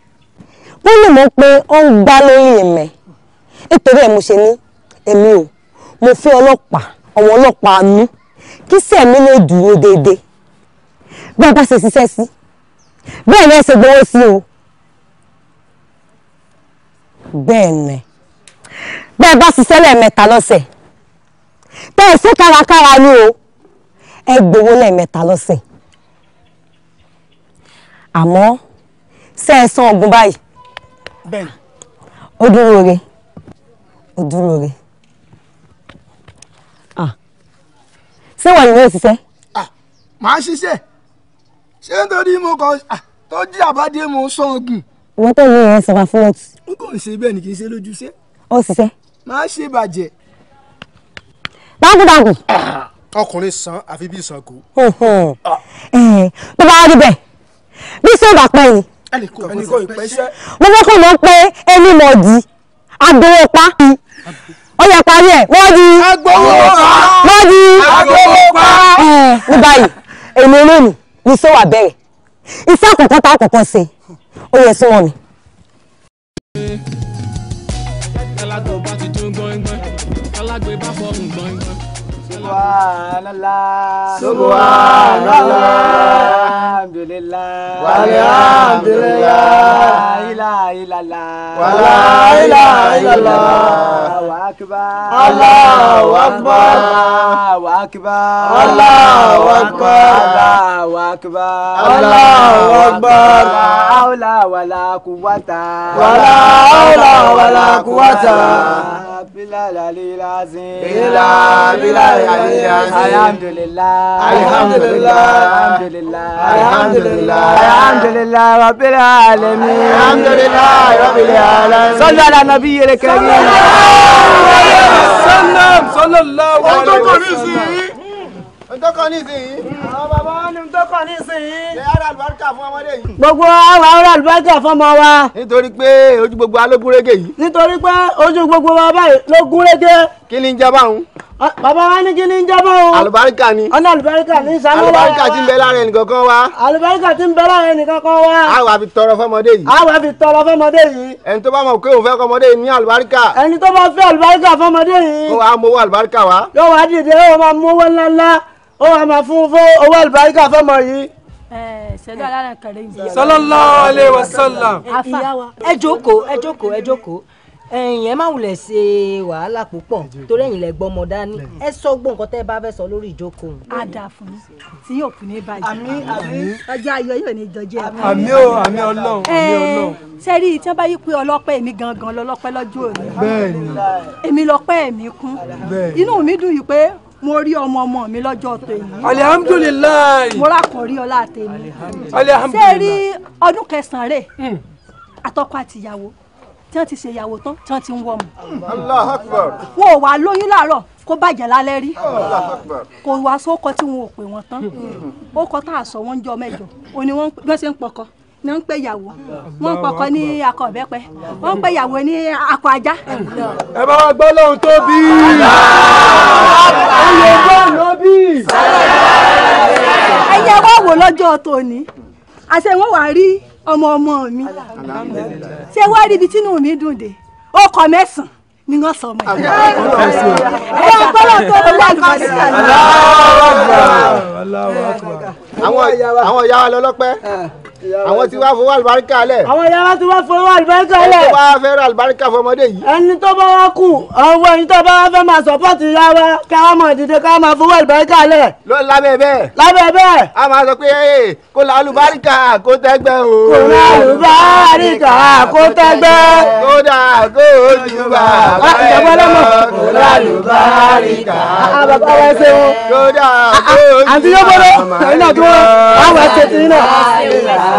B: kó lè mọ̀ pé ó ń gbá lórí ẹ̀mẹ́ nítorí ẹ̀ mo ṣe ní èmi o mo fẹ́ ọlọ́pàá ọmọ ọlọ́pàá mi kí sí ẹ̀mí lè dúró déédéé bí a bá ṣe ṣiṣẹ́ sí bẹ́ẹ̀ ni ẹ ṣe gbowó sí o bẹ́ẹ̀ ni bẹ́ẹ̀ bá ṣiṣẹ́ lẹ́ẹ̀mẹ́ta lọ́sẹ̀ tẹ́ ẹ ṣe kárakára ni o ẹ gbowó lẹ́ẹ̀mẹ́ta lọ́sẹ̀ àmọ́ ṣe é san ogun báyìí bẹ́ẹ̀ ó dúró re ó dúró re ṣé wọ́n ní yóò ṣiṣẹ́.
E: màá ṣiṣẹ́ ṣé nítorí mo kàn tó jí àbádé mo sọ ogun.
B: wọ́n tó yẹ ẹ sọ̀rọ̀ fún ọtí.
E: n kò ṣe bẹ́ẹ̀ ni kì í ṣe lójúṣe. ó ṣiṣẹ́ má ṣe bàjẹ́. dágùdágù. ọkùnrin san àfi bí san kù.
B: Eh, tó bá rí bẹ́ẹ̀ bí sọ́ọ̀bà pẹ́ yìí.
E: ẹnì kò pẹ́ iṣẹ́.
B: mo fẹ́ kó lọ pé ẹni mọ̀ di agbowó pa ó yẹ parí ẹ wọ́n di agbowó pa wọ́n di agbowó pa. Eh, ní báyìí èmi olóòní ni sọ́wọ́ abẹ́rẹ́ iṣẹ́ àkọ́kọ́ tá àkọ́kọ́ ṣe ó yẹ sọ́wọ́ mi. Subhanallah. Subhanallah. Alhamdulillah. Walhamdulillah. La
E: ilaha illallah.
D: Wala
C: ilaha illallah. Allahu akbar. Allahu akbar.
E: Allahu akbar. Allahu akbar.
C: Allahu
E: akbar. Allahu akbar bilal
B: alilazim. Bilal, bilal alilazim. alhamdulilah. alhamdulilah. alhamdulilah. alhamdulilah. alhamdulilah Bilal, alamin.
E: alhamdulilah Bilal, alamin. sọlá la nabi yẹrẹ kẹrin.
B: sallam
C: sallallahu alayhi wa sallam. ọjọ́ kan ní ìsìn yìí. ọjọ́ kan ní ìsìn yìí. àwọn
E: bàbá wa ni ọjọ́ kan ní ìsìn yìí àlùbáríkà fún ọmọdé yìí. gbogbo àwa ọ̀rọ̀ àlùbáríkà fún ọmọ wa. nítorí pé ojú gbogbo wa ló gún régé yìí. nítorí pé ojú gbogbo wa báyìí ló gún kí ni ń jẹ báwọn. bàbá wa ní kí ni ń jẹ báwọn. àlùbáríkà ni. ọ̀nà àlùbáríkà ní ìsàmúlò wa. àlùbáríkà ti ń bẹ lára ẹnì kankan wa. àlùbáríkà ti ń bẹ lára ẹnì kankan wa. àwa fi tọrọ fọmọdé yìí. àwa fi tọrọ fọmọdé yìí. ẹni tó bá mọ̀ pé òun fẹ́
B: kọmọdé Eh, ṣẹdọ eh, alára kẹrẹ yìí. sallallahu alaihi wasallam. Eh, afa ẹ jókòó ẹ jókòó ẹ jókòó ẹ̀yin ẹ má wulẹ̀ ṣe wàhálà púpọ̀ torí ẹ̀yin lẹ gbọ́ ọmọ dání ẹ sọ gbọ́ nǹkan tẹ́ ẹ bá fẹ́ sọ lórí ìjókòó. a dà fún mi tí yóò fún mi báyìí. àmín àmín ọjọ́ ayọ̀ yóò ní ìjọjẹ́ àmín. o àmín ọlọ́run àmín ọlọ́run. sẹ́rí tí wọ́n bá yí pé ọlọ́pẹ́ mi gangan lọ́lọ́pẹ́ lọ́jọ́ òní. bẹ́ẹ̀ni èmi lọ́pẹ́ mi kún inú mi dùn yìí pé mo rí ọmọ ọmọ mi lọ́jọ́ tèmi. alihamudulilayi. mo rákọ̀rí ọlá tèmi. alihamudulilayi. ṣé rí ọdún kẹsàn-án rẹ̀ hmm. àtọkọ àtìyàwó tí wọ́n ti ṣe ìyàwó tán tí wọ́n ti ń wọ́ mu. Allahu Akbar. wọn ò wá lóyún láàárọ̀ kó bàjẹ́ lálẹ́ rí. kò wá sóko tí wọn ò pè wọ́n tán. Hmm. ó kọ́ tá a sọ wọ́n ń jọ mẹ́jọ òní wọ́n ṣe ń pọkọ ní ń pè yàwó wọn pọkàn ní akọ ọbẹpẹ wọn ń yàwó ní akọ ajá.
C: ẹ bá wa gbọ́ lóhun tó bí.
B: iye bọ́ọ̀ ló bí. ẹyẹ wá wò lọ́jọ́ tòní àṣẹ wọn wàá rí ọmọ ọmọ mi ṣé wàá rí ibi tínú mi dùn dé ó kọ mẹ́sàn-án ni wọn sọ ọmọ yìí. ẹ gbọ́dọ̀ tó o wà lùmọ̀sí.
D: àwọn
E: ìyá wa lọ́lọ́pẹ́. Eh àwọn tí wàá fowó àlùbáríkà lẹ̀. àwọn ìyá wa ti wá fowó àlùbáríkà lẹ̀. ẹni tó bá fẹ́ ra àlùbáríkà fọmọdé yìí. ẹni tó bá wá kù ọwọ́ ẹni tó bá wá fẹ́ máa sọ́pọ́ọ̀tì ìyá wa kí a máa dìde ká máa fowó àlùbáríkà lẹ̀. ló lábẹ́ bẹ́ẹ̀. lábẹ́ bẹ́ẹ̀. a máa sọ pé kó la àlùbáríkà kó tẹ́gbẹ́ o. kó la àlùbáríkà kó tẹ́gbẹ́. kódà kó o jù lọ. kó la àlùbáríkà ah, ah, kó tẹ́gbẹ́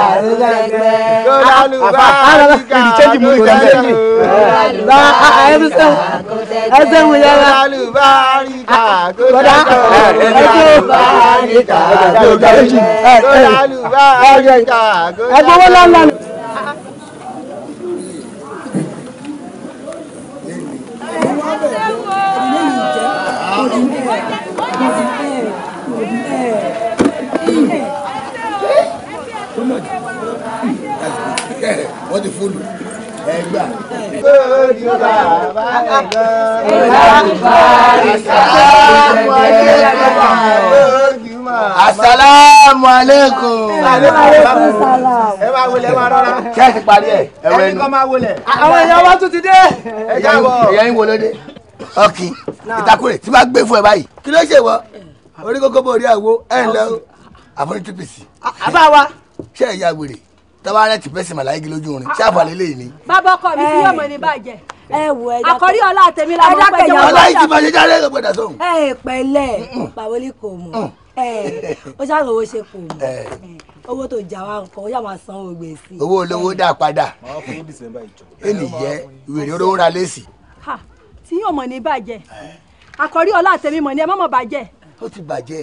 E: àrùgbẹ̀gbẹ̀. àfa ara
D: la kìí change mu nìkan bẹ́ẹ̀.
B: lọ ẹbí sọ ẹsẹ̀ mu yẹ
D: la. lọ́dà ẹsẹ̀
E: ẹgbẹ́ wọn lọ́nà.
B: Thank you.
D: so much. wọ́n ti fóònù ẹgbà. Lórí bàbá ẹ̀gbọ́n. Ìlànà
C: ìsà wọlé bàbá lójú màá. Asalaamu
E: aleykum. Ẹ máa wọlé ẹ máa rọra. Kẹ́sì parí ẹ̀. Ẹni kan máa wọlé. Àwọn èèyàn wa tún ti dé. Ẹ jẹ́ àwọ̀. Ìyá yín wo ló dé? Ọkì ìtakùrẹ̀ tí máa gbé fún ẹ báyìí. Kí ló ṣe wọ? Orí kókó bò rí àwo ẹ̀ ń lọ àforíjì pèsè. Àbá wa ṣé ẹ̀yà wèrè tabarẹ ti fẹsẹ̀ màláyé gi lójú orin ṣáà balẹ̀ lè ní.
B: bàbá ọkọ mi sí ọmọ ní bàjẹ́. ẹ wo ẹja àkọrí ọlá àtẹmí la mọ pé yàrá ọlá ìjì máa ṣe jáde ló gbọ́dọ̀ sóhun. ẹ pẹ̀lẹ́ pàwọlì kò mọ̀ ó ṣàlọ owó ṣe kò mọ̀ owó tó jà wá nǹkan ó yà máa san owó gbèsè. owó olówó
E: dà padà ẹnì yẹ wèrè olówó ra lẹ́sì.
B: tí yóò mọ̀ ní bàjẹ́
E: àkọrí ọlá àtẹmí mọ̀ ní ẹ má mọ̀ bàjẹ́. ó ti bàjẹ́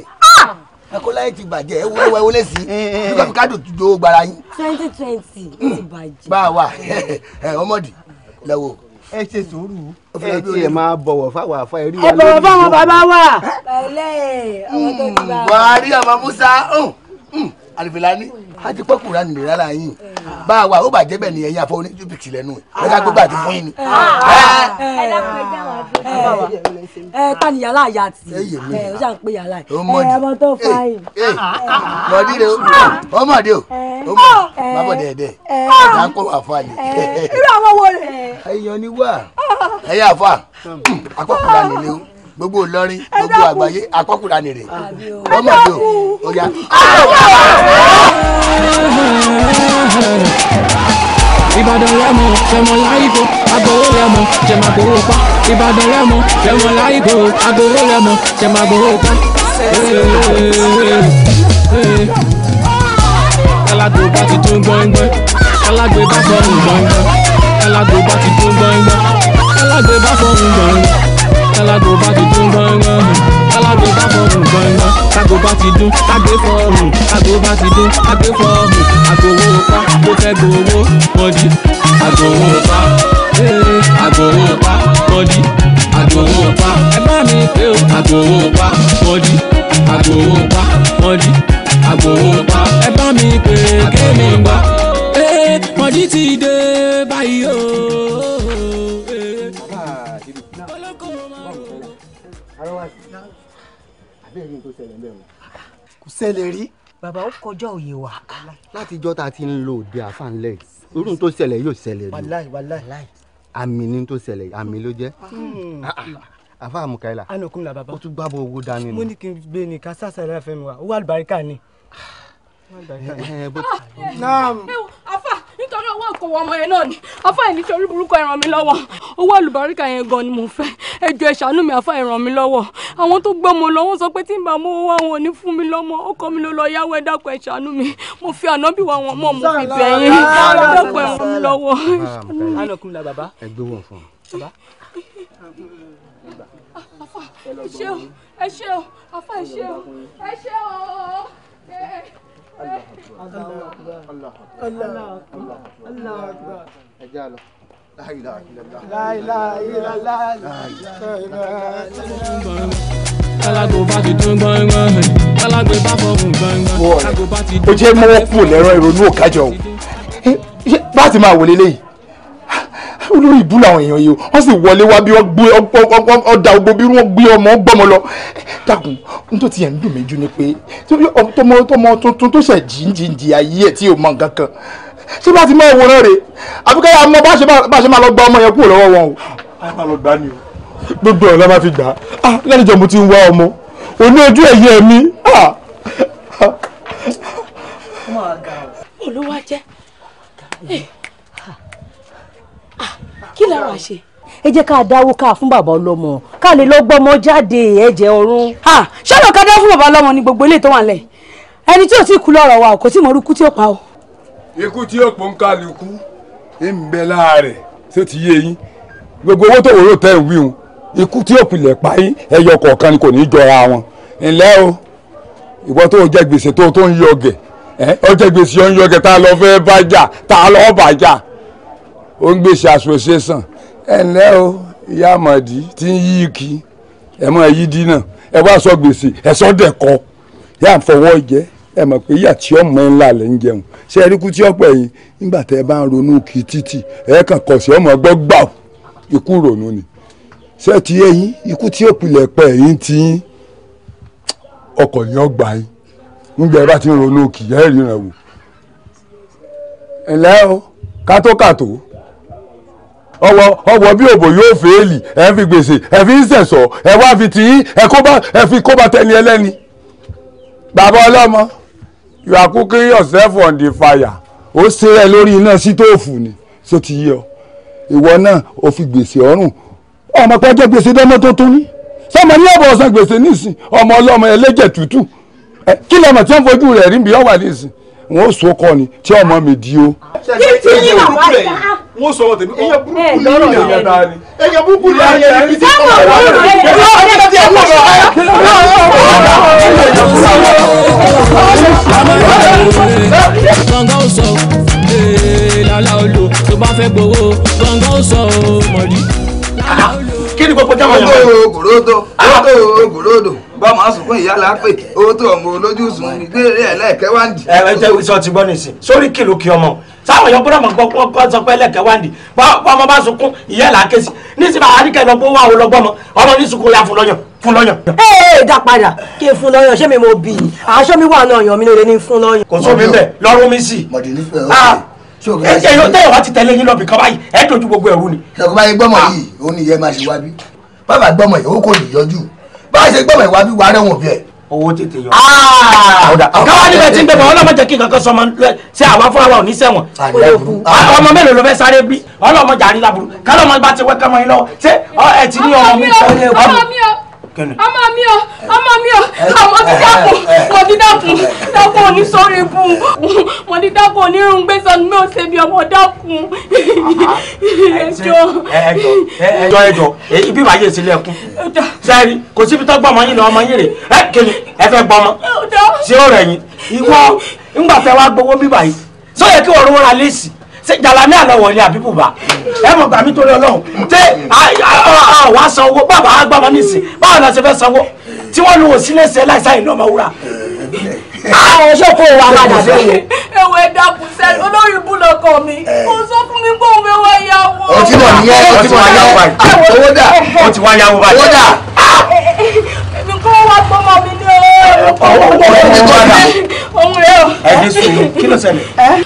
E: akọ́láyé ti bàjẹ́ ẹ wọ́n wọ́n wọlé sí i nígbà kádò tó gbára yín. twenty twenty ti bàjẹ́. bá a wà ọmọdé lẹ́wọ̀. ẹ ṣe sùúrù ẹ ti máa bọ̀wọ̀ fáwọn àfa ẹ̀rí wa ẹ bọ̀wọ̀ fáwọn bàbá wa.
B: pẹ̀lẹ́ àwọn tó ti bá a. buhari ọmọ musa.
E: Oh, mm alifilani àti pé kura nìyẹn rárá yín bá a wà ó bàjẹ́ bẹ́ẹ̀ ni ẹ̀yin àfọwọ́ ní jùpìtì lẹ́nu ẹ̀ ká gbégbá àti fún yín ni. Ah.
B: ẹ ta ni yàrá àyà àti ẹ ó ṣàn pé yàrá ẹ ẹ ọmọ tó fa yìí.
E: lọ́dí rẹ ọmọdé o bábọ̀dé ẹ̀dẹ̀
B: ẹ̀dá ń kó
E: àfọ àlè. irú àwọn wo rẹ̀. ẹ̀yàn ni wà ẹ̀yà àfọ ah. àkọ́kùnrin àlè ni o gbogbo Ìlọrin gbogbo àgbáyé àkọkùnrin àná rẹ ọmọ ìlú ọyà.
A: Ìbàdàn lẹ́mọ̀ lẹ́mọ̀ láìbò agbowó lẹ́mọ̀ jẹ̀mọ̀ agbowó pa. Ìbàdàn lẹ́mọ̀ lẹ́mọ̀ láìbò agbowó lẹ́mọ̀ jẹ̀mọ̀ agbowó pa. Alágbó bá ti tún gbọ́ngbọ́n. Alágbó bá fọ̀hún gbọ́ngbọ́n. Alágbó bá ti tún gbọ́ngbọ́n. Alágbó bá fọ̀hún gbọ́ngbọ́n tálágò bá ti dún gbọ̀ngàn tálágò bá fọ̀hún gbọ̀ngàn tágò bá ti dún àgbé fọ̀hún tágò bá ti dún àgbé fọ̀hún àgòwò pa mo fẹ́ gbowó mọ̀dí àgòwò pa eh, àgòwò pa mọ̀dí àgòwò pa ẹ bá mi pé o àgòwò pa mọ̀dí àgòwò pa mọ̀dí àgòwò pa ẹ bá mi pé kémi gbà eh, mọ̀dí ti dé báyìí o.
E: bẹ́ẹ̀ mọ́. kò ṣẹlẹ̀ rí.
B: bàbá ó kọjá
E: òye wa. láti ìjọ́ tá a ti ń lo òde àfàǹlẹ̀ irun tó ṣẹlẹ̀ yóò ṣẹlẹ̀ rí. wàláì wàláì. àmì ni tó ṣẹlẹ̀ àmì ló jẹ́. Hmm. Ah, ah. àfa Mukaila. anukun la bàbá. O tún gbàgbọ́ owó dání ni. mo ní kí n gbé ní ká sàṣàrà fẹ́ mi wá owó àlùbáríkà ni. ẹ
B: ah. ẹ eh, eh, bó ti. naam. ẹ wo afa owó òkòwò ọmọ yẹn náà ni afá yìí nítorí burúkú ẹ ràn mí lọ́wọ́ owó àlùbáríkà yẹn gan ni mo fẹ́ ẹ jọ̀ọ́ ẹ ṣàánú mi afá ràn mí lọ́wọ́ àwọn tó gbé mo lọ wọ́n sọ pé tí n bá mú owó àwọn òní fún mi lọ́mọ ọkọ mi ló lọ yáwó ẹ dákun ẹ ṣàánú mi mo fi ànábì wa wọn mọ mo fi bẹ̀ yín dákun ẹ ràn mí lọ́wọ́. Ah, ẹ ah, ẹ ṣé o afá ẹ ṣé o ẹ ṣé o. Eh, eh ẹ
E: já lọ.
C: لا إله إلا الله لا إله إلا الله
A: لا إله إلا الله
E: o jẹ mọwọ kù lẹrọ ìrònú òkájọ o bá ti máa wò lélẹyìí olórí ìbú làwọn èèyàn yìí o wọ́n sì wọlé wá bí wọ́n gbé ọ̀dà ogbó bí wọ́n gbé ọmọ gbọ́mọ lọ dàgùn n tó tiẹ̀ ń dùn mí jù ni pé tọmọ tọmọ tuntun tó ṣẹ̀ jìnjìnjì ayé ẹ̀ tí o mọ nǹkan kan ṣé bá ti mọ ìwòran rẹ̀ àbí káyà mọ bá ṣe máa lọ gba ọmọ yẹn kúrò lọ́wọ́ wọn o. a máa lọ gbá ni o. gbogbo ọ̀la máa fi gbà á ah, lẹ́yìn ìjọba ti ń wá ọmọ òní ojú ẹ̀yẹ mi. Ah, ah.
B: olúwa jẹ́ kí la wá ṣe. ẹ jẹ́ ká dáwó ká fún bàbá ọlọ́mọ ká lè lọ gbọ́mọ jáde ẹ̀jẹ̀ ọ̀run. ṣọ́nà ká dáwó fún bàbá ọlọ́mọ ni gbogbo ilé tó wà lẹ̀ ẹni tí ò tí kú lọ́rọ̀ wa ò kò tí mo rú kú tí ó pa o.
E: ikú tí ó pọ̀ ń kálukú ń bẹ láàrẹ̀ ṣé ti yé yín gbogbo owó tó wòrò tẹ̀ ń wí hun ikú tí ó pilẹ̀ pa ẹyọ kọ̀ọ̀kan ni kò ní í jọra wọn. ǹlẹ́ o ìwọ tó jẹ gbèsè tó tó ń yọgẹ̀ ọ jẹ gbèsè ọ ń yọgẹ̀ tá a lọ fẹ́ bá jà tá a lọ bá jà ó ń gbèsè o ìyá àmọ̀dí ti ń yí igi ẹ yí ẹ wá sọ gbèsè ẹ sọ yá fọwọ́ ẹ mọ̀ pé tí ọmọ ńlá lẹ̀ ń jẹun ṣé ẹ rí kú tí ọ̀pọ̀ ẹ̀yìn nígbà ti ẹ̀yìn ikú tí pẹ̀ ẹ̀yìn ti ọkọ̀ yẹn ọgbà yín nígbà ẹ bá ti o kátó ọwọ́ ọwọ́ bí òbò yóò fèèlì ẹ fi gbèsè ẹ fi ń sẹ̀sọ̀ ẹ wá fi tì í ẹ kó ẹ fi kó tẹni ẹlẹ́ni. bàbá ọlọ́mọ you are cooking yourself on the fire ó ṣeré lórí iná sítóòfù ni ṣó ti yé ọ ìwọ náà ó fi gbèsè ọrùn ọmọ pẹ́jọ́ gbèsè dánmọ́ tó tún ní sọmọ ní ọ̀bọ̀ ọ̀sán gbèsè nísìn ọmọ ọlọ́mọ ẹlẹ́jẹ̀ tútù kí lọ́mọ tí wọ́n fojú rẹ̀ rí bí ọ̀wà nísìn wọn ó so kọ́ ni tí ọmọ mi di o. kí tí yín màmá rẹ̀ yá wọ́n sọ̀rọ̀ tèmi ẹ̀yẹ burúkú ni ìyá dáa ni ẹ̀yẹ burúkú ni ìyá yẹn ibi tí kò wà lọ́wọ́ rẹ̀ ẹ̀yẹ
C: burúkú ni ìyá yẹn ibi tí kò wà lọ́wọ́
A: rẹ̀. gbọ̀ngàn sọ lálá olú tó bá
E: fẹ́ gbowó gbọ̀ngàn sọ mọ̀lí lálá olú kí ni gbogbo
C: jáwọ́ yẹn.
E: gbogbo gbòròdò gbogbo gbòròdò bọ́mọ sunkún ìyá la owó tó ọmọ olójú ní gbére ẹ̀ ẹ ẹ jẹ́ sọ ti gbọ́ nìsín sórí kìlò kí ọmọ táwọn èèyàn bọ́dọ̀ mọ̀ gbọ́ gbọ́ sọ pé lẹ́ẹ̀kẹ́wáǹdì bọ́mọ bá sunkún ìyá la ké sí nísìnyí àríkẹ́ lọ gbówó àwọn ọmọ ní sunkún ya fún lọ́yàn fún lọ́yàn. dá padà kí n fún lọ́yàn ṣé mi mo bì í aṣọ mi wà náà yàn mí lóore ní fún lọ́yàn. kò sómi bẹ́ẹ̀ lọ́rùn mi sì. mọ̀dìní fẹ́ ẹyọ tẹyọ wa ti tẹ̀lé yín lọ bìkan báyìí ẹ dojú gbogbo ẹrú ni. ṣèkó bá yẹ gbọ́mọ ah. yìí òun ni ìyẹn máa ṣe wá bàbá gbọ́mọ yìí ó kò ní yọjú bá a ṣe gbọ́mọ ìwà bí wàá rẹ̀wọ̀n bí ẹ̀. owó tètè yọ.
C: Ah!
E: káwá níbẹ̀ tí ń bẹ̀ bọ̀ ọlọ́mọ jẹ́ kí kankan sọmọ ṣé àwa fúnra wa ò ní sẹ́wọ̀n. Ah! ọmọ mélòó ló fẹ́ sáré bí ọlọ́mọ jàrí laburu kálọ́mọ bá ti wẹ́ kẹ́mọ yín lọ́wọ́ ṣé ẹ ti ní ọmọ mi. ọmọ mi
A: kíni. ọmọ mi o ọmọ mi o ọmọ mi dákun mo ní dákun dákun
B: òní sórí ibù mo ní dákun onírun gbé sọnù mi ò ṣe bí ọmọ dákun
E: ẹjọ́. ẹjọ́ ẹjọ́ ibi ìbàyè ìsílẹ̀ kún sẹ́ẹ̀rì kò síbi tó gbọ́ ọmọ yín lọ ọmọ yín rè é kíni ẹ fẹ́ gbọ́ ọmọ ṣé ó rẹ̀ yín ìwọ ńgbà tẹ wá gbowó bíbà yìí sọ yẹ kí wọ́n rówó ra léèsì ṣe jalami àlọ́wọ̀ ni àbí bùbá ẹ mọ̀ gbà mí torí ọlọ́run ṣé àwa san owó bàbá àgbà máa ní sìn báwo la ṣe fẹ́ sanwó tí wọ́n lu òsínlẹ̀ ṣe láìsáyìn lọ́mọ wúrà àwọn ṣe kó wa padà lóye.
C: ẹ̀wẹ̀ dàkú sẹ́ni olórí búlọ̀kọ̀ mi kò sọ fún mi pé òun fẹ́ wá yáwó. o ti mọ̀ nìyẹn o ti wá yáwó báyìí owó dà o ti wá yáwó báyìí owó dà. èmi kọ́ wá gbọ́mọ mi
B: ní ọ̀rọ̀. ọ̀rọ̀
E: ẹ ní sùúrù kí ló ṣẹlẹ̀.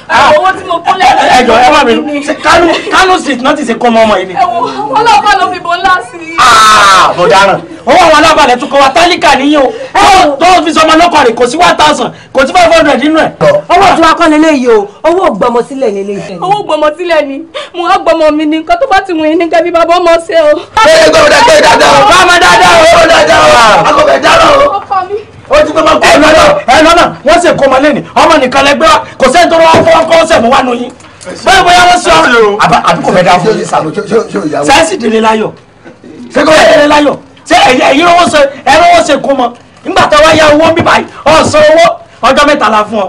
B: Ah. owó tí mo kúnlẹ̀ ní ẹjọ́ ẹ má bínú kánú
E: kánú street náà ti ṣe kọ́ ọmọ ọmọ yìí ni. ẹ wo
B: wọn náà bá lọ fìbọn ńlá sí i.
E: Ah, mo dáràn
B: owó àwọn alábàlẹ̀ tún kọ́ wa tálíkà níyìn o tó fi sọmọ lọ́kọ̀ rẹ̀ kò sí one thousand kò sí five hundred nínú ẹ̀. owó tí wàá kọ́ lélẹ̀ yìí o owó gbọmọ sílẹ̀ lélẹ̀ yìí. owó gbọmọ sílẹ̀ ni mo á gbọmọ mi ni nǹkan tó bá ti wù yín ní kẹ́bí bàbá ọmọ ṣe o. ẹ gbọ́dọ̀ dáadáa o bá ọmọ dáadáa ọmọ
E: dáadáa o akọ̀bẹ̀
B: dáadáa o ó ti gbọ́dọ̀ kó ọ̀nà náà ẹ̀nà náà wọ́n sì kó
E: ọmọ lẹ́nu ọmọ nìkan lẹ́gbẹ́ wa kò sẹ́ni tó wọ́n fọwọ́ kọ́ ọ̀sẹ̀ mọ́ wá nù yín bẹ́ẹ̀ bóyá wọ́n sọ àbíkò bẹ́ẹ̀ dáa fún yín sàlọ́ sẹ́ẹ̀sì délé láyọ̀ sẹ́ẹ̀sì délé láyọ̀ ṣé ẹ̀yìn owó ṣe ẹ̀rọ owó ṣe kó mọ nígbà tó wá yá owó bíbá yìí ọ̀sán owó ọjọ́ mẹ́ta la fún ọ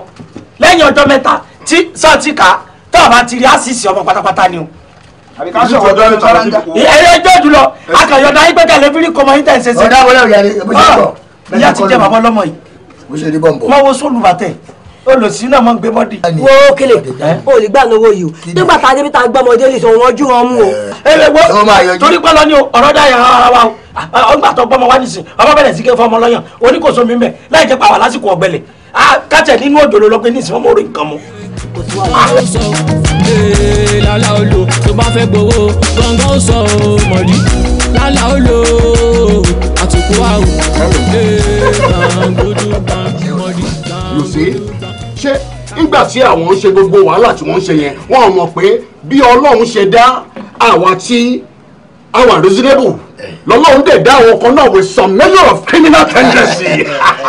E: lẹ́yìn ọjọ́ mẹ́ta tí sọ́ọ̀tì ká tó àbá ti rí àṣìṣe ọmọ pátápátá ni o ẹ̀yẹ ẹjọ́ jùlọ akàyọ̀dá yín pẹ́kẹ́ lè fi rí kọmọ yín tẹ̀ ṣe ìyá ti jẹ bàbá ọlọ́mọ yìí bó ṣe rí bọ̀m̀bọ̀ mọ wo sólùbàtẹ̀ olùsí náà máa ń gbé bọ́dì. wo kele o lè gbà lọ́wọ́ yìí o nígbà tá a débi tá a gbọ́ ọmọdé lè sọ wọn jú wọn mú o. ẹ ẹ wo torí pẹ́ lọ ní ọ̀rọ̀ dá yàrá ara wa o ọgbà tó gbọ́mọ wá nísìn ọmọ bẹ̀rẹ̀ sí ké fọmọ lọ́yàn oníkòso mi mẹ́ láì jẹ́ pàwọ́ lásìkò ọ̀gbẹ́lẹ̀ kátẹ̀ nínú òjòló lọ́gbẹ́ nísìn ọmọ orí nǹkan mu.
A: Ah! Eh, lálá olo tó bá fẹ́ gbowó gbọ̀ngàn sọ mọ̀lí lálá olo àtùkù àwò
E: you see ṣé nígbà tí àwọn ń ṣe gbogbo wàhálà tí wọ́n ń ṣe yẹn wọ́n ò mọ̀ pé bí ọlọ́run ṣe dá àwa tí àwa reasonable eh. lọ́lọ́run dẹ̀ dá àwọn kan náà with some measure of criminal tendency.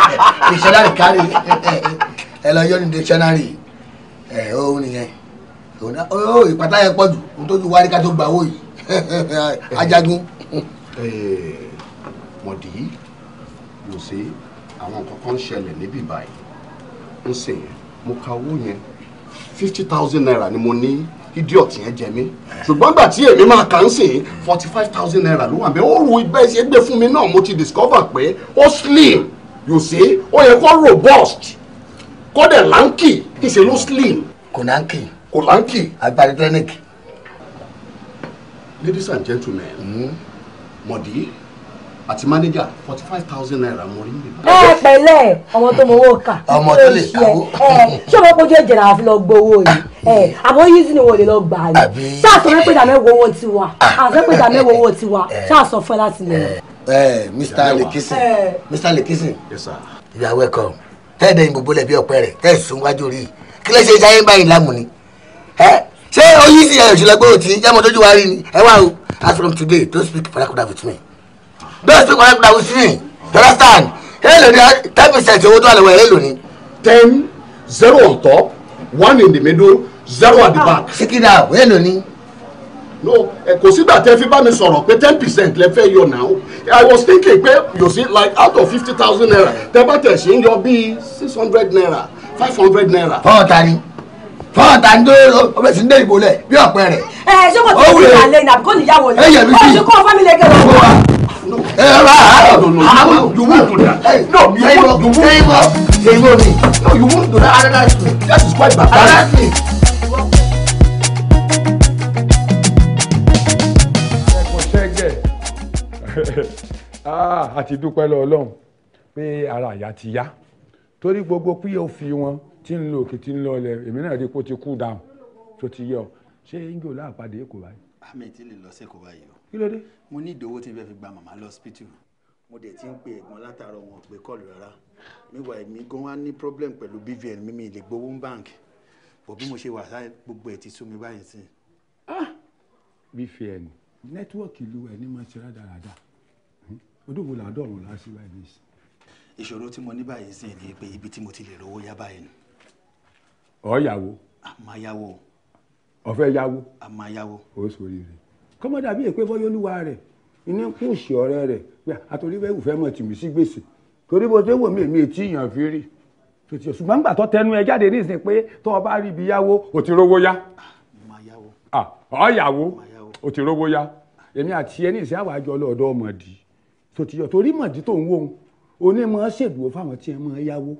E: dictionary kárí eh, eh, ẹ lọ yọ ní dictionary ẹ òun nìyẹn ó ìpàtà yẹn pọ̀ jù ohun tó ju wárí ká tó gbà owó yìí ajagun mọ̀dí wò sí àwọn nǹkan kan ń ṣẹlẹ̀ níbí báyìí ń sè yẹn mo ka owó yẹn fifty thousand naira ni mo ní idiot yẹn jẹ mí ṣùgbọ́n gbà tí èmi máa kà ń sìn forty five thousand naira ló wà bẹ́ẹ̀ ó rò bẹ́ẹ̀ ṣe gbé fún mi náà mo ti discover pé ó slim you see ó yẹ kó robust kó dẹ̀ lanky ìṣe ló slim. kò lanky. kò lanky. agbára clinic. ladies and gentlemen mm-hmm. mọ̀dí. Mm -hmm àti mánéjà forty five thousand naira mo rí níbi.
B: ẹ pẹ̀lẹ́ ọmọ tó mọwọ́ kà ọmọ tó lè kàwó ṣé ọmọ kojú ẹ̀jẹ̀ làwọn fi lọ gbowó yìí àmọ́ yìí sì ni wọ́n lè lọ gbà á yìí ṣáàsọ fẹ́ pé dàmẹ́wò owó tiwa ah. àṣẹ pé dàmẹ́wò owó tiwa eh. ṣáàsọ fẹ́ láti lè.
E: Eh, eh, Mr. Lekisin Mr. Lekisin you are welcome tẹ́ẹ̀dẹ̀ ìgbògbó lẹ̀ bí ọ̀pẹ rẹ̀ tẹ́ẹ̀ sún wájú rí kí ló ṣe jáyé báyìí lámù ni ṣé oyin sì ẹ̀ òṣèlú ẹgbẹ́ òtí jẹ́mọ̀ tójú wa rí ni ẹ wá o as from today don't speak parakuda with me don't speak correct na with me you understand èlò ni ten percent owó tó wà lọ́wọ́ èlò ten zero on top one in the middle zero at the back. Ah, sikina èlò ni. no kò sígbà tẹ fi bá mi sọ̀rọ̀ pé ten percent lẹ fẹ́ yọ now i was thinking pé you see like out of fifty thousand naira tẹ bá tẹ̀ sí yọ bíi six hundred naira five hundred naira. fọ́ọ̀ta ni fọ́ọ̀n tà ń dé ọbẹ̀ sí ń dé ìbò lẹ̀ bí ọ̀pẹ rẹ̀.
B: ẹ ẹ ṣé kò tó ti wà lẹ́yìn àbíkó níyàwó yìí. ẹ yẹ mi sí. oṣù kọ́ fámìlì ẹgbẹ́ wọn.
E: ẹ ẹ bá a lọ dùn lọ yòówù dùn dà. no yòówù dùn dà. yòówù dùn dà. yòówù dùn dà. another thing that is quite bad. another thing. ẹ̀kọ́ ṣẹ́gẹ̀ a ti dúpẹ́ lọ Ọlọ́run pé ara àyà ti yá torí gbogbo pé o fi wọn tí ń lo òkè tí ń lọ ọlẹ èmi náà rí kó ti kú dáhùn tó ti yọ ṣé ingo láàpàdé èkó báyìí. ahmed ti lè lọ sẹ́kọ̀ọ́ báyìí o. kí ló dé. mo ní ìdòwò tí n fẹ́ fi gba màmá lọ hospital mo dẹ̀ ti ń pe ẹ̀gbọ́n látàárọ̀ wọn pé kọ́ọ̀lù rárá níwà èmi gan wá ní problem pẹ̀lú bvn mímí ilé gbowó ń báǹkì bọ̀ bí mo ṣe wà sáyé gbogbo ẹ̀ ti sú mi báyìí sí. Ah! bvn nẹ́tíwọ̀kì ìlú ẹ̀ ní máa ṣe rádaràda wo làádọ́rùn-ún láti ìṣòro tí mo ní báyìí sí ni pé ibi tí mo ti lè rówó yá báyìí ọ yàwó. àmà yàwó. ọ̀fẹ́ yàwó. àmà yàwó. ó sori rẹ̀ kọ́mọ́dà bíi èpè bọ́yọ́lúwa rẹ̀ iná kún òsì ọ̀rẹ́ rẹ̀ pé àtòrí bẹ́ẹ̀ fẹ́ mọ̀ tìmí sí gbèsè torí bó ṣe wò mí èmi ètí ìyàn fi rí tòtí ṣùgbọ́n gbà tó tẹnu ẹ jáde ní ìsìn pé tó o bá rí ibi yáwó o ti rówó yá ọ yàwó o ti rówó yá èmi àti ẹni ìsìn àwàjọ lọ́dọ̀ ọmọdì tòtí torí mọ̀dí tó ń wò ó ní mọ̀ ṣèdúró fáwọn tí ẹ mọ̀ yáwó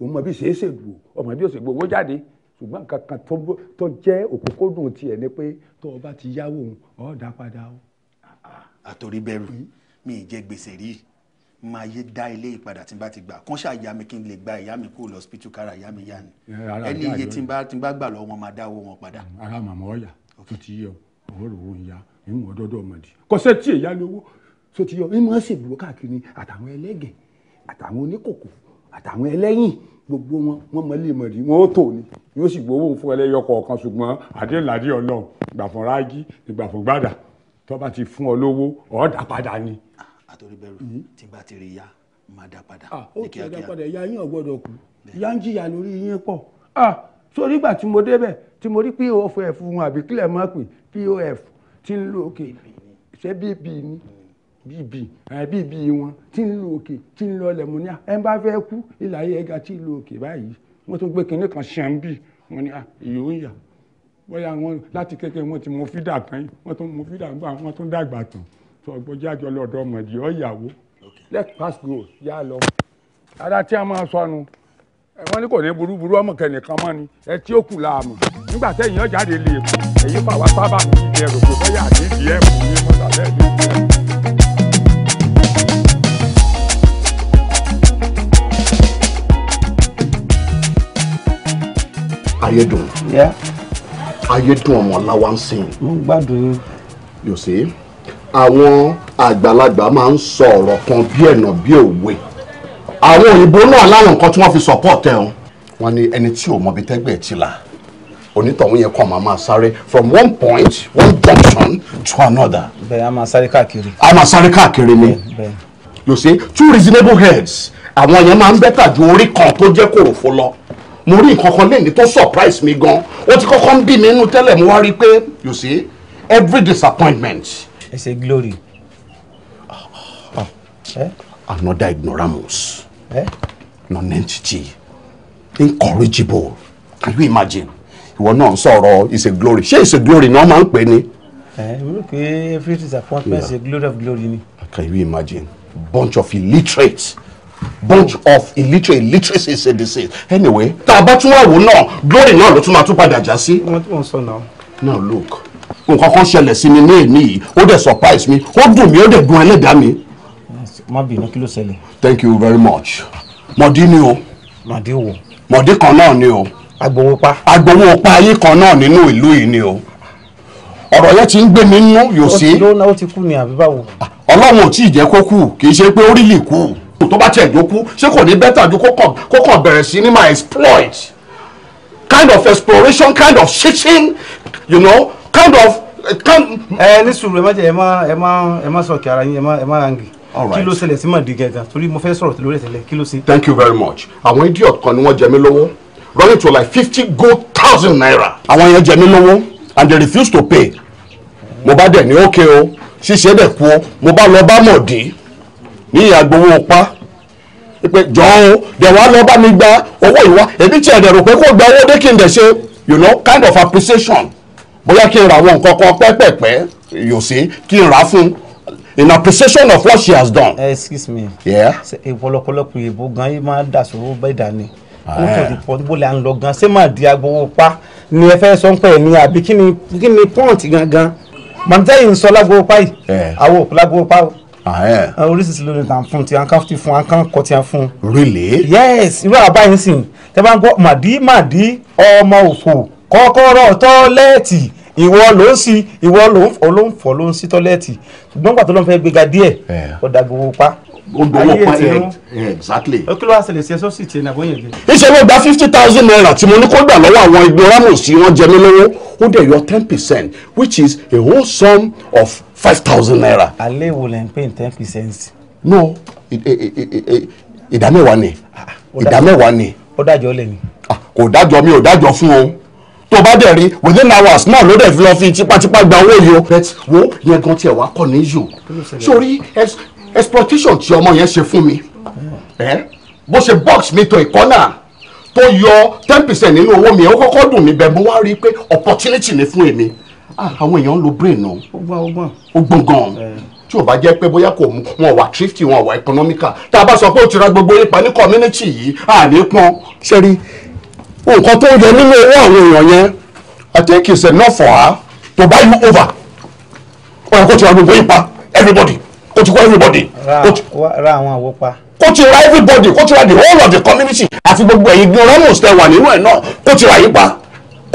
E: òun mọ bí ṣe é ṣèlú ọmọ bí ó ṣe gbowó jáde ṣùgbọ́n nǹkan kan tó jẹ́ òkúkódùn tiẹ̀ ni pé tó o bá ti yáwó òun ọ̀ dá padà o. àtòrí bẹ̀rù mi ì jẹ gbèsè rí máa yé dá ilé ìpadà tí n bá ti gbà kán ṣàyà mi kí n lè gba ìyá mi kúrò lọ hospital kára ìyá mi yá ni ẹni iye tí n bá tí n bá gbà lọ́wọ́ wọn máa dáwọ́ wọn padà. Mm, ara màmá ọ̀yà tó ti yọ ọ̀rọ̀ òun ya ìwọ̀n ọ̀dọ́dọ̀ ọmọdé kọ́sẹ́ tí èyí á lówó tó ti yọ ìmọ̀ ṣèlú káàkiri àtàwọn ẹlẹ́gẹ̀ àtàwọn oníkòkò àtàwọn ẹlẹ́yìn gbogbo wọn wọn mọlẹ
C: mọlẹ wọn ó tò ní yóò sì gbowó fún ẹlẹ́yọ kọ̀ọ̀kan ṣùgbọ́n àdéhùnládé Ọlọ́run ìgbàfọn rájí ìgbàfọn gbàdà tó bá ti fún ọ lówó ọ̀ọ́dà padà ni. àtòrí bẹ̀rù hmm?
E: tí n bá ti rí ya máa dá padà ah, ní kíákíá. ó kì í dá padà ìyá yín ọ̀gbọ́dọ̀ kù ìyá ń jìyà lórí yín pọ̀ ah, sórí ìgbà tí mo débẹ̀ tí mo rí pof fún àbíkílẹ̀ mọ́ pé pof ti ń lo òkè ṣé bíbí ni bíbí bíbí wọn tí ń lo òkè tí ń lọ lẹ̀mú ẹ bá fẹ́ kú ilà ayé ẹga tí ń lo òkè báyìí wọ́n tún gbé kinní kan ṣàn bí wọ́n ní èyí ó yà bóyá wọn láti kékeré wọn ti mú fídà
C: kan yìí wọ́n tún mú fídà gbà wọ́n tún dàgbà tán tó ọgbọ́jà jọ lọ́dọ̀ ọmọdé ọ̀yàwó let pass go yá lọ. ara tí a máa sọnù wọ́n ní kò ní burúburú ọmọ kẹnìkan mọ́ ni ẹ tí ó kù láàmú nígbà tẹ́yìn ọjà lè lè mú èyí pàwọ́ sábà ní ìdí ẹ̀rọ kò fẹ́ yà ní ìdí ẹ̀mú ní mọ́tàlẹ́ẹ̀dẹ́gbẹ̀rún.
E: ayédùn ayédùn ọmọ ọláwá ń sìn. mo ń gbádùn yín. yóò ṣe àwọn àgbàlagbà máa ń sọ ọ̀rọ̀ kan bí ẹ̀nà bí òwe àwọn òyìnbó náà láwọn nǹkan tí wọ́n fi support ẹ̀ wọ́n ní ẹni tí ò mọbi tẹ́gbẹ̀ẹ́ ti là onítọ̀hún yẹn kàn máa máa sáré from one point one junction to another. bẹ́ẹ̀ a máa sáré káàkiri. a máa sáré káàkiri ni you see two reasonable heads àwọn yẹn máa ń bẹ́tà ju orí kan tó jẹ́ kòròfo lọ mo rí nǹkan kan lẹ́ni tó surprise mi gan ó ti kọ́kọ́ ń bí mi nínú tẹ́lẹ̀ mo wá rí i pé you see every disappointment. ẹ ṣe glory. Ah, ah. another ignoramus eh? non-entity incorrigible can you imagine ìwọ náà ń sọ̀rọ̀ is a glory ṣé is a glory náà máa ń pè ní. ẹ mo pé every disappointment yeah. is a glory of glory ni. can you imagine bunch of illiterate bunch of illiterate illiteracy is a disease anyway tá a bá tún wà wò náà glory náà ló tún máa tún padà já sí. wọ́n tún sọ náà. now look nǹkan kan ṣẹlẹ̀ sí mi ní èmi yìí ó dẹ̀ surprise mi ó dùn mí ó dẹ̀ dùn ẹlẹ́dàá mi. má bínú kí ló ṣẹlẹ̀. thank you very much. mọ̀dí ni o. mọ̀dí wo. mọ̀dí kan náà ni o. agbowópa. agbowópa ayé kan náà nínú ìlú yìí ni o. ọ̀rọ̀ yẹn ti ń gbé mi nú yòó sí. ó ti kú ni àbí báwo. Ah, ọlọ́run ò tí jẹ́ kó kú kì í ṣe pé ó rí lì kú tó bá tiẹ̀ jókú ṣé kò ní bẹ́tà ju kó kàn bẹ̀rẹ̀ sí ní máa exploit kind of exploration kind of cheating you know kind of. ẹ eh, eh, ní sùúrù ẹ má jẹ ẹ má ẹ má ẹ má sọkè ara yín ẹ má hangi kí ló ṣẹlẹ̀ sí màdì gẹ̀gà torí mo fẹ́ sọ̀rọ̀ lórí ẹ̀sẹ̀lẹ̀ kí ló ṣe. thank you very much àwọn idiot kan ni wọ́n jẹ mí lówó running to like fifty gold thousand naira. àwọn yẹn jẹ mí lówó and they refuse to pay mo bá dẹ̀ ní ókè o ṣíṣe dẹ̀ kú o mo bá lọ bá mọ̀ dín ìyá gbowó pa pé jọ̀ọ́ dẹ̀ wá lọ bá mi gba owó ìwá èmi tiẹ̀ dẹ̀ rò pé kó gba owó dé kí n dẹ̀ ṣe you know kind of appreciation bóyá kí n ra àwọn nǹkan kan pẹ́pẹ́pẹ́ you see kí n rà fún in appreciation of what she has done. Eh, excuse me. ìpọlọpọlọpọ eh, ìbò gan yìí máa ń dàsòrò bẹ́ẹ̀ dání wọ́n tún ti pọ̀ níbo là ń lọ gan ṣé máa di agbowó pa ni ẹ fẹ́ sọ pé ẹ̀ ní àbí kí ni pọ́ǹtì gangan màmí tẹ́yìn ń sọ lágbowó pa yìí eh. àwọn òkú lágbowó pa o oríṣiríṣi ló ní tàn fún ti àǹkà ti fún àǹkà kọ ti à fún. really. yes irú àbá yẹn sìn tẹ bá ń gbọ́ màdí màdí ọmọ òfò kọ́kọ́rọ́ tọ́lẹ́ẹ̀tì ìwọ ló ń si ìwọ ló ń fọ ló ń fọ ló ń sí tọ́lẹ́ẹ̀tì ṣùgbọ́n gbà tó ló ń fẹ́ gbéga díẹ̀ ó dàgbò pa ó dọwọ́ pa ẹ exactly. ó kí ló wá ṣẹlẹ̀ sí ẹsọ́ sì tiẹ̀ náà bóyá ìgbẹ́.
B: níṣẹ́ ló gba fifty thousand
E: naira tí mo ní kó gbà lọ́wọ́ àwọn ignoramus tí wọ́n jẹ mí lówó ó dẹ̀ yọ ten percent which is a whole sum of five thousand naira. alẹ́ wo lẹ́ ń pè ní ten percent. no ìdámẹ́wàá ni ah, ah, ìdámẹ́wàá ni. ó dájọ́ lẹ̀ ni. Ah, kò dájọ́ mi ò dájọ́ fún o tó bá dẹ̀ rí within hours náà ló dẹ̀ fi lọ fi tipátipá gba owó yìí o. bẹ́ẹ̀ wo yẹn gan tiẹ̀ wá kọ́ ní yìí
D: o
E: sórí exploitation tí ọmọ yẹn ṣe fún mi hmm. eh? bó ṣe box mi tó ìkọ́nà tó yọ ten percent nínú owó mi ó kọ́kọ́ dùn mí bẹ́ẹ̀ mo wá rí i pé opportunity ni fún èmi. Ah, àwọn èèyàn ń lo brain náà. ọgbọ́n ọgbọ́n. ọgbọ́n gan-an eh. tí o bá jẹ́ pé bóyá kò mú wọn wà thrifty wọn wà economical tá a bá sọ pé o ti ra gbogbo ipa ní community yìí à ní pọn. sẹ́rí nǹkan tó ń yẹ nínú owó àwọn èèyàn yẹn I think it's enough for her to buy you over ọ̀rọ̀ kò ti ra gbogbo ipa everybody kò ti kọ́ everybody. ra àwọn àwo pa. kò ti ra everybody kò ti ra the whole of the community àti gbogbo ẹ̀yin gan ramos tẹ wà nínú ẹ̀ náà kò ti ra yípa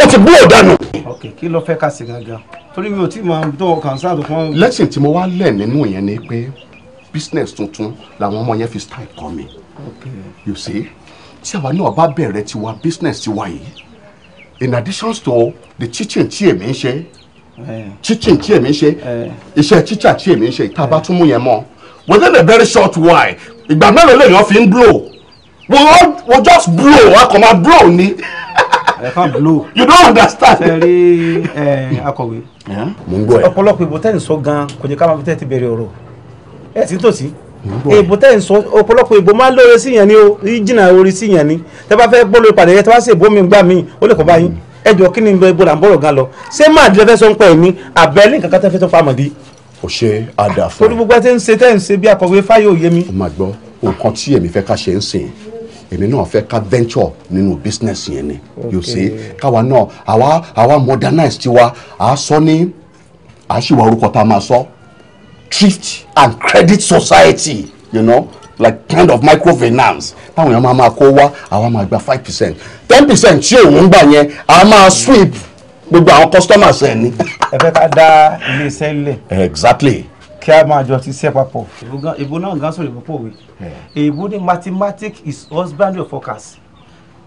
E: ó ti bú ọ̀dànù. ok kí ló fẹ́ ká ṣe gangan torí mi ò tí máa tó concern fún. lesson tí mo wá lẹ̀ nínú yẹn ni pé business tuntun làwọn ọmọ yẹn fi style kọ́ mi you see tí àwa náà bá bẹ̀rẹ̀ tiwa business tiwa yìí in addition to the teaching tí èmi ń ṣe eh. teaching tí èmi ń ṣe eh. iṣẹ́ teacher tí èmi ń ṣe tá a bá eh. tún mú yẹn mọ́ within a very short while ìgbà mélòó lèèyàn fi ń blow we all we just blow a kò máa blow ni. ẹ blow. you don't understand. sẹ́rí ẹ akọ̀wé. mo ń gbọ́ ẹ. ọ̀pọ̀lọpọ̀ ìbò tẹ́ ń sọ gan-an kò ní ká máa fi tẹ́tí bẹ̀rẹ̀ ọ̀rọ̀ ẹ sì ń tòsí. ìbò tẹ́ ń sọ ọ̀pọ̀lọpọ̀ ìbò máa ń lóore sí yẹn ni o jìnnà orí sí yẹn ni tẹ́ bá fẹ́ gbọ́ lórí padà yẹn tẹ́ bá sì bó mi gbà mí ó lè kọ́ báyìí ẹ jọ kí ni ibo là ń bọ̀rọ̀ gan lọ ṣé máa di ẹfẹ́ sọ ń pẹ́ mi àbẹ́lẹ́ nǹkan kan tẹ́ fẹ́ tó fa àmọ̀dí. o ṣe àdàfẹ́. torí gbogbo ń ṣe tẹ́ ń ṣe bí akọ̀wé fáyọ̀ òye o máa gbọ́ nǹkan tí èmi fẹ́ ká ṣe ń sìn èmi náà fẹ́ ká venture nínú business yẹn ni you see káwa náà àwa àwa modernize tiwa à á sọ ní à á sì wá orúkọ tá a máa sọ thrift and credit society you know like kind of microfinance táwọn èèyàn máa máa kó wá àwa máa gba five percent ten percent tí òun ń gbà yẹn àá máa sweep gbogbo àwọn customers ẹ ni. ẹ fẹ́ ká dá ilé iṣẹ́ lẹ̀. exactly kí a máa jọ ti ṣe papọ̀. èbó náà gan sọ̀rọ̀ ìbò pòwe èbó ní mathematics is husbandry of forecast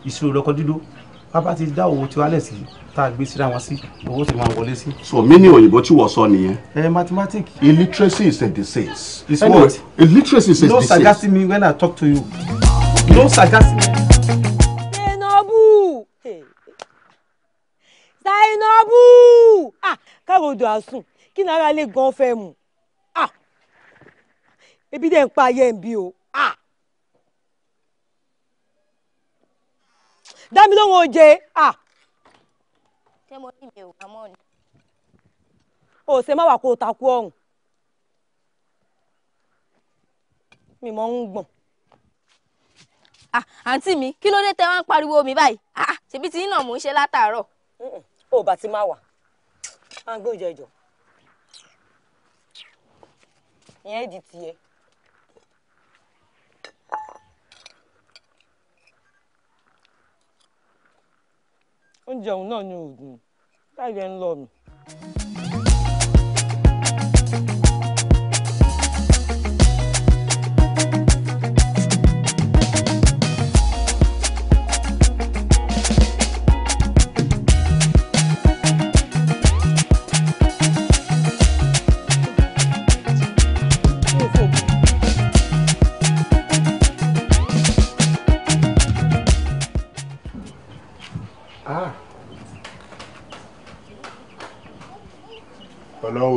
E: ìṣirò lọkọ dídó bàbá ti dá owó tiwa lẹ̀ sí tá a gbé síra wọn sí owó sì máa wọlé sí. so mini òyìnbó tí wọ́n sọ nìyẹn. ẹ mathematics. illiteracy is a disease. is what illiteracy is a no disease. no sagacity me when i talk to you no sagacity.
B: Zainabu Zainabu ah károdò àsùn kí náírà lè gan fẹ́ mu ebi dẹ̀ ń pa ayé ń bí o ah dámi lóhùn oje ah. ṣé mo rí mi ò wá mọ́ ni. o ṣe má wà kó o takú ọ̀hún mi mọ̀ ń gbọ̀n. Ah, àǹtí mi kí ló dé tẹ wá ń pariwo mi báyìí ah, ah, ṣebí tí iná mò ń ṣe látàárọ̀. o bá ti máa wà á ń gbé oúnjẹ jọ ìyẹn di tiẹ̀. oúnjẹ òun náà ni oògùn láì ń lọ mi.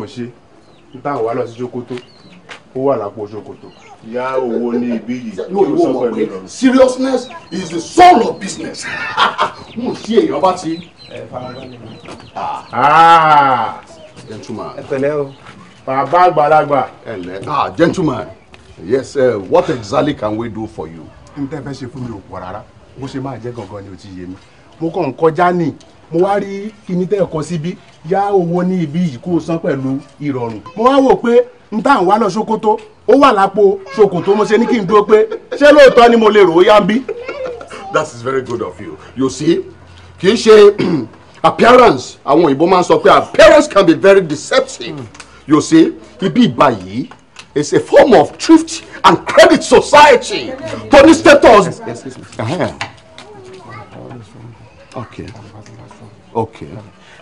E: ṣe táwọn wá lọ sí ṣòkòtò ó wà lápò ṣòkòtò. ìyá owó ní ibi yìí yóò sọ pẹ̀lú ìrọ̀rùn. seriousness is the soul of business. mo ṣí èèyàn bá ti. ẹ fara balẹ̀ mi. Ah.
C: Ah.
E: gentleman. ẹ pẹ̀lẹ́ o. bàbá àgbàlagbà. ẹ ǹlẹ́ ah gentleman yes uh, what exactly can we do for you. n tẹ́ fẹ́ ṣe fún mi ò pọ̀ rárá bó ṣe máa jẹ́ gangan ni ò ti yé mi mo kàn ń kọjá nìyí mo wá rí kíní tẹ́ ẹ̀kọ́ síbí yá owó ní ibi yìí kó o san pẹ̀lú ìrọ̀rùn mo wá wò pé n tá à ń wá lọ ṣòkòtò ó wà lápò ṣòkòtò mo ṣe ní kí n dúró pé ṣé lóòótọ́ ni mo lè rò ó yá bí. that is very good of you you see kì í ṣe appearance àwọn òyìnbó máa ń sọ pé appearance can be very deceptive you see ibi ìgbà yìí is a form of thrift and credit society tony status. Yes, yes, yes, yes. Uh -huh. okay.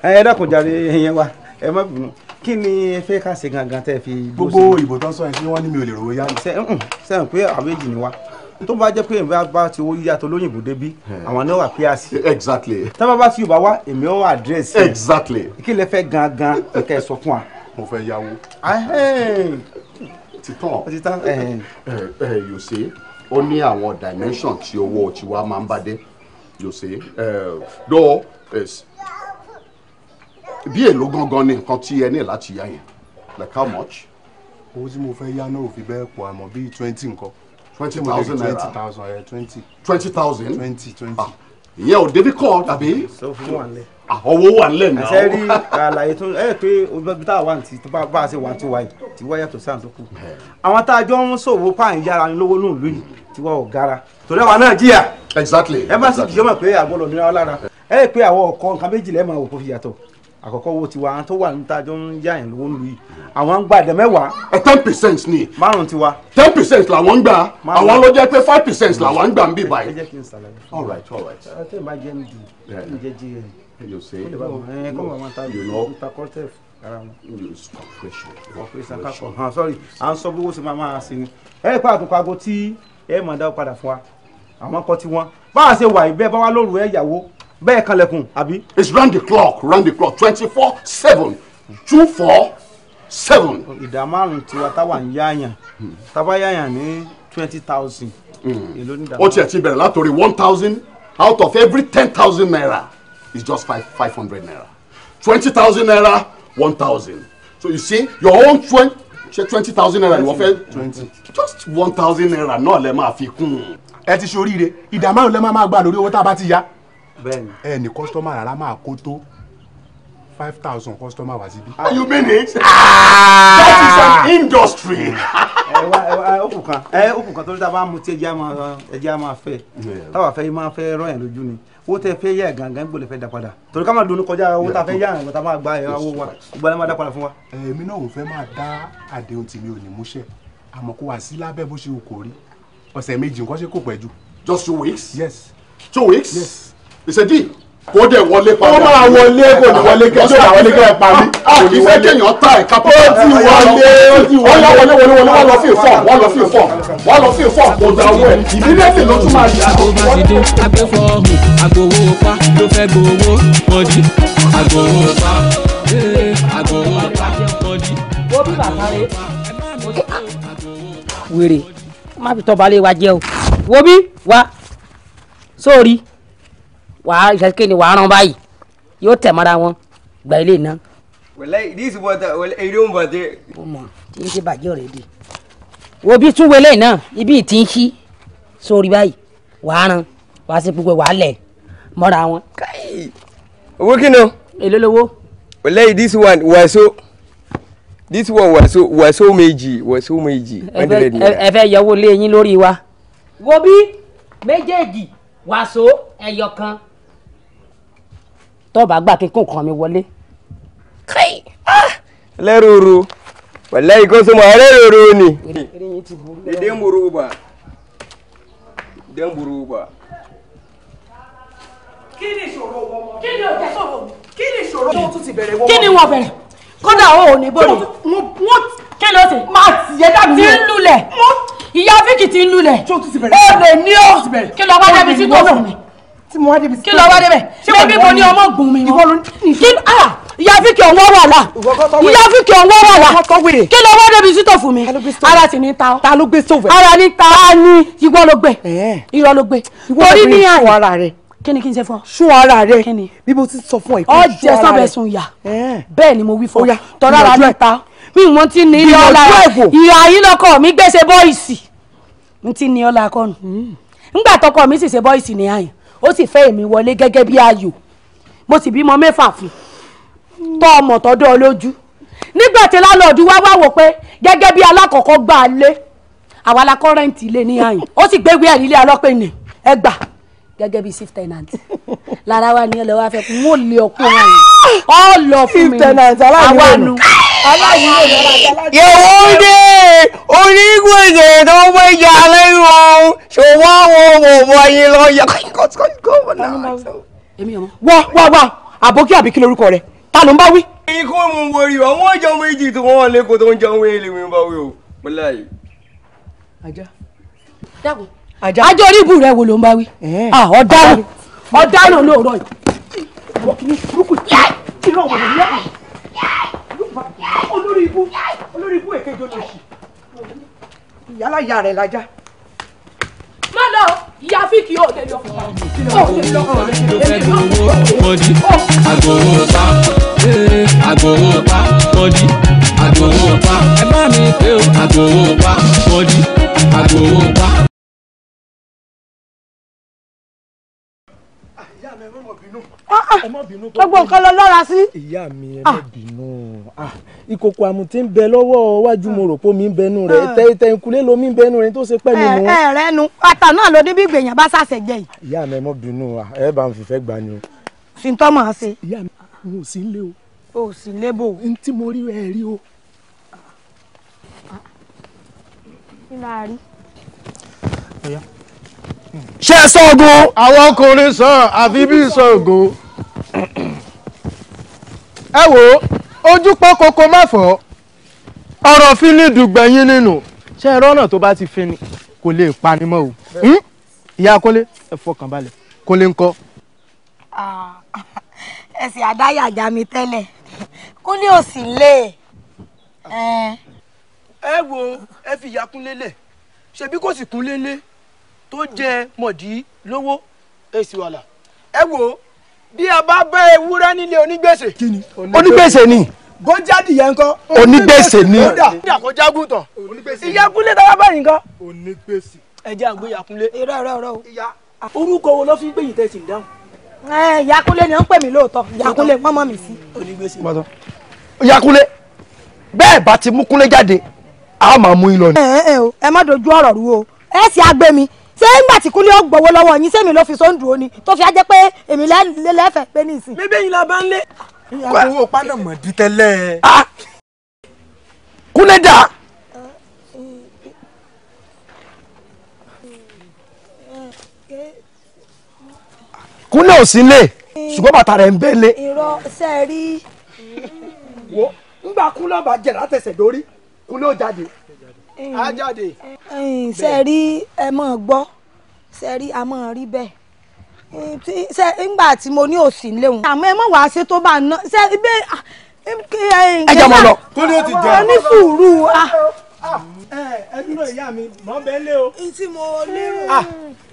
E: Eh, ẹ dákun jàre ẹyẹn wa ẹ má bínú kí ni ẹ fẹ́ ká ṣe gangan tẹ́ fi. gbogbo ìbò tán sọ yẹn tí wọ́n ní mi ò lè rówó yá. sẹ́yìn pé àwọn èjì ni wa tó bá jẹ́ pé ìbá bá ti owó yíyá tó lóyìnbó débi eh. àwọn náà wà píàsì. Eh, exactly. tábà bá ti yorùbá wá èmi ó àdírẹ́sì. exactly. kí lẹ fẹ́ gangan kẹ́ ẹ sọ fún wa. mo fẹ́ yáwó. titan titan yóò ṣe ní àwọn dimension tí owó tiwa máa ń bá dé yóò bí èlò gangan ni nǹkan tí ẹ ní láti yá yẹn like how much. owó tí mo fẹ́ yá náà ò fi bẹ́ẹ̀ pọ̀ àmọ́ bíi twenty nǹkan. twenty thousand naira twenty thousand naira twenty. twenty thousand. twenty twenty. Ah, ìyẹn ò débi kọ́ tàbí. sọ fún wa lẹ. àwọwọ́ ah, wà nílẹ̀ náà. àṣẹ rí àlàyé tó ẹ pé obìnrin tá a wà ní bá a ṣe wà tí wà yìí tí wọ́n yàtọ̀ sí àwọn tó kù. àwọn tá a jọ ń ṣòwò pààyàn yára ni lówó náà lóyún tí wọ́n ò gara torí àwa náà jìyà. exactly. ẹ má sì kìí ọmọ pé àgbọ̀lọ̀ nira ọ lára ẹ pé àwọn ọkọ nǹkan méjìlá àkọ́kọ́ wo tiwa àwọn tó wà níta jọ ń yá yẹn lówó lu yìí àwọn ń gba ẹ̀dẹ̀ mẹ́wàá. ẹ ten percent ni. márùn tiwa. ten percent làwọn ń gbà àwọn ló jẹ́ pé five percent làwọn ń gbà ń bí báyìí. ẹ jẹ́ kí n ṣàlàyé. all right all right. ẹ tẹ́ ẹ bá jẹ́ mi jù kí n jẹ́ jí ẹ. you say ẹ kọ́ bàbá ta ta cortef ara wọn. corporation corporation kakọ hàn ah, sorry à ń sọ bí owó ṣe máa máa ṣe ni. ẹ pa àtúnkọ aago tí ẹ mọ̀ dá padà fún wa àwọn kọ́ tiwọn báwa ṣe wà ìbẹ́ báwa lóru ẹ̀ yàwó bẹ́ẹ̀ kanlẹ̀kùn àbí. it's round the clock round the clock twenty four seven two four seven. ìdá márùn-ún tiwa táwa ń yáàyàn táwa yáàyàn ní twenty thousand. Hmm. ó tiẹ̀ ti bẹ̀rẹ̀ látòrí one thousand out of every ten thousand naira is just five five hundred naira twenty thousand naira one thousand so you see your own twenty twenty thousand naira ni wọ́n fẹ́ just one thousand naira náà lè máa fi kún un. ẹ ti ṣoríire ìdá márùn-ún lè máa máa gbà lórí owó tá a bá ti yá ẹ ní kọ́sítọ́mà rárá máa kó tó five thousand kọ́sítọ́mà wá síbí. Ah, you mean it? Ah! that is an industry. ẹ eh, wá ẹ eh, wá òkùn kan ẹ eh, òkùn kan tó ní tábà mú tí ẹjẹ á máa ẹjẹ á máa fẹ táwa fẹ máa fẹ rán yẹn lójú ni owó tẹ fẹ yá gangan ń gbọlẹ fẹ dá padà torí ká máa dunu kọjá owó tá a fẹ yá àwọn tá a máa gba ẹ owó wa gbọlẹ ẹ máa dá padà fún wa. èmi náà ò fẹ́ máa dá àdéhùn tèmi ò ní múṣẹ àmọ́ kó wá sí lábẹ́ bó ṣe kò rí ọ̀sẹ̀ méjì nǹkan ṣe kò pẹ́ jù. just two weeks. yes. two weeks. yes ìṣèdí kó dẹ̀ wọlé padà. ó máa wọlé kò ní wọlé kẹsàn án wọlé kẹsàn án parí. kò ní wọlé kéèyàn ta ẹ̀ka pọ̀. ó ti wọlé ó ti wọlé wọlé wọlé wọlé wọ́n lọ fi fọ́ọ̀m wọ́n lọ fi fọ́ọ̀m wọ́n lọ fi fọ́ọ̀m kò dá owó ẹ̀
A: ìdílẹ́sì ló tún máa yà. àgbo ti dé agbẹ́fọ́ ọ̀hún àgbòwò pa ló fẹ́ gbowó mọ́dí àgbòwò pa eh, àgbòwò pa mọ́dí. ó bí
B: wèrè má fi tọ́ wa jẹ́ o wo bí wa sórí. So wàá ìṣẹ́kẹ́ ni wàá rán báyìí yóò tẹ̀ mọ́ra wọn gba ilé iná. wẹlẹ ìdísí bọtẹ wẹlẹ èrè ń bọtẹ. ó mọ tí ń ṣe bàjẹ́ ọ̀rẹ́ di wo bí tún wẹlé náà ibi tí ń ṣí sórí báyìí wàá rán wàá sí gbogbo wàá lẹ̀ mọ́ra wọn.
E: owó kí ni o. èló lowó. wẹlẹ ìdísí wa wàṣọ this one wàṣọ wàṣọ méjì wàṣọ méjì. ẹ
B: fẹ́ yọwọ́ lé yín lórí wa. wo bí méjèèjì wàṣọ ẹyọ kan tó bá gbà kíkún kan mi wọlé.
E: lẹ́rọ̀ọ̀rọ̀ wàlẹ́ ikọ́ sọmọ lẹ́rọ̀ọ̀rọ̀ ni. ìdè ń burú bá ìdè ń burú bá. kí ni ìṣòro wọn kí ni ọjà sọ̀rọ̀ kí ni ìṣòro tó tún ti bẹ̀rẹ̀ wọn. kí ni wọn
B: bẹ̀rẹ̀ kódà ó ò ní bọ́ọ̀lù. wọ́n kí ló ṣe. máa tiẹ̀ dàbí o. ti ń lulẹ̀ ìyá fíkì ti ń lulẹ̀. tó tún ti bẹ̀rẹ̀. ó lè ní ó. kí ló bá dẹbi tí tó fún mi
E: tí mo wá débi. kí ló wá débẹ̀ ṣebí mo ní ọmọ gùn mi wọn.
B: kí ah yàfi kí ọ̀wọ́ wà wà yàfi kí ọ̀wọ́ wà wà kí ló wá débi sítò fún mi ara sì ní ta ta ló gbé sóòfù ara ní ta á ní ìwọ ló gbé ìwọ ló gbé torí ní àyè kí ni kí n ṣe fún ọ. sún ara rẹ bí mo ti sọ fún ọ ìpín sún yà bẹ́ẹ̀ ni mo wí fún ọ tọrọ ara mi ta mi wọn ti ní ilé ọlá ìyá yín lọkọ mi gbèsè bọ́ìsì n ti ní ọlá kọ́nù ńgbà hmm. tọkọ mi sì ṣe bọ́ìsì ní ó sì fẹ́ èmi wọlé gẹ́gẹ́ bí ayò mo sì bímọ mẹ́fà fún tọ́ ọmọ tọ́dọ́ olójú nígbà tí lálọ́ọ̀dù wá wá wò pé gẹ́gẹ́ bí alákọ̀ọ́kọ́ gbà á lé àwa la kọ́rẹ́ǹtì ilé ní àyìn ó sì gbéwé ẹ̀rí ilé ọlọ́pẹ́ ni ẹ gbà gẹ́gẹ́ bí chief tenant lára wa ni ẹ lọ́wọ́ afẹ́kùn wọn ò lè ọkùnrin àyìn lọ fún mi àwa nu. Yewonde onígbèsè tó ń gbèjà
C: lẹ́nu ọ̀hún ṣùgbọ́n àwọn ọmọ ọmọ yìí lọ yẹ
E: kọ́ńtìkọ́ńtìkọ́ náà. wá wá wá àbókí àbí kí lorúkọ rẹ ta ló ń bá wí. ikú mu ń wọrí wa wọn jẹun méjì tí wọn lè kó tó ń jẹun wéèlè mi bá wí o mo láàyè. ajá
B: ajá ajá orí ibù rẹ wo ló ń bá wí. Ah, ọ̀daràn ọ̀daràn lóòrọ̀ yìí olórí ibú olórí ibú èkejì olóṣì ìyálà ìyá rẹ̀ lajá. má lọ ìyá fíkì yóò lè lọ.
A: mọ̀dí ẹ má mi pé o àgbòrò pa mọ̀dí àgbòrò
D: pa. Ah, gbogbo nǹkan lọ lọ́ra sí. ìyá mi ẹ
E: má ah. bínú ah, ìkòkò àmùtí ń bẹ lọ́wọ́ wájú mo rò pé mi ń bẹnu rẹ̀ tẹ tẹ ìkulé lo mi ń bẹnu rẹ̀ tó ṣe pẹ́ mi nù. Eh, ẹ
B: eh, rẹ nu ata náà ló dé bí gbèyàn bá ṣàṣẹ jẹ yìí.
E: ìyá mi ẹ má bínú ẹ bá ń fìfẹ́ gbà ni
B: o. fi ń tọ́mọ̀ ṣe. ìyá
E: mi ò sí lé o. o ò sí lé bò. n tí mo rí ẹ rí o. kí la àwọn ọkùnrin sàn àfi bí sọ ẹ wò ó ojú pọ́n koko má fọ́ ọ̀rọ̀ fi ní dùgbẹ̀yìn nínú ṣé ẹ rọ́nà tó bá ti fi ni kò lè pani mọ́ o hmm? ìyá kọ́lé ẹ fọkàn balẹ̀ kọ́lé ń kọ́.
B: Ah, ẹsẹ̀ àdáyàjá mi tẹ́lẹ̀ kúnlé ò sì lé ẹ. ẹ wo ẹ fi ìyá kúnlé lẹ̀ ṣebí kò sì
E: kúnlé lé tó jẹ mọ̀dí lówó èsì wàlà ẹ wo bí a bá bá ewúrẹ́ nílé onígbèsè. ni. gọ́jàdì yẹn onígbèsè ni. kódà kó jágùn tán. ìyàkúnlé tọ́lá báyìí nǹkan. onígbèsè. ẹ jẹ́ àgbé ìyàkúnlé. irọ́ irọ́ o. orúkọ wo ló fi ń gbé yìí tẹ̀sí dáhùn. ẹ ni ń pè mí lóòótọ́ bẹ́ẹ̀ bá ti a máa mú yín lọ ni. ẹ
B: ẹ má dojú ọ̀rọ̀ rú o ẹ sì á mi ṣé ńgbà tí kúnlé ọgbọ̀wọ́ lọ́wọ́ yín sẹ́mi ló fi sóńdù òní tó fi á jẹ́ pé èmi lẹ́fẹ̀ẹ́ pé ní ìsìn. bébè yín la bá ń lé. kó àwọn òpá náà mọ̀ di tẹ́lẹ̀. Ah!
E: kúnlé dà. kúnlé ò sí lé
B: ṣùgbọ́n bàtà rẹ̀ ń bẹ́ lé. irọ́ sẹ́ẹ̀rí. wo ńgbà
E: kúnlé ọba jẹ̀ látẹ̀sẹ̀ dórí kúnlé ò jáde
B: á jáde. ṣe rí ẹ mọ̀ gbọ́ ṣe rí a mọ̀ rí bẹ́ẹ̀ ṣe ńgbà tí mo ní òsì léwu àmọ́ ẹ mọ̀ wá ṣe tó bá ná ṣe ibẹ̀ ah, ẹ jẹ́ mọ̀ lọ. tó ní o ti jẹ́ ọ ní sùúrù ah.
E: Ah, ẹ dúró ìyá mi mọ̀ bẹ́ẹ̀ lé o. n mo lérò.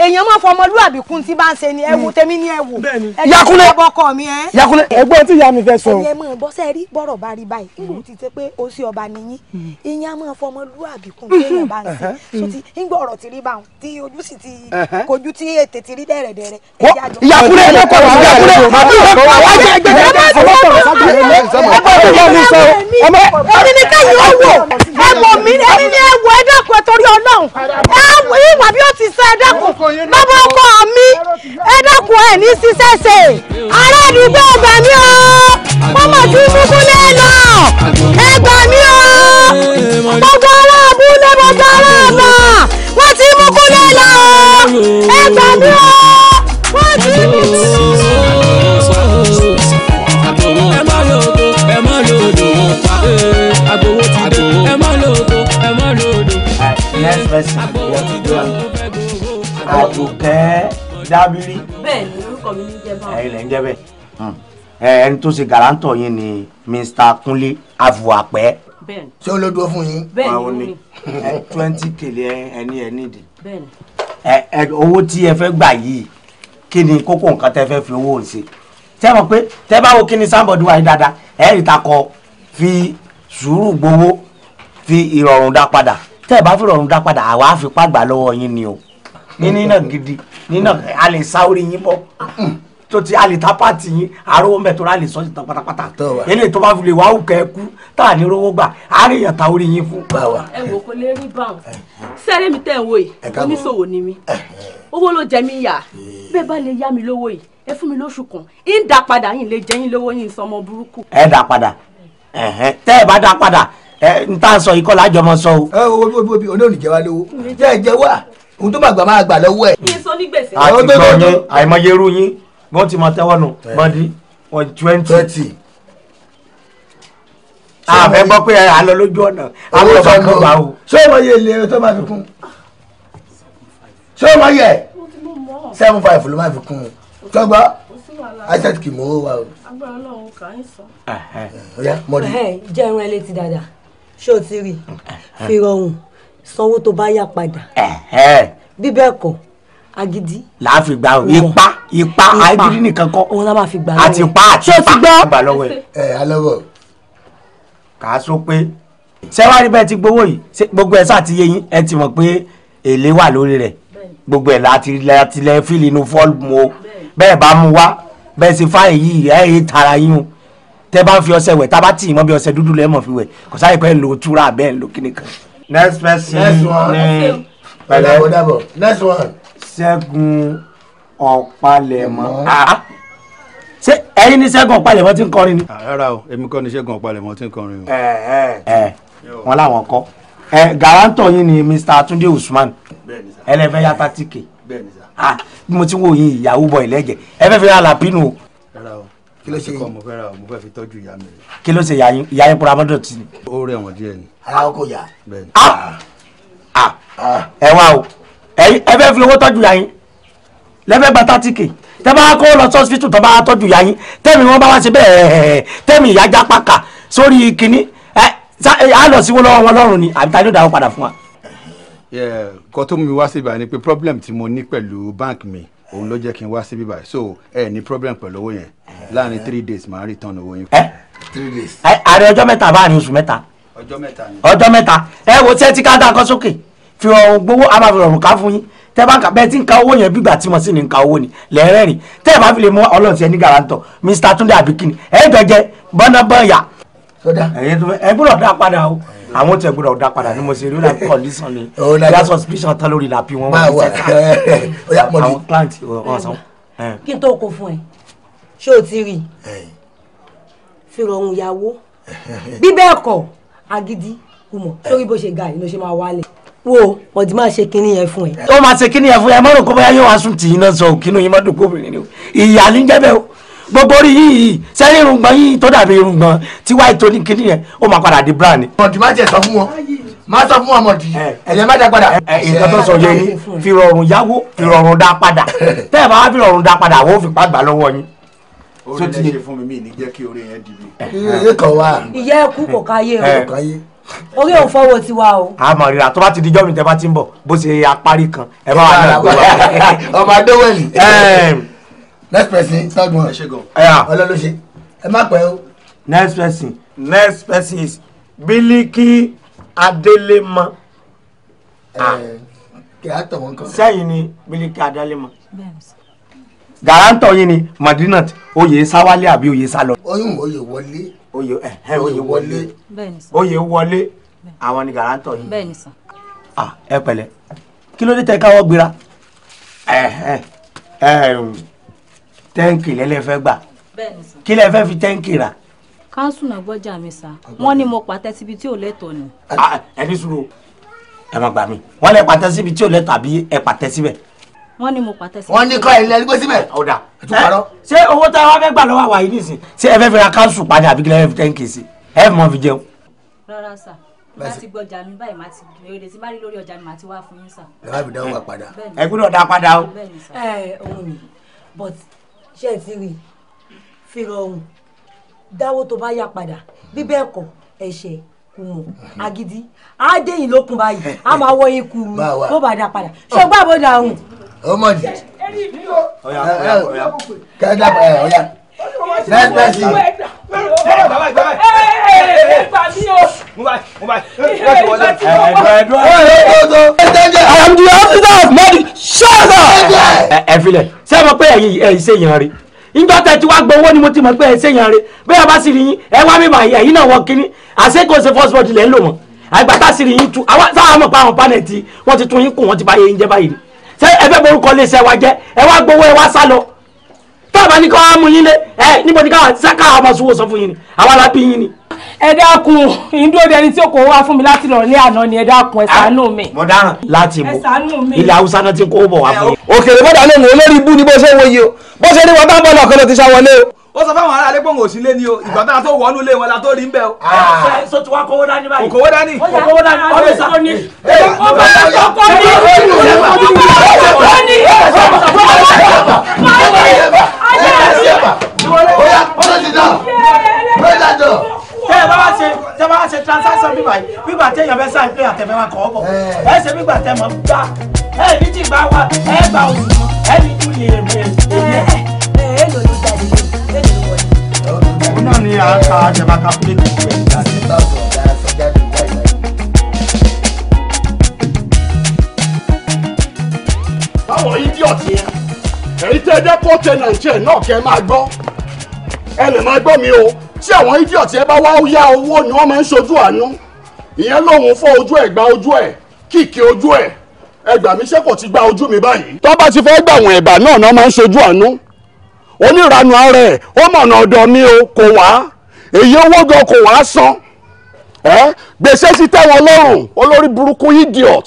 B: èèyàn máa fọmọlúàbí kun tí bá ń ṣe ni ẹ wo hmm. tèmi ni ẹ wo Yakule. ọkọ mi ẹ. yakunle ẹgbẹ́
E: tí ìyá mi fẹ́ sọ. ẹ̀yin ẹ
B: mọ̀ bọ́sẹ̀ rí bọ́rọ̀ bá rí báyìí nígbà tí tẹ pé o sí ọba nìyí hmm. èèyàn máa fọmọlúàbí kun tí èèyàn bá ń ṣe hmm. so ti nígbà ọ̀rọ̀ ti rí báwọn tí ojú sì ti kojú tí ètè ti rí dẹ́rẹ̀dẹ́rẹ̀.
C: Yakule. ẹ kọ wa Yakule. ẹ
B: mọ̀ mi ẹni ni ẹ wọ ẹ dákun ẹ torí Ọlọ́run ẹ ìwà bí ó ti sẹ ẹ dákun bàbá mi ẹ dákun ní ṣiṣẹ́ ṣe ará àdúgbò ẹgbà mi o mọ́mọ́ tí kúkú
D: lé lọ ẹgbà mi o gbogbo ará abúlé gbogbo
A: ará ọ̀nà wọ́n ti mú kú lé lọ ẹgbà mi o wọ́n ti mú kú lé lọ.
E: Next person, what you doing? àtùkẹ́ dábírí. bẹ́ẹ̀ ni orúkọ mi ń jẹ́ báwọn. ẹ̀yin lẹ ń jẹ́ bẹ́ẹ̀ ẹni tó ṣe gàrántọ̀ yín ni Mr. Kúnlé avuapẹ́. bẹ́ẹ̀ni ṣé olódùn fún yín. bẹ́ẹ̀ni ni twenty kele ẹni ẹ nídìí. bẹ́ẹ̀ni. ẹ owó tí ẹ fẹ́ gbà yìí kí ni kókó nǹkan tẹ fẹ́ fi owó ń ṣe tẹ́ mọ̀ pé tẹ́ bá wo kí ni sábọ̀dù wáyé dáadáa ẹ̀ rí ta fi sùúrù gbowó fi ìrọ̀rùn dá padà tẹ́ bá fi ìrọ̀rùn dá padà àwa á fipá lọ́wọ́ yín ni o ní nínà gidi nínà a lè sa orí yín bọ́ tó ti a lè ta pààtì yín àrówó mẹ́tọ́ ra lè sọ ti tán pátápátá eléyìí tó bá fi lè wá òkè ẹkú tá à ní rówó gbà á rí èèyàn ta orí yín fún. ẹ
B: wò kò lè rí báwọn sẹ́rẹ́ mi tẹ̀ ń wò yìí oníṣòwò ni mi owó ló jẹ mí yà eh. bẹ́ẹ̀ bá lè yá mi lówó yìí ẹ fún mi lóṣù kan ń dá padà yìí lè jẹ yín lówó yìí sọmọ burúkú. ẹ
E: dá padà tẹ́ ẹ bá dá padà n tá a sọ ikọ́ lájọmọ sọ o. ẹ o bí o bí o ní òní jẹ wá lówó jẹ́ ẹ jẹ wá ohun tó bàgbà máa gbà lọ́wọ́ ẹ̀. kí n
B: sọ ní gbèsè. àti gbọ́ yín
E: àìmọye irú yín wọ́n ti máa tẹ́wọ́ nù mọ́ndí wọ́n twenty. àfẹ́ gbọ́ pé a lọ lójú ọ̀nà àwọn ọba kan wà o. ṣé o máa yẹ ilé tó máa fi kún ṣé o máa yẹ seven five ló máa fi kún tọ́gbà asset kì mọ́ wa o.
B: agbára ọlọ́run kà ń sọ. ọ̀ya mọ́ni. jẹ́ irun ẹ létí dáadáa ṣé o ti rí i mm. fi rọrùn sanwó tó bá yá padà. bí bẹ́ẹ̀ kọ́ agidi.
E: là á fi gba ipá ipá agidi nìkan kọ́. òun la máa fi gbà lọ́wọ́ àti ipá àti ipá gbà lọ́wọ́ ẹ̀. ẹ alọ́wọ̀. kà á sọ pé sẹ́wárí bẹ́ẹ̀ ti gbowó yìí gbogbo ẹ̀ sáà ti yé yín ẹ ti mọ̀ pé èlé wà lórí rẹ̀ gbogbo ẹ̀ láti láti lẹ́ fílì inú fọ́ọ̀lù mu o bẹ́ẹ̀ bá mu wá bẹ́ẹ̀ sì fáyìn yìí ẹ̀ ẹ̀ tara yín o tẹ́ bá ń fi ọṣẹ wẹ̀ tá a bá tì í mọ́ bí ọṣẹ dúdú lẹ́mọ̀ fi wẹ̀ kò sáyẹ̀ pé ń lo túra bẹ́ẹ̀ ń lo kíni kan next person next one. ní
B: pẹ̀lẹ́
E: ṣẹ́gun ọ̀pálẹ̀mọ́ ah, ah. ṣé ẹ̀yin ni ṣẹ́gun ọ̀pálẹ̀mọ́ tí ń kọrin ni. Ah, rárá o èmi kọ́ ni ṣẹ́gun ọ̀pálẹ̀mọ́ tí ń kọrin o. Eh, eh. eh. wọn làwọn kọ garanto yín ni mr atunde usman ẹlẹ́fẹ́ yá tátìkì mo ti wo yin ìyàwó bọ̀ ìlẹ́jẹ̀ ẹ fẹ́ fi hàn lápínú o kí ló ṣe yín. mo fẹ́ ra mo fẹ́ fi tọ́jú ìyá mi rẹ̀. kí ló ṣe yàyín yàyín kura mọ́tò tì ó rẹ̀ wọ́n díẹ̀ ni. ara ó kò yá. bẹ́ẹ̀ni. Ah! Ah! Ah! ẹ wá o ẹ fẹ́ fi owó tọ́jú yàyín lẹ́fẹ́ gba tátìkì tẹ́ bá kó lọ sọ́sibítù tó bá tọ́jú yàyín tẹ́mi wọ́n bá wá ṣe bẹ́ẹ̀ tẹ́mi ìyá já pàkà sórí kinní a lọ sí wọn lọ́wọ́ wọn lọ́rùn ni àbí ta ló dá padà fún wa. kọ́ tó mú mi wá síbà ni pé problem tí mo ní pẹ̀lú báńkì mi òun ló jẹ́ kí n wá síbí báyìí so ẹ ní problem pẹ̀lú owó yẹn eh. láàrin three days màá return owó yẹn. ẹ eh? three days. ẹ eh, ààrẹ ọjọ́ mẹ́ta báàrin oṣù mẹ́ta. ọjọ́ mẹ́ta ni. ọjọ́ mẹ́ta ẹ wo tí ẹ ti ká dáa kọ́ sókè fi ọ̀hún gbowó a máa fi ọ̀hún ká fún yín tẹ bá ń kà bẹ́ẹ̀ tí ń ka owó yẹn bígbà tí mo sì ní ń ka owó ni lẹ́ẹ̀rẹ́rìn tẹ́ ẹ bá fi lè mú ọlọ́run ti ẹni garantọ Mr. Túndé abikini ẹ jọ jẹ ẹ gbọ́dọ̀ dá padà o àwọn tẹ gbọ́dọ̀ dá padà ni mo ṣe lórí condition ni their suspicion tán lórí làpí wọn wọn ṣe àwọn client wọn sọ.
B: kí n tó kó fún ẹ ṣé o ti rí i fi rọrùn ìyàwó bí bẹ́ẹ̀ kọ́ agídí kùmọ̀ sórí bó ṣe ga yìí ló ṣe máa wálẹ̀ wo wọn ti máa ṣe kinní yẹn fún ẹ. ó máa ṣe kinní yẹn fún ẹ mọ́rùn kó bá yóò wá
E: sùn tì í náà sọ kínú yín má dùn kó obìnrin ni ìyá ní jẹ́ bẹ́ẹ̀ o gbogbo orí yìí sẹ́yìn irùngbọ̀n yìí tó dàbí irùngbọ̀n tí wáyé tó ní kíní yẹn ó máa padà di brown ni. ọ̀dì má jẹ́ sọ fún wọn má sọ fún wọn ọ̀dì ẹ̀yẹ má dá padà. nǹkan tó sọ yẹn ni fi rọrùn yáwó fi rọrùn dá padà tẹ́ ẹ̀ bá wá fi rọrùn dá padà àwọn ò fi pàgbà lọ́wọ́ yín tó ti yẹ fún mi mi ní jẹ́ kí orí yẹn di mi. iye kan wà.
B: ìyá ẹkú kò káyé o orí ò fọwọ́ ti wá o.
E: a mọ̀ rírà tó bá ti di jọ́mi tẹ́ bá ti ń bọ̀ bó ṣe apárí kan ẹ bá wà ní àgbò ọmọ adéwẹ̀lì next person third one ọlọ́lọ́ṣe ẹ má pẹ́ o. next person next person is Bílíkì Adélémọ. Ah. kìrátọ̀ wọn kan. sẹ́yìn ni Bílíkì Adélémọ. garantọ̀ yìí ni Madinat oyè sáwálé àbí oyè sálọ. oyún oyè wọlé. oyè ẹhẹ oyè wọlé. oyè wọlé àwọn ni garantọ̀ yìí. bẹ́ẹ̀ni sàn. Ah, ẹ pẹ̀lẹ́ kí ló dé tẹ káwọ́ gbéra. ẹhẹ ẹhẹ tẹ́ǹkì lẹ́lẹ́ fẹ́ gbà kí lẹ fẹ́ fi tẹ́ǹkì rà.
B: káńsù náà gbọ́jà mi sá wọ́n ní mo pàtẹ́ síbi tí ò lẹ́tọ̀ọ́ ni.
E: ẹni sùúrù ẹ má gbà mí wọ́n lẹ pàtẹ́ síbi tí ò lẹ́tọ̀ọ́ àbí ẹ pàtẹ́ síbẹ̀.
B: wọ́n ní mo pàtẹ́ síbẹ̀. wọ́n ní kọ́ ilé ẹgbẹ́ síbẹ̀
E: ọ̀dà ẹ̀tún parọ́. ṣé owó tá a wá fẹ́ gbà lọ́wọ́ àwa yìí nìsín ṣé ẹ fẹ́ fi ra káńsù padà àbí kí lẹ fẹ́ fi tẹ́ǹkì sí ẹ mọ̀ fi jẹun.
B: rárá sà láti but ṣe é ti rí fi rọrùn dáwó tó bá yá padà bí bẹ́ẹ̀ kọ́ ẹ̀ṣẹ̀ kùnà agidi àádéyìn ló kún báyìí a máa wọ ikú mi tó bá dá padà ṣé gbà bó dà ọ̀hún. ọmọ di kẹ́ẹ́dá ọ̀yà
E: bẹ́ẹ̀
B: bẹ́ẹ̀ sí bàbá yìí bàbá yìí.
C: ẹ gbà mí o. mo bá mo bá ẹ ti wọlé. ẹ̀dùn I am the officer of medic. ṣọ́ọ̀sà. ẹ filẹ̀ ṣé ẹ mọ̀ pé ẹ̀yin
E: ẹ̀yin ṣe yan re nígbà tẹ ti wá gbowó ni mo ti mọ̀ pé ẹ ṣe yan re bẹ́ẹ̀ bá sì rí yín ẹ wá mi mà yẹ ẹ̀yin náà wọ kínní àṣekò ṣe first body lẹ́ ń lò mọ́ àgbàtà sì rí yín tu sáà mọ̀ pé àwọn panẹ̀ tí wọ́n ti tún yín kù wọ́n ti bá yẹ yín jẹ́ báyìí ṣé ẹ borúkọ lè ṣe wa jẹ́ ẹ wá gbowó ẹ wá sá
B: tọ́ọ̀bà ní káwá mú yín lé ẹ níbo ni káwá káwá máa sunwó sọ fún yín ni àwa la yín ni. ẹ dákun ìdúró ẹni tí kò wá fún mi láti lọ ní àná ni ẹ dákun ẹ ah, ṣàánú mi. mo dáràn
E: láti mú ilẹ̀ haúsá náà ti kó bọ̀ wá fún yín. òkèlè bọ́dà lónìí olórí ibú ni bó ṣe wo yìí o
A: bó ṣe ní wọn bá ń bọ̀ ló ti ṣàwọlé
E: o ó sọ fáwọn aráàlú pọ̀ òsì lé ni o ìgbà tá a tó wọnú lé wọn la tó rí ń bẹ o. Ah. téèyàn fẹ́ sáà pé àtẹ̀fẹ́ wa bọ̀ ẹ ṣe bí
C: gbàtẹ́ mọ̀ gbá ẹ ní tí gbà wá ẹ gbà òsì mọ̀ ẹ ní tún lè rè é. ẹ ẹ lò ló jáde ló ẹ lò wọlé. òun náà ni àka àjẹbá kápúlẹ̀tì
E: rẹ̀ jáde. báwo idiot yẹn èyí tẹ́ ẹ jẹ́ kó tẹ nàìjíríà náà kẹ́ ẹ máa gbọ́ ẹ lè máa gbọ́ mi o tí àwọn idiot yẹn bá wá ó yá owó ni wọ́n máa ń ṣojú àánú. ìyẹn lòun fọ́ ojú ẹ̀ gba ojú ẹ̀ kìkè ojú ẹ̀ ẹgbà mi ti gba ojú mi báyìí. tó ti fẹ́ gbà ẹ̀bà náà náà máa ń ṣojú àánú oníranu ara ẹ̀ ó ọ̀dọ̀ mi o kò wá èyí owó gan kò wá san gbèsè ti tẹ́ wọn olórí burúkú idiot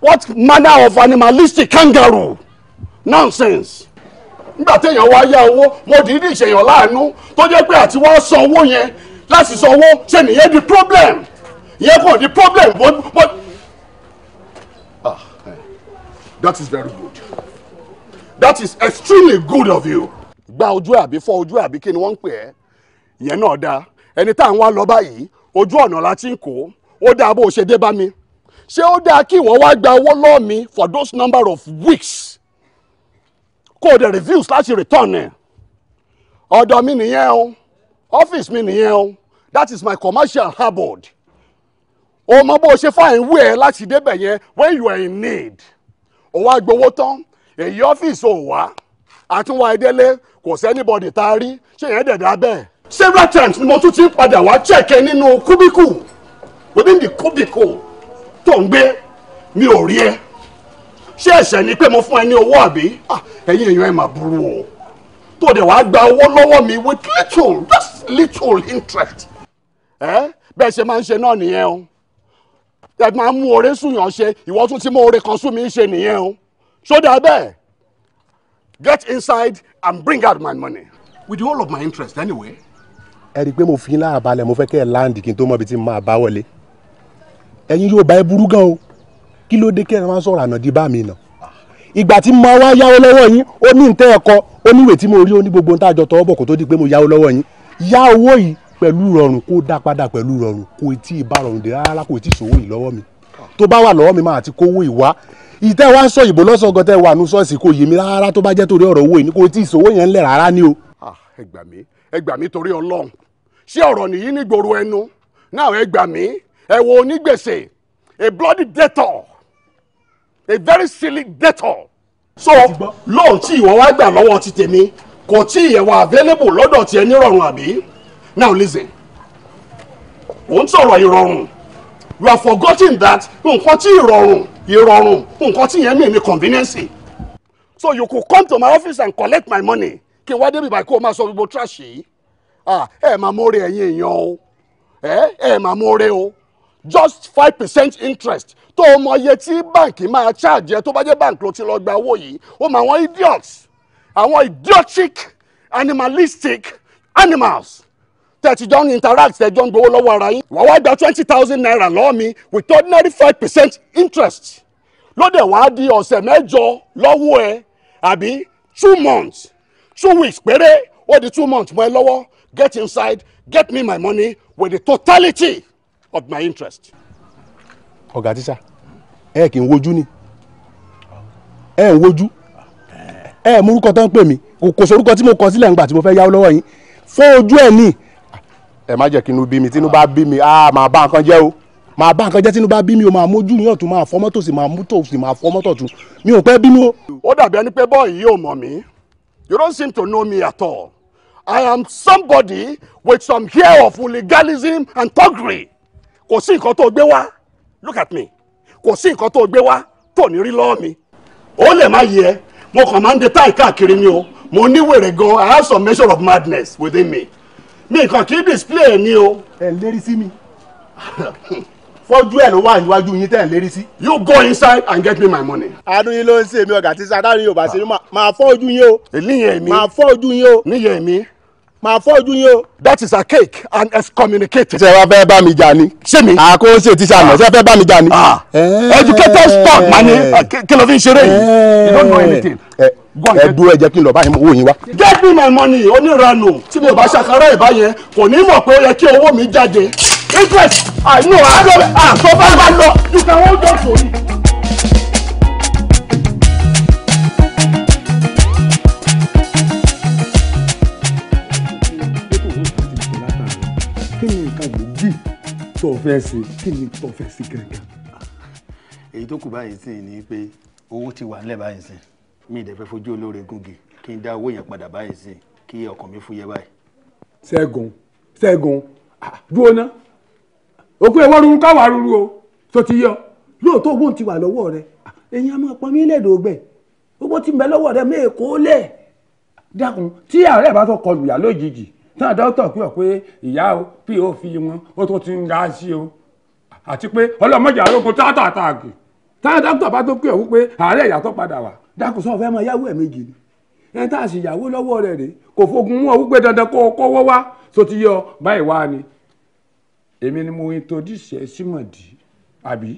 E: what manner of animalistic kangaroo nonsense nígbà téèyàn wá yá owó mo ìṣèyàn láàánú ìyẹn kò ní problem wọ́n wọ́n. ah that is very good that is extremely good of you. gba ojú àbí fọ ojú àbí kí ni wọ́n ń pè é ìyẹn náà dáa ẹni tá à ń wá lọ báyìí ojú ọ̀nà la ti ń kó ó dáa bó o ṣe dé bá mi ṣé ó dáa kí ìwọ wá gba owó lọ́ọ̀ mi for those number of weeks kó o dẹ̀ reviews láti return ẹ̀ ọ̀dọ̀ mi nìyẹn o ọ́fíìsì mi nìyẹn o that is my commercial harbour o mọ bó o ṣe fáyìn wú ẹ láti débẹ̀ yẹn when you are in need o wá gbowó tán èyí ọ́fíìsì ò wá àtúnwá ìdẹ́lẹ̀ kò sẹ́nibọ̀dì tá a rí ṣé yẹn dẹ̀dá bẹ́ẹ̀. several times ni mo tún ti ń padà wá chẹ́ẹ̀kẹ́ nínú kúbíkù within the cubicle tó ń gbé mi ò rí ẹ ṣé ẹ̀ṣẹ̀ ni pé mo fún ẹ ní owó àbí ah, ẹ̀yin èèyàn ẹ̀ máa burú o tó dẹ̀ wàá gba owó lọ́wọ́ mi with little just little interest ẹ bẹ́ẹ̀ ṣe máa ń ṣe náà nìyẹn o ẹ máa mú oore sùnyàn ṣe ìwọ tún ti mú oore kan sún mi ṣe nìyẹn o ṣódà bẹ́ẹ̀ get inside and bring out my money with all of my interest anyway. ẹ rí i pé mo fi yín láàbalẹ̀ mo fẹ́ kẹ́ ẹ láǹdì kí n tó mọ̀ ibi tí mo máa bá wọlé ẹ̀yin yóò bá ẹ burú gan o kí ló dé kẹ́ ẹ máa sọ̀rọ̀ ànàdí bá mi nà ìgbà tí mo wá yáwó lọ́wọ́ yín ó ní ntẹ́ ẹ̀kọ́ ó níwèé tí mo rí ó ní gbogbo ntàjọ tọ́wọ́ bọ̀ kó tó di pé mo yáwó lọ́wọ́ yín yá owó yìí pẹ̀lú rọrùn kó dá padà pẹ̀lú rọrùn kó tí ì bá rọrùn dé rárá kó tí ì sòwò yìí mi tó bá wà mi máa ti kówó ìwá ìtẹ́ wa ń sọ ìbò lọ́sọ̀ tẹ́ wà mi rárá tó bá jẹ́ torí ọ̀rọ̀ owó yìí ni kò tí ì sòwò yẹn ńlẹ̀ rárá ni o. Ah, ẹ mi torí ọlọrun, ṣé ọrọ nìyí ní gbòòrò ẹnu náà mi, ẹ wo onígbèsè a bloody debtor a now listen ò ń sọ̀rọ̀ ìrọ̀rùn you are forgetting that nǹkan tí ìrọ̀rùn ìrọ̀rùn nǹkan tí yẹn mean convenience so you could come to my office and collect my money kí n wá débi báyìí kó o máa sọ gbogbo trash yìí ẹ máa mórè ẹ̀yin èèyàn o ẹ máa mórè o just five percent interest tó o mọ iye tí báǹkì máa charge ẹ tó bá jẹ́ báǹkì ló ti lọ gba owó yìí ó mọ àwọn idiots àwọn idiotic animalistic animals tẹ̀síjọ́ ń interact tẹ̀jọ́ ń gbowó lọ́wọ́ ara yín wàá wá gba twenty thousand naira lọ́ọ́ mi with ordinary five percent interest lóde wàá di ọ̀sẹ̀ mẹ́jọ lọ́wọ́ ẹ àbí two months two weeks péré ó di two months mọ́ ẹ lọ́wọ́ get inside get me my money with the totality of my interest. ọ̀gá tíṣà ẹ kì í wojú ni ẹ ń wojú ẹ mú orúkọ tó ń pè mí kò sórúkọ tí mo kọ sílẹ̀ ńgbà tí mo fẹ́ yáwó lọ́wọ́ yín fọ́ ojú ẹ̀ ní ẹ má jẹ́ kí inú bí mi tínú bá bí mi á máa bá nǹkan jẹ́ o máa bá nǹkan jẹ́ tínú bá bí mi o máa mójú yàn tún máa fọ́ sí máa mú tòsí máa fọ́ tún mi ò pẹ́ bínú ó dàbí ẹni pé bọ́ọ̀ yìí ò mọ̀ mí you don't seem to know me at all I am somebody with some hair of legalism and thuggery kò sí nǹkan tó gbé wá look at me kò sí nǹkan tó gbé wá tó ní rí lọ́wọ́ mi ó lè má yẹ mo kàn máa ń de táì káàkiri mi o mo níwèrè gan I have some measure of madness within me mi kàn kí display ni o. ẹ ń lérí sí mi fọ́jú ẹ̀ ló wà níwájú yín tẹ̀ ń lérí sí. you go inside and get me my money. adúyín ló ń ṣe èmi ọ̀gá tí sadarin yóò bá ṣe máa fọ́ ojú yín o. èmi yẹn mi máa fọ́ ojú yín o. níyẹn mi màá fọ́ yín o. that is a cake and excommunicated. ṣé wàá fẹ́ bá mi jà ni. ṣé mi. àkóso ti ṣàmọ̀ ṣé fẹ́ bá mi jà ni. Ah. Eh. educated stock ma ni eh. ah, kí ló fi ń ṣeré yìí eh. you don't know anything. ẹ dúró ẹ jẹ́ kí n lọ báyìí owó yín wá. get me my money onírànù tí mi ò bá ṣàkárọ̀ ìbáyẹn kò ní mọ̀ pé ó yẹ kí owó mi jáde interest i know i don't ah tó bá bá lọ you
B: can hold on to
E: tó fẹ́ ṣe kí ni tó fẹ́ ṣe gangan. èyí tó kù báyìí sí ni pé owó ti wà nílẹ̀ báyìí sí mi ìdẹ́fẹ́ fojú olóore gúngi kí n dá owó yẹn padà báyìí sí kí ọkàn mi fúyẹ́ báyìí. ṣẹ́gun ṣẹ́gun dúró ná òkú ẹ̀wọ́ ruru káwá ruru o tó ti yọ lóòótọ́ owó ti wà lọ́wọ́ rẹ èyí á máa pọn mí lẹ́dọ̀ọ́gbẹ̀ owó ti ń bẹ lọ́wọ́ rẹ mẹ́ẹ̀kọ́ lẹ̀
C: dákun tí àárẹ̀ bá tó kọlù yà lójijì náà dókítà pé ọ̀ pé ìyá o pop wọn ó tó ti ń ga sí o àti pé ọlọ́mọdé arógun tátà àtàkì táwọn dókítà bá tó pé òun pé àárẹ̀ ìyàtọ̀ padà wà dákun sọ fẹ́ mọ yáwó ẹ̀ méjì ni ẹni tá a sì
E: yàwó lọ́wọ́ rẹ̀ rè kò fogun wọn wípé dandan kó o kọ́wọ́ wá tó ti yọ báyìí wá ni èmi ni mo introduce ẹ símọ̀dí àbí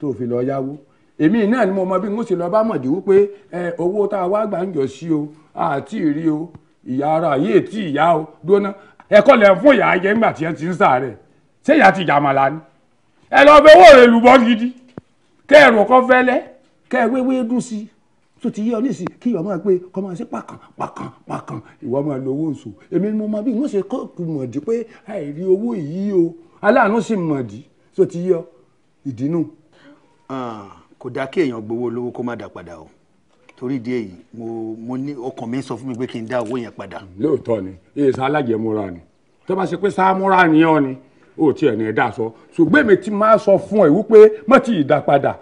E: tó fi lọ yáwó èmi náà ni mo mọ bí n ó sì lọ bá mọ̀dí wípé owó tá a wá gbà ń yọ sí o àti
C: ìrí o ìyá ara yìí ètí ìyá o dóná ẹ̀kọ́ lẹ̀ fún ìyá jẹ́ nígbà tí ẹ ti ń sàárẹ̀ ṣé ìyá ti jàmàlà ni ẹ lọ fẹ́ owó rẹ̀ lùbọ́ gidi kẹ́ ẹ̀rù
E: kan fẹ́lẹ́ kẹ́ ẹ wéwé dùn sí i tó ti yé ọ nísì kí ìyọ̀ máa pé kọ́ máa ṣe pàkàn pàkàn pàkàn ìwọ máa lo owó oṣù èmi ni mo máa bí wọ́n ṣe kọ́ọ̀kù mọ̀dí pé àìrí owó yìí o aláàánú sì mọ̀dí tó ti yé ọ ìdínú. Ah, kò dáa kí èèyàn gbowó olówó kó má dá padà o torí ìdí èyí mo mo ní ọkàn mi sọ fún mi pé kí n dá owó yẹn padà. lóòótọ́ ni èèṣà alájẹmọ́ra ni tó bá ṣe pé sáàmúra ni ọ́ ni ó tiẹ̀ ní ẹ̀dá sọ ṣùgbọ́n èmi ti máa sọ fún ẹ wípé má ti ìdá padà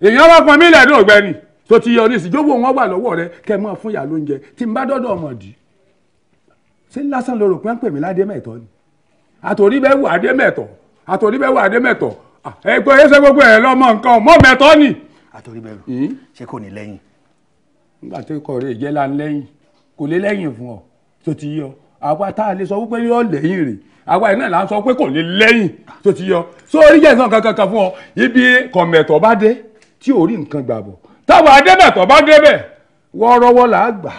E: èèyàn ọlọ́pàá mi lẹ́ẹ̀dún ọ̀gbẹ́ni tó ti yọ ní ìsìjọ́wọ́ wọn wà lọ́wọ́ rẹ kẹ́ mọ́ fún ìyá lóúnjẹ tí n bá dọ́dọ̀ ọmọdì ṣé lásán ló rò pé ń pè mí ládé mẹ́tọ́ ni àtòrí
C: bẹ́ẹ̀ wà dé mẹ́tọ́ àtòrí bẹ́ẹ̀ wà dé mẹ́tọ́ ẹgbẹ́ ẹsẹ̀ gbogbo ẹ̀ lọ́mọ nǹkan mọ́ mẹ́tọ́ ni.
E: àtòrí bẹ́ẹ̀ ṣé kò ní lẹ́yìn nígbà tó kọ rẹ jẹ́ lánlẹ́yìn kò lé lẹ́yìn fún ọ tó ti yọ àwa tá a lè sọ wípé yọ lẹ́yìn rẹ̀ àwa yìí náà là ń
C: sọ pé kò lè lẹ́yìn tó ti yọ sórí jẹ́ nǹkan kankan fún ọ ibi kọ̀mẹ̀tọ̀ bá dé tí ò rí nǹkan gbà bọ̀ táwọn adébẹ̀tọ̀ bá débẹ̀ wọ́ọ́rọ́wọ́ là á gbà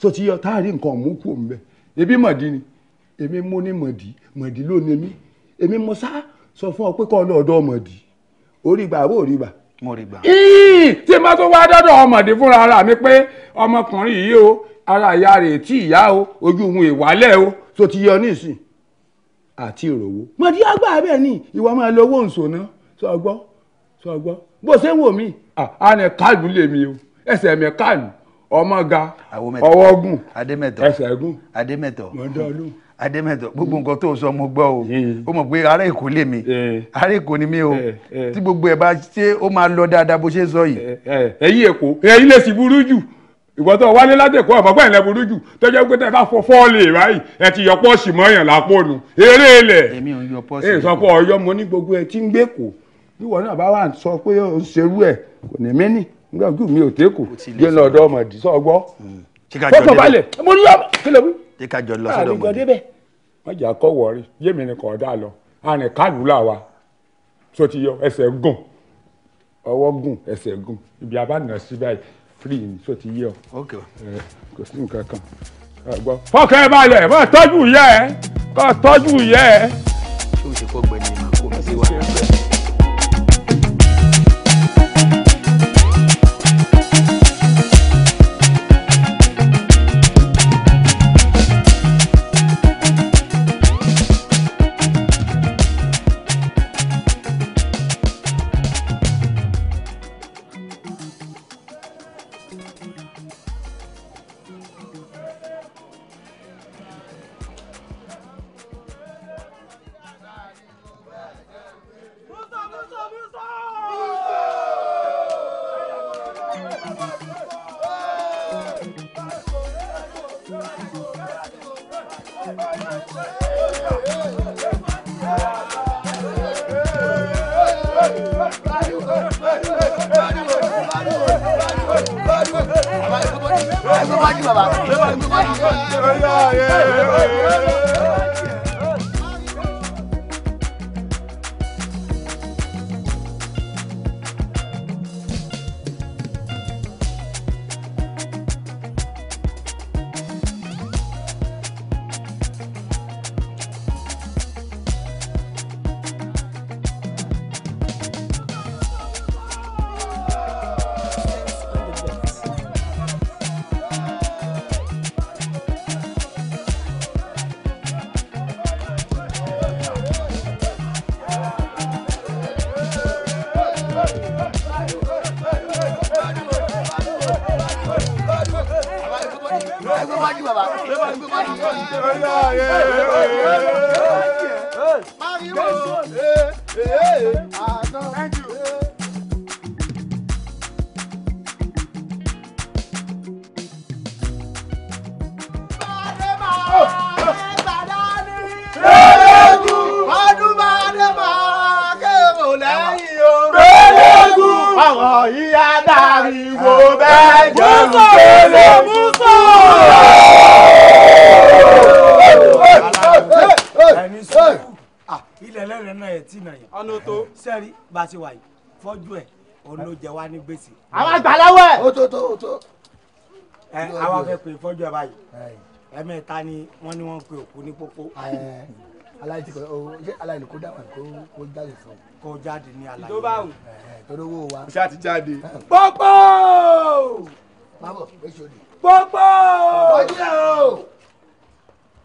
E: tó ti yọ tá a rí nǹkan mú kú òun bẹ́ẹ̀ ebi mọ̀dí ni èmi mú ní mọ̀dí mọ̀dí ló ní mi èmi mo sá sọ fún ọ pé kọ́ ọ lọ́ọ̀dọ́ mọ̀dí orí gbà àbó orí gbà mo rí gbà. tí n bá tó wá dọ́dọ̀ ọmọdé fúnra ara mi pé ọmọkùnrin yìí o ara ìyá rẹ̀ tí ìyá o ojú òun ìwálẹ̀ o tó ti yọ nísìn àti ìròwó. mo ti àgbà bẹ́ẹ̀ ni ìwọ máa lo owó nsòná sọ gbọ́ sọ gbọ́ bó ṣe ń wò mí àánẹ káàdùn lèmi o ẹsẹ̀ mi káàdùn ọmọ ga ọwọ́ gùn ẹsẹ̀ gùn. adémẹ̀tọ̀ adémẹ̀tọ̀ adémẹ́tọ̀ gbogbo nǹkan tó sọ mo gbọ́ o hmm. ó mọ̀ pé ará èkó lè mi hmm. ará èkó ni mi o hmm. tí gbogbo ẹ̀ bá ṣe ó máa lọ
C: dáadáa bó ṣe sọ yìí. ẹ̀yin èkó ẹ̀yin lè sì burú jù ìwọ tó wálé ládẹ́kọ́ ọ̀bọ̀gbọ́ ẹ̀ lẹ́burú jù tó jẹ́ pé tẹ́ bá fọ fọ́ọ̀lì báyìí ẹ ti yọ pọ́ọ̀sì mọ́yàn lápò nu eré ilẹ̀
E: èmi ò yọ pọ́ọ̀sì èyí sọ pé ọ̀yọ́ mo ní gbogbo ẹ tí ń gbé kò bí wọn náà bá wà sọ pé ó ń ṣerú ẹ kò ní mẹ́nì nígbà ojú mi ò tẹ́ kò lọ́dọ̀ ọmọdé sọ gbọ́ fọ́fọ́ balẹ̀ mo ní lọ́ tí ká jọ lọ sọ́dọ̀ mọdé. àbíjọ débẹ̀ jà kọ wọrí yémi ni kò dá lọ àrìn kálù là wa ti yọ ẹsẹ̀ gùn ọwọ́ gùn ẹsẹ̀ gùn ibi abánà sí báyìí free ni so ti yọ kò sí nǹkan
C: kan fọkàn balẹ̀ bá tọ́jú yẹ ẹ kó tọ́jú yẹ ẹ. tó o ṣe fọgbẹ́ni màkó mi wà lọ́wọ́.
E: ní gbèsè. àwọn àgbàláwọ ẹ. ó tó tó ó tó. ẹ àwọn fẹ́ pè fọ́jú ẹ báyìí ẹ̀mẹ́ta ni wọ́n ní wọ́n pe òkú ní pópó. aláìsí kò ó ṣé aláìlú kó dáhùn kó kó jáde sọ. kó jáde ní aláìlú. tó bá wù. torí owó wa. ṣé a ti jáde. pópó. mábọ̀ oṣù òde. pópó. fọ́jú rẹ̀ o.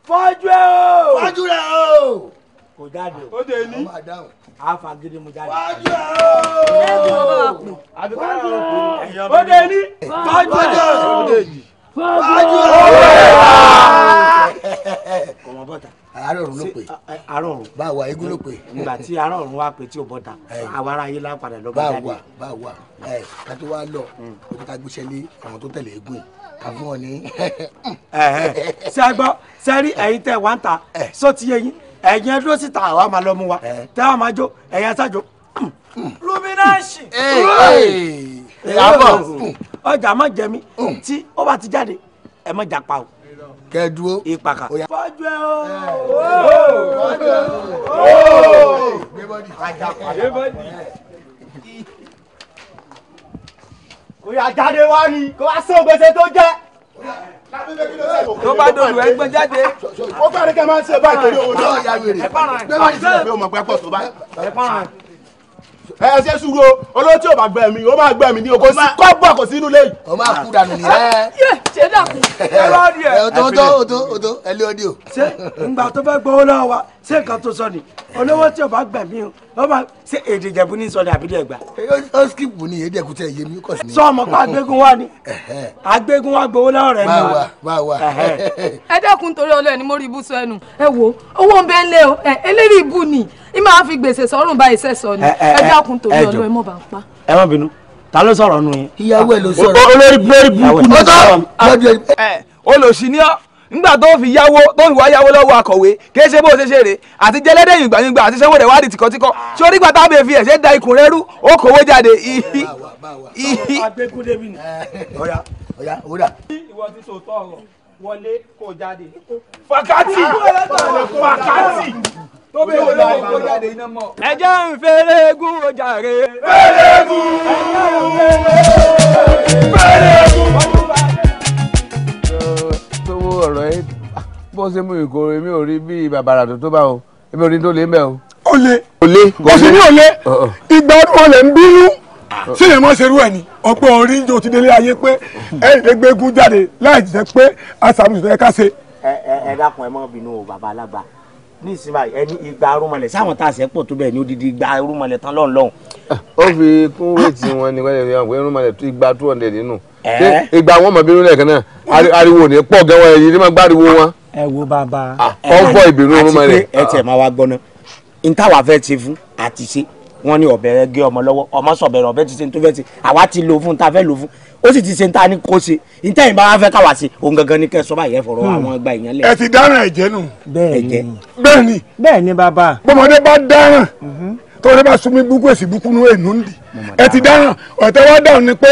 E: fọ́jú rẹ̀ o. fọ́jú rẹ̀ o kò jáde o. ó dé ní. a fa gidi mu jáde. wájú ẹ o. ẹ jọ bá kù.
C: àbí ká yọ ọ kù. ó dé ní. wájú ẹ o. wájú
E: ẹ o. kọ̀mọ̀ bọ́tà. àárọ̀ ọ̀run ló pè. àárọ̀ ọ̀run. báwa eégún ló pè. nígbà tí àárọ̀ ọ̀run wá pé tí o bọ́tà àwa ara yín lápadà lọ bá jáde. báwa báwa ẹ ká tó wá lọ òkè ká gbéṣẹ́ lé àwọn tó tẹ̀lé eégún yìí kàfún ọ ní. ṣe gbọ́ ṣe ẹ̀yin tẹ̀ wá ń ta sọ ti yẹ yín ẹ̀yin dúró síta àwa máa lọ mú wa tẹ́ wa máa jó ẹ̀yin aṣáájú.
C: luminansi.
E: ọjà má jẹ mí hmm. tí ó bá ti jáde ẹ má jàpá o. kẹ dúró ìpàkà. fọjú ẹ
C: o fọjú
E: ẹ jáde wá ni kó wá sọ gbèsè tó jẹ tó bá dòlù ẹ gbẹ jáde. ó kárí kẹ́ máa ń ṣe báyìí torí owó náà yà wèrè bẹ́ẹ̀ ni sílẹ̀ mi ò mọ̀ pé pọ̀ tó báyìí. ẹ ṣe sùúrù olóòtú ò bá gbẹ mi ó máa gbẹ mi ní oko sí kọ́bọ̀ kò sí inú o máa kú dànù nìyẹn. ṣé dàkún ẹ lọ rí ẹ. ọ̀tọ̀ ọ̀tọ̀ ọ̀tọ̀ ọ̀tọ̀ ẹ lé ọdí o. ṣé ngbà tó fẹ́ gbọ́ owó náà wa ṣé nǹkan tó sọ ni olówó tí ò bá gbẹ mi o ó máa ṣe èdè ìjẹ̀bú ní sọ ni àbí ẹ̀gbá. ó skip ní èdè ẹ̀kútẹ́ yé mi kọ̀ sí ni. sọ ọmọ pa agbégun wa ni agbégun wa gbowó lọ́wọ́ rẹ̀ ni. máa wà máa wà.
B: ẹ dẹ́kun torí ọlọ́ọ̀ ni mo rí ibùsùn ẹnu ẹ wo owó ń bẹ ń lé o eléyìí ibù ni ì máa fi gbèsè sọ́rùn bá iṣẹ́ sọ ni ẹ dẹ́kun torí ọlọ́ọ̀ ẹ mọ̀ bá ń pa.
E: ẹ má bínú ta ló sọ̀rọ̀ nù yín. ìyàwó ẹ ló sọ̀rọ̀ nígbà tó fi yáwó tó fi wá yáwó lọ́wọ́ akọ̀wé kì í ṣe bó ṣe ṣe rè àti jẹlẹ́dẹ̀ yìngbàyìngbà àti sẹ́wọ́n rẹ̀ wá di tìkọ́tìkọ́ ṣé onígbà tá a bè fi ẹ̀ṣẹ̀ da ikùn rẹ rú ó kówó jáde ihi ihi. ọ̀ya ọ̀ya òwúrà. ìwọ ti sòótọ́ ọ̀rọ̀ wọlé kó jáde.
C: fàkàtì fàkàtì
B: tó
E: bẹ wọlé kó jáde iná mọ.
C: ẹ jẹ́ ń fẹ́rẹ́ gún ọjà rẹ̀. fẹ́rẹ́ gún fẹ́rẹ́
E: gún ọ̀rọ̀ ẹ ah, bó ṣe mú ìkórè mi ò rí bí bàbàrà tó tó bá o èmi ò rí tó lé mbẹ o. ó lé ó lé kò sí ní ó lé oh, oh. ìgbà ọlẹ ń bínú sí ìyẹn mọ́ ṣerú ẹ̀ ni ọ̀pọ̀ orí ń jò ti délé ayé pé ẹ̀ẹ́dẹ́gbẹ́gún jáde láì jẹ́ pé àṣàmùsùn ẹ̀ ká ṣe. ẹ ẹ dákun ẹ mọ bínú o bàbá alàgbà ní ìsinmi ẹni igba arúmọlẹ̀ sáwọn tá a ṣe pọ̀ tó bẹ́ẹ̀ ní odidi igba arúmọlẹ̀ tán lọ́hùn ah, ó fi kún wéètì wọn ni wọ́n lè fi hàn pé arúmọlẹ̀ igba two hundred nínú ìgbà wọn mọ̀ bínú lẹ́ẹ̀kan náà ariwo ní pọ̀ gan wọn èyí ni máa gbáriwo wọn. ẹ wo bàbá. kọ́ńbọ̀ ìbínú ọmọ rẹ̀. àti pé ẹ tiẹ̀ máa wá gbọ́ná ntàwá fẹ́ ti fún àti ṣe wọ́n ní ọ̀bẹ rẹ gé ọmọ lọ́wọ́ ọmọ sọ̀bẹ̀rẹ̀ ọ̀bẹ ti ṣe ní tó fẹ́ ṣe àwa ti lò fún ta fẹ́ lò fún ó sì ti ṣe ní ta ni kò ṣe níta yìí bá wá fẹ́ káwá sí òun gangan ní kẹsàn báyìí ẹ fọ̀rọ̀ hmm. àwọn ẹgbà èèyàn lẹ̀. ẹ ti dáràn ẹ̀jẹ̀ nù. bẹ́ẹ̀ni bẹ́ẹ̀ni bẹ́ẹ̀ni bàbá. bọ́mọdé bá dáràn mhm. tọ́wọ́dé bá sunmi búkú èsì búkú nù ènù ń di ẹ ti dáràn ọ̀tẹ́wọ́ dáràn ni pé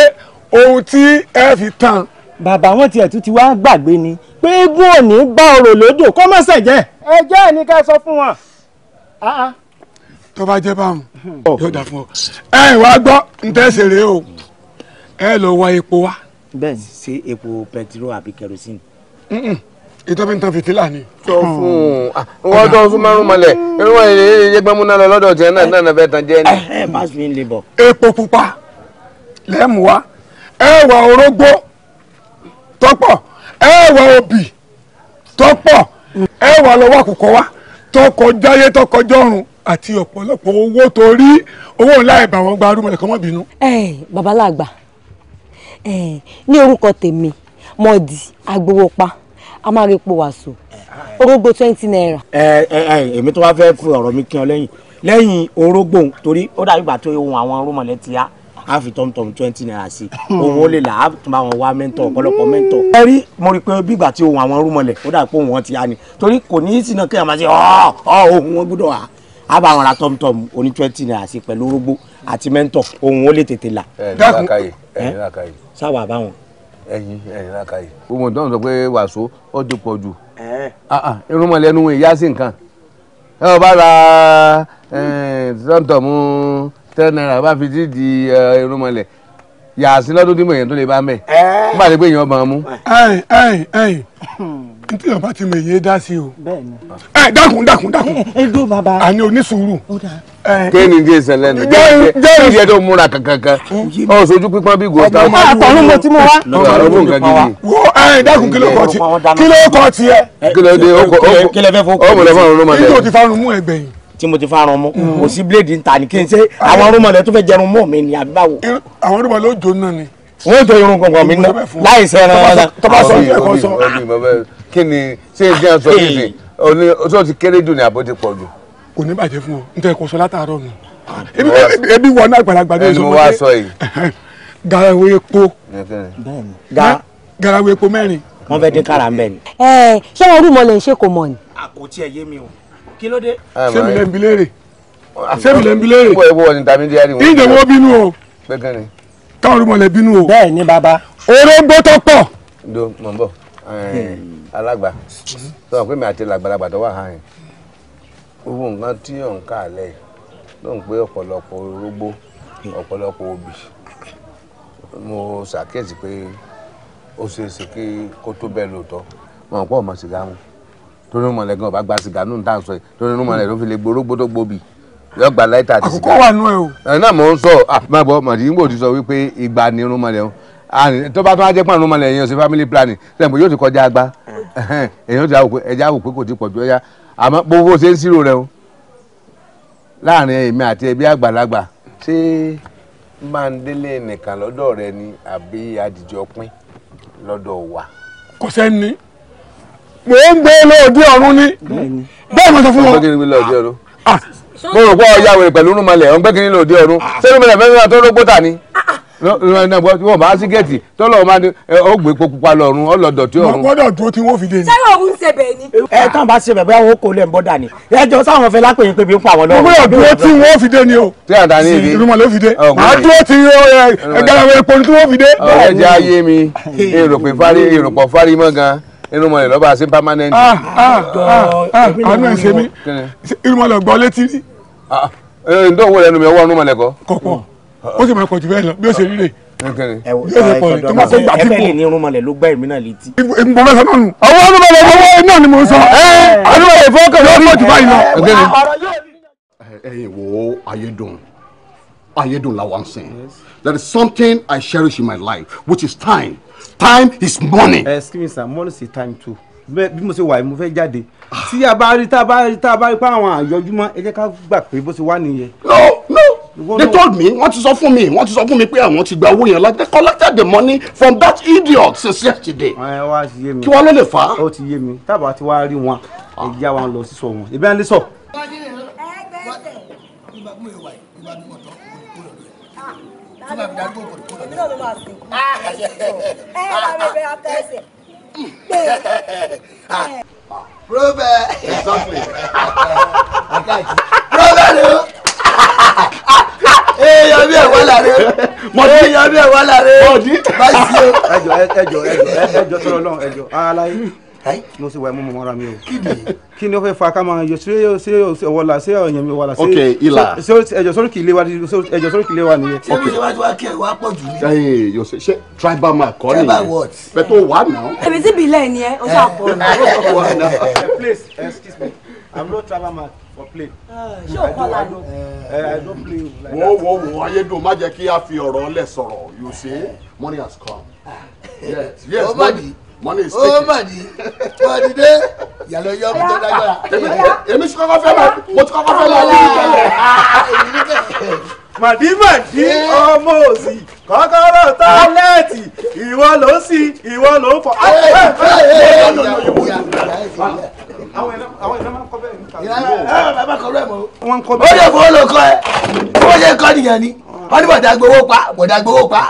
E: ohun tí ẹ fi tan. bàbá wọn tiẹ̀ tún ti wá gbàgbé ni pé eégún ò ní bá ọ̀rọ̀ lódò kọ́ mọ́ sẹ̀jẹ̀. ẹ jẹ́ ẹ̀ ní ká sọ fún wọn. Ah, ah. tó bá jẹ́ báwọn
C: oh. yóò dà fún ọ. ẹ wá gbọ́ ntẹ́sẹ̀ rèé o
E: ẹ lọ wá epo wá. bẹ́ẹ̀ ṣe epo pẹtiró àbí kẹrosínì. ìtọ́ bí n tan fìtílà ni. sọ fún un wọ́n tó sún márùn mọ́lẹ̀ irun èyí yẹ gbẹ́mú náà lọ lọ́dọ̀ tiẹ̀ náà náà fẹ́ tan jẹ́ ni. Eh, eh, epo pupa
C: lẹ́mùú wa ẹ̀wà orógbó tọ́pọ̀ ẹ̀wà obì tọ́pọ̀ ẹ̀wà lọ́wọ́ àkùkọ wa tọkọjáyé tọkọjọ́run
E: àti ọ̀pọ̀lọpọ̀ owó torí owó ńlá ẹ̀bà wọn gba arúmọ̀lẹ̀ kọ́mọ́ bínú. ẹ
B: babaláàgbà ẹ ní orúkọ tèmi mọ̀dì agbowópa amárepo wàsó orógbó twenty naira.
E: ẹ ẹ ẹ èmi tó wá fẹ́ fún ọ̀rọ̀ mi kí ọ lẹ́yìn lẹ́yìn orógbó torí ó dàbí ìgbà tó ohun àwọn arúmọ̀lẹ̀ ti yá a fi tọ́mtọ́m twenty naira sí i òun ó lè là á tún bá wọn wá mẹ́ńtọ̀ ọ̀pọ̀lọpọ̀ mẹ́ńtọ̀. ẹ rí mo rí i pé bígbà tí ohun àwọn rúmọlẹ̀ ó dà pé òun wọn ti yá ni torí kò ní í sínú kéèyàn máa ṣe ọ ọ ohun wọn gbọ́dọ̀ wá a bá wọn ra tọ́mtọ́m oní twenty naira sí pẹ̀lú orógbó àti mẹ́ńtọ̀ ohun ó lè tètè là. ẹyin lákàyè ẹyin lákàyè. sáwà báwọn. ẹyin ẹyin lákàyè. gbogbo ìtọ́nù sọ pé wàásù ó ti pọ̀ jù. Ah, ah, irúnmọ̀lẹ́nu ìyá ten naira bá fi ti di irúnmọlẹ̀ yàásí lọ́dún tí mo yẹn tó lè bá mẹ́ nígbà tí pé èèyàn ọmọ mú. ẹyìn ẹyìn ẹyìn ntí ọba ti mọ èyí dá sí o ẹ dákun dákun dákun ẹdó bàbá àní onísùúrù. kéènì ní ìṣẹ̀lẹ̀ nù jẹ ìdí ẹdọ múra kankankan ọ sojú pípọ́n bí gòtà. ọ̀dọ́ máa tọ̀run mo ti mú wa. lọ́wọ́ ọ̀rọ̀ nǹkan gidi. wo ẹyìn dákun kí ló kọ tiẹ̀ kí ló kọ tiẹ̀.
C: kí ló dé ó kọ ó mọ̀ lọ́fọ̀ ọ̀run mọ̀ lẹ́yìn. nígbà
E: tí farun mú ẹgbẹ̀yìn tí mo ti fárun mú mm. kò sí bíléèdì ń ta ni kí n ṣe àwọn rúmọlẹ tó fẹ́ jẹrun mọ́ mi ni àbí báwo. Eh, àwọn rúmọlẹ ó jó náà ni. wọ́n jọ irun gbọ̀ngàn mi náà láì sẹ́ran rárá. tọ́ba sọ yìí ẹ̀kọ́ sọ. kí ni ṣé ìdí àṣọ yìí sìn oní oṣù ti kéré dùn ní àbó ti pọ̀ jù. kò ní bàjẹ́ fún ọ n tẹ ẹ̀kọ́ sọ látàárọ̀ nù. ebi wọ náà àgbàlagbà ní ìṣòwò garawo epo mẹ́rin. wọ́n fẹ́ dín kára ń
B: bẹ̀ ni. ẹ eh, ṣé wọn rúmọlẹ̀ ń
E: a kò tiẹ̀ yé kí ló dé. sẹ́mi lẹ́ ń bi léèrè sẹ́mi lẹ́ ń bi léèrè. ìwọ ìwọ ni tàbí díẹ̀ ni wọ́n. ìjẹ́ wọ́n bínú o. gbẹ̀gàn ni. káwọn ọmọ bínú o. bẹ́ẹ̀ ni bàbá. orógbó tó pọ̀. ndo mọ̀ bọ̀ alàgbà sọ pé mi àti làgbàlagbà tó wà hàn yín gbogbo nǹkan tí ò ń kà lẹ̀ ló ń pé ọ̀pọ̀lọpọ̀ orógbó ọ̀pọ̀lọpọ̀ obì mo ṣàkíyèsí pé ó ṣeé ṣe kí kó tó bẹ́ẹ̀ lóòótọ́ mọ̀ pọ̀ ọmọ sìgá mu torí mọ̀lẹ́ gan ọba gba sìgá nù tá à ń sọ yìí torí mọ̀lẹ́ ló fi lè gborógbó tó gbòbì yóò gba láìta àti sìgá. àkókò wà nù ẹ o. ẹ náà mò ń sọ máa bọ màdìyìnbó ti sọ wípé ìgbà ni irun o tó bá tó wá jẹ́ pàrọ̀ mọ̀lẹ́ yẹn o ṣe family planning sẹ́yìn yóò ti kọjá agba èyàn ti àwòkọ́ ẹ̀jẹ̀ àwòkọ́ kò ti pọ̀ jù ẹ̀yà àmọ́ gbogbo ṣe ń sírò rẹ o láàrin èmi àti ẹbí àgbàlagbà ṣé Mándélé nìkan lọ́dọ̀ rẹ ni àbí adìjọ pín lọ́dọ̀ wa. kò sẹ́ni mò ń gbé lóòdì ọ̀run ni bẹ́ẹ̀ mo sọ fún wọn. mo ah.
C: rò pé ọjà wèrè
E: pẹ̀lú rúmọlẹ̀ ọ̀n gbẹ́kìnrin lóòdì ọ̀run ah. ṣé rúmọlẹ̀ fẹ́ẹ́ tó ló gbóta ni ah, wọ́n bá sígẹ̀tì tọ́lọ̀ máa ní ó gbé epo pupa lọ́rùn ọlọ́dọ̀ tí ọ̀run. ọgbọ́dọ̀ dúró tí wọ́n fi dé ni. sẹ́yìn òun ṣẹbẹ̀ ni. ẹ tán bá ṣẹbẹ̀ bóyá wọn kò lè ń bọ́ dà ní. ẹ jọ sáwọn fẹlá pè é pé bí ń pa àwọn lọ́rùn. ọgbọ́dọ̀ dúró tí wọ́n fi dé ni o. tí àdá ní ibi ìrùmọ̀ ló fi dé. màá dúró tí ẹgbẹ́ epo tí wọ́n fi dé. ọ̀rẹ́ jẹ́ ayé mi èrò pé fárí èrò pọ̀ fárí mọ́ gan-an irunmọ lè lọ́ba sí permanent. Ah,
C: ah, ah, àánú ẹ̀ ṣe mí irunmọ lọ gbọ́ létí
E: rí. ǹdọ́ òun lẹnu mi ọwọ́ irunmọ lẹ́kọ̀ọ́. kọ̀pọ̀ ó sì máa pọ̀ jù bẹ́ẹ̀ lọ bí ó ṣe rí rè ẹ wò ẹ kọjọ ọmọ sọ ẹbẹ lè ní irúnmọlẹ̀ ló gbá èmi náà létí. mo fẹ́ sọ náà nù.
C: ọwọ́ irúnmọlẹ̀ owó náà ni mo sọ. irúnmọlẹ̀ fọ́ọ̀kẹ́ ló mọ̀ jù báyìí lọ.
E: ẹ̀yin wo ayédùn ayédùn làwọn sìn there is something I cherish in my life which is time time is money. ẹ eh, excuse me sir money is time too bí mo ṣe wà mo fẹ́ jáde tí a bá rí tá a bá rí tá a bá rí pé àwọn àyọjúmọ́ ẹ jẹ́ ká gbà pé bó ṣe wà nìyẹn. no no they told me wọ́n ti sọ fún mi wọ́n ti sọ fún mi pé àwọn ti gba owó yẹn like they collected the money from that idiot since yesterday. ẹ eh, wá ti yé mi kí wọ́n ló lè fà á. ó ti yé mi tábà tí wàá rí wọn ẹ jẹ́ àwọn lọ sí sọ wọn ìbí wọn lè sọ. tí màá fi darí kòkò tó lọ.
C: èmi náà ló máa sìn. ẹ ẹ bá mi bẹ ọkọ ẹsẹ. Probe.
E: Exactly. Probe ló. Ee yan bí ẹ wá láre. Mọ̀dí. Ee yan bí ẹ wá láre. Mọ̀dí. Báyìí sí o. Ẹjọ ẹjọ ẹjọ ẹjọ sọ̀rọ̀ náà ẹjọ. Alaye mo sì wà mímú mọ́ra mi o kí ni ó fẹ́ fa ká máa yọ ṣé ṣé ọ̀wọ́là ṣé ọ̀yàn mi wàlà ṣé ẹjọ sórí kìlẹ̀ wa ẹjọ sórí kìlẹ̀ wa nìyẹn. ṣé bí wàá wá kí ẹ wá pọ̀ jù ní. ẹyìn yóò ṣe ṣe tribal mark kọ́ nìyẹn tribal what. bẹ́ẹ̀ tó wà náà. èmi ti bìlẹ̀ ni ẹ o ṣáà pọ̀ náà. please excuse me i'm no tribal mark for play. Ah, ṣé o kọ́ la dùn. Eh, i don't play like that. wo wo wo ayédùn má jẹ́ kí a fi ọ̀rọ̀ ọlẹ̀ sọ̀rọ̀ you see money has come. Ah.
B: yes yes money money is oh, taken. ó mà
E: ní bọ́ọ̀dì dé ìyàlọ́ yọ ọmọ tó dágbára. Ah, ah, ah. èmi ti kọ́kọ́ fẹ́ máa mo ti kọ́kọ́ fẹ́ máa ní ìtẹ̀lẹ̀. màdìmàdì eh. ọmọ òsì kọ́kọ́rọ́ tọ́lẹ́ẹ̀tì ìwọ ló sì ìwọ ló fọ. Eh, eh, àwọn ìlànà máa ń kọ́ bẹ́ẹ̀ níta. ìlànà máa ń kọ́ bẹ́ẹ̀ mọ́. ẹ ó yẹ kọ́ nìyẹn ni wọ́n ní bọ̀dá gbowó pa bọ̀dá gbowó pa.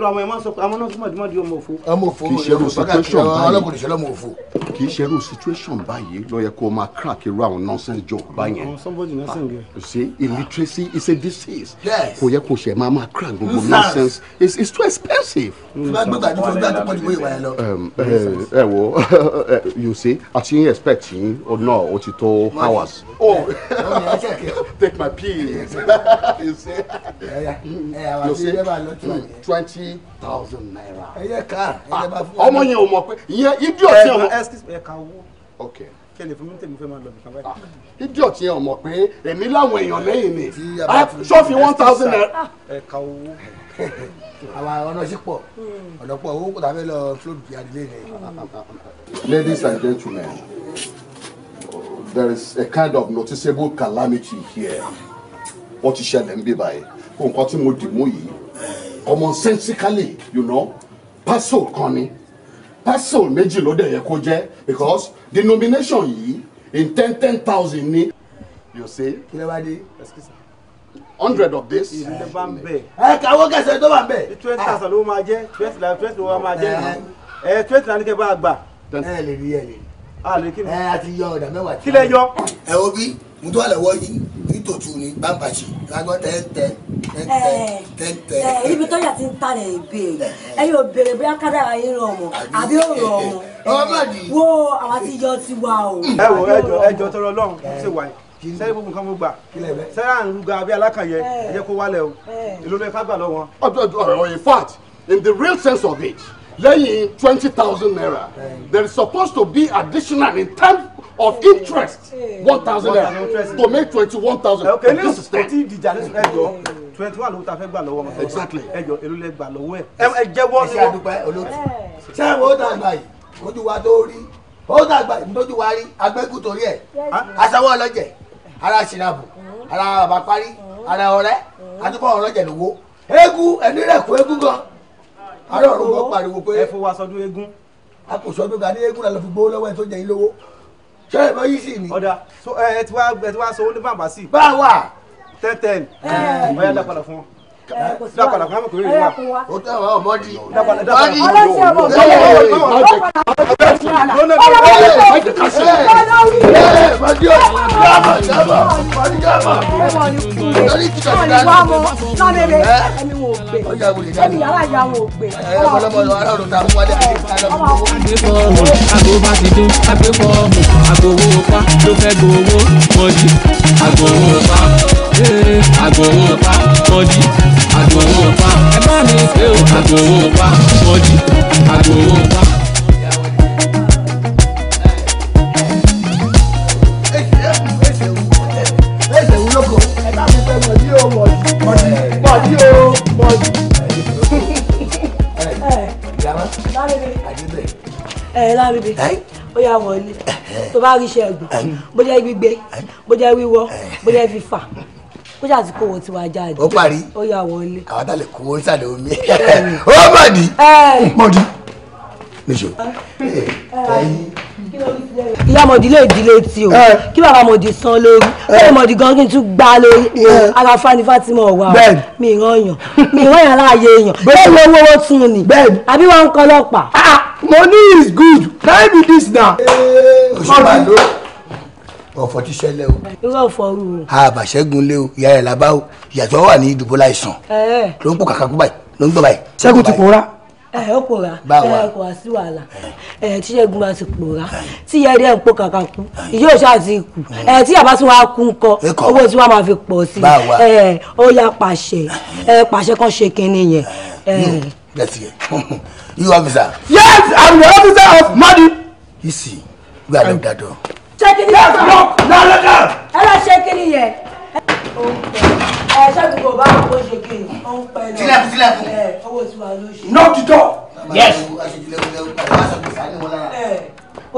E: lọ àwọn ẹ̀ma sọ pé àwọn nọ́ọ̀sì mọ̀dí mọ̀dí ọmọ òfo. ọmọ òfo kì í ṣerú situation báyìí kì í ṣerú situation báyìí ló yẹ kó máa crack irú àwọn nonsense joke báyẹn. ṣe ah, illiteracy is a disease. kò yẹ kó ṣe máa máa crack gbogbo nonsense it's, it's too expensive. ẹ mm, um, eh, eh, wo eh, you see àti yín expect yín no, ó ti tó hours. oh take my pills ló mm. ṣe twenty thousand naira. ẹ yẹ ká ẹ yẹ bá fún wa. ọmọ yẹn ò mọ̀ pé ìyẹn idiot yẹn ọmọ. ẹ ká wó. ok kẹlẹ fún mi tẹmí fẹ máa lọ nìkan báyìí. Ah, idiot yẹn ò mọ̀ pé èmi láwọn èèyàn lẹ́yìn ni ah, ṣọ́ọ̀fì one thousand naira. Ah, ẹ ká wó àwa ọ̀nà sí pọ̀ hmm. ọ̀nà pọ̀ owó kòtà fẹ́ lọ flóòdù bí adilé ni. Ladies and gentlemen, there is a kind of noticeable calamity here wọ́n ti ṣẹlẹ̀ be by? báyìí nǹkan tí mo dì mú yìí common sensically you know parcel kan ni parcel méjì ló dẹ̀ yẹ kó jẹ́ because the nomination yìí in ten ten thousand ni you see. kí ló bá dé hundred of this. ìdílé bá ń bẹ̀. ẹ káwọ́ kẹsẹ̀ tó bá ń bẹ̀. twenty thousand ló máa jẹ́ twenty la twenty ló máa jẹ́ ẹ eh, eh. eh, twenty la ní kẹ́ bá a gbà. ẹ lè rí ẹ lè rí. a lè kí ni. ẹ a ti yọ ọ̀dà mẹ́wàá. kí lẹ yọ. ẹ wo bí mutu ala wɔyi ni tòtù ni bambaṣi lagbɔ tɛntɛ tɛntɛ tɛntɛ.
B: ɛ ibi tɔjà ti ń ta lɛ ìbéèrè eh, eh. ẹ yóò béèrè bóyá kádàrá yín rọ ọmọ àbí ó rọ eh, ọmọ wo àwọn àti ìjọ ti wà o. Hmm. ẹ wo
E: ẹjọ ẹjọ tọrọ lọhùn ṣe wà yìí kì gbogbo nǹkan mo gbà sẹ́yìn àrùn ga alákàyẹ ẹ jẹ́ kó wálẹ̀ o èlò lọ́ọ́ ká gbà lọ́wọ́. ọ̀rọ̀ in fact in the real sense of it lẹ́yìn twenty thousand naira there is supposed to be additional in terms of interest one thousand naira to make twenty-one thousand. okay this is ten. ti dìjà ní twenty one lówó ta fẹ́ gbà lọ́wọ́ wọn. exactly ẹjọ èló lẹ gbà lọ́wọ́ ẹ. ẹ jẹ́wọ́ wọ́n. ẹ
D: ṣe ṣé wo dàgbà
E: yìí ojú wa tó rí ó dàgbà yìí tójú wa rí agbẹ́kù torí ẹ̀ aṣáwọ́ ọlọ́jẹ̀ ara ṣìnàbù ara bàbá parí ara ọ̀rẹ́ àdúgbò mm. ọlọ́jẹ̀ lówó eégún ẹni rẹ̀ kú eégún àárọ̀ òrùn kan pariwo pé ẹ fún wa sọdún eégún. a kò sọdún ga ní eégún lálọ́ fi gbowó lọ́wọ́ ẹ tó jẹ́ ilé owó ṣé ẹ bọ́ yìí sì ni. ọ̀dà ẹ ti wá sọ ó ní bàbá sí. báwa. ten ten. ọ̀yá dá padà fún wọn dákọ̀lá kò náà kò rí wa. pa
A: ló fẹ́ gbowó mọ́jì agbowó pa agbowó pa mọ́dí agbowó pa ẹ bá mi ṣe o agbowó pa mọ́dí agbowó pa.
B: ẹ lábíbi ó yà wọlé tó bá rí iṣẹ́ ẹ̀gbọ́n bóyá gbígbé bóyá wíwọ́ bóyá fífà ó ṣáà ti kówó tiwa jáde. ó parí ó yà wọlé. àwọn tá lè
E: kówó sàlẹ̀ omi
B: ó mọ̀dí mọ̀dí níṣó. ìyá mọ̀dí lè dílé tí o kí bàbá mọ̀dí san lórí bẹ́ẹ̀ mọ̀dí gan kí n tún gbá lórí ara fani fatima wà o mi ìran yàn mi ìran yàn láàyè èèyàn bẹ́ẹ̀ ni owó owó tún ni àbí wọ́n ń kọ́ ọlọ́pàá. Ah, ah, money is good time is
E: this na. òṣùpá ló ọ̀fọ̀ ti ṣẹlẹ̀ o. irú ọ̀fọ̀ rù o. àbàṣẹ́gun lé o ìyá rẹ̀ làbá o ìyàtọ̀ wà ní ìdìbò láìsàn. ló ń pò kàkàkú báyìí ló ń gbọ́ báyìí. ṣẹ́gun ti pòórá.
B: ẹ ẹ pòórá ẹ kò wá sí wàhálà ẹ tí ṣẹ́gun bá ti pòórá tí ìyá ń pò kàkàkú ìyá òṣà ti kù ẹ tí àbá tí wọ́n á kú ńkọ owó tí wọ́n máa fi pọ̀ sí i ó yá pàṣẹ ẹ pàṣẹ kan ṣe kinní
E: you officer.
B: yes i'm the officer of madi.
E: you see we are doctor
B: ṣé kí ni yẹn. let's go now let go. ẹ lọ ṣe kí ni yẹn. ó ń pẹ ẹ ṣáàtì kò bá kó ṣe kí ni ó ń pẹ lọ. tilẹ̀kùn tilẹ̀kùn. ẹ owó tí wàá ló ṣe. knock the door. yes.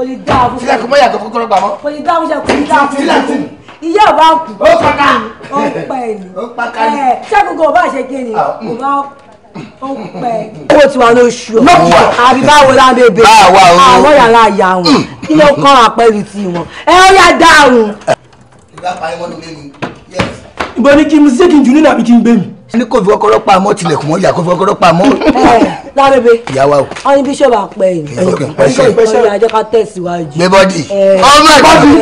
B: olùdáàbò. tilẹ̀kùn mọ́ yàtọ̀ kókóró gbàmọ́. olùdáàbò ṣe kò ní dáàbò. tilẹ̀kùn ìyá ò bá kù. ó pàkà. ó pẹ̀ ni. ó pàkà ni. ṣé kókó bá ṣe kí ni. ò bá kù ó ti wà lóṣù ọ àbí báwo la bèbè àwọn yàrá àyà wọn kí ló kọ́ àpẹẹrẹ tí wọn ẹ ó yà dáhùn.
E: ìbọn ni kí n ṣe kí n jù nínú àbí kí n gbé mi. ní kò fi kọ́kọ́rọ́ pa mọ́ tilẹ̀kùn mọ́ ìyá kò fi kọ́kọ́rọ́ pa mọ́. lábẹ́bẹ́ ìyáwá o.
B: wọ́n ní bíṣọ̀bù àpẹ yìí. ẹ̀yìn pẹ́ṣẹ́ ọ̀yà jẹ́ ká tẹ̀síwájú. gbẹ́bọ́dì ọmọ ìbọ́dì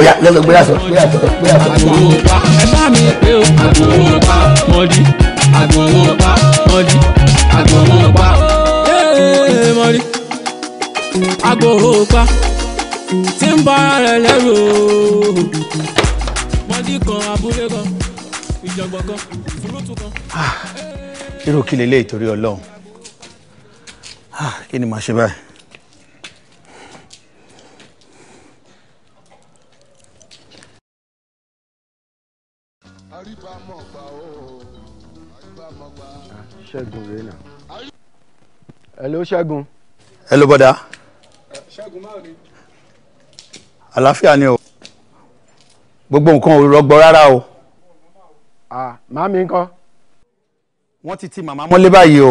E: ọ̀yà lọ́lọ́ gbéra sọ gbéra sọ gbéra sọ. àbúrò
A: pa ẹ bá mi pé o àbúrò pa mọ́dí àgbọ̀n wọn pa mọ́rí àgbọ̀n wọn pa. mọ́rí àgbọ̀n wọn pa tí ń bára rẹ̀ lẹ́rù o. mọ́dí kan abúlé kan ìjọ̀gbọ̀n kan fúrúùtù kan.
E: irú ah, kí lélẹ́yìí torí ọlọ́run ah, kí ni màá ṣe báyìí. ṣẹ́gun rèé hello ṣẹ́gun. hello bọ́dà. ṣẹ́gun máa rí. àlàáfíà ni o gbogbo nǹkan ò rọgbọ rárá o. màámi ńkọ́. wọ́n ti ti màmá mọ́lé báyìí o.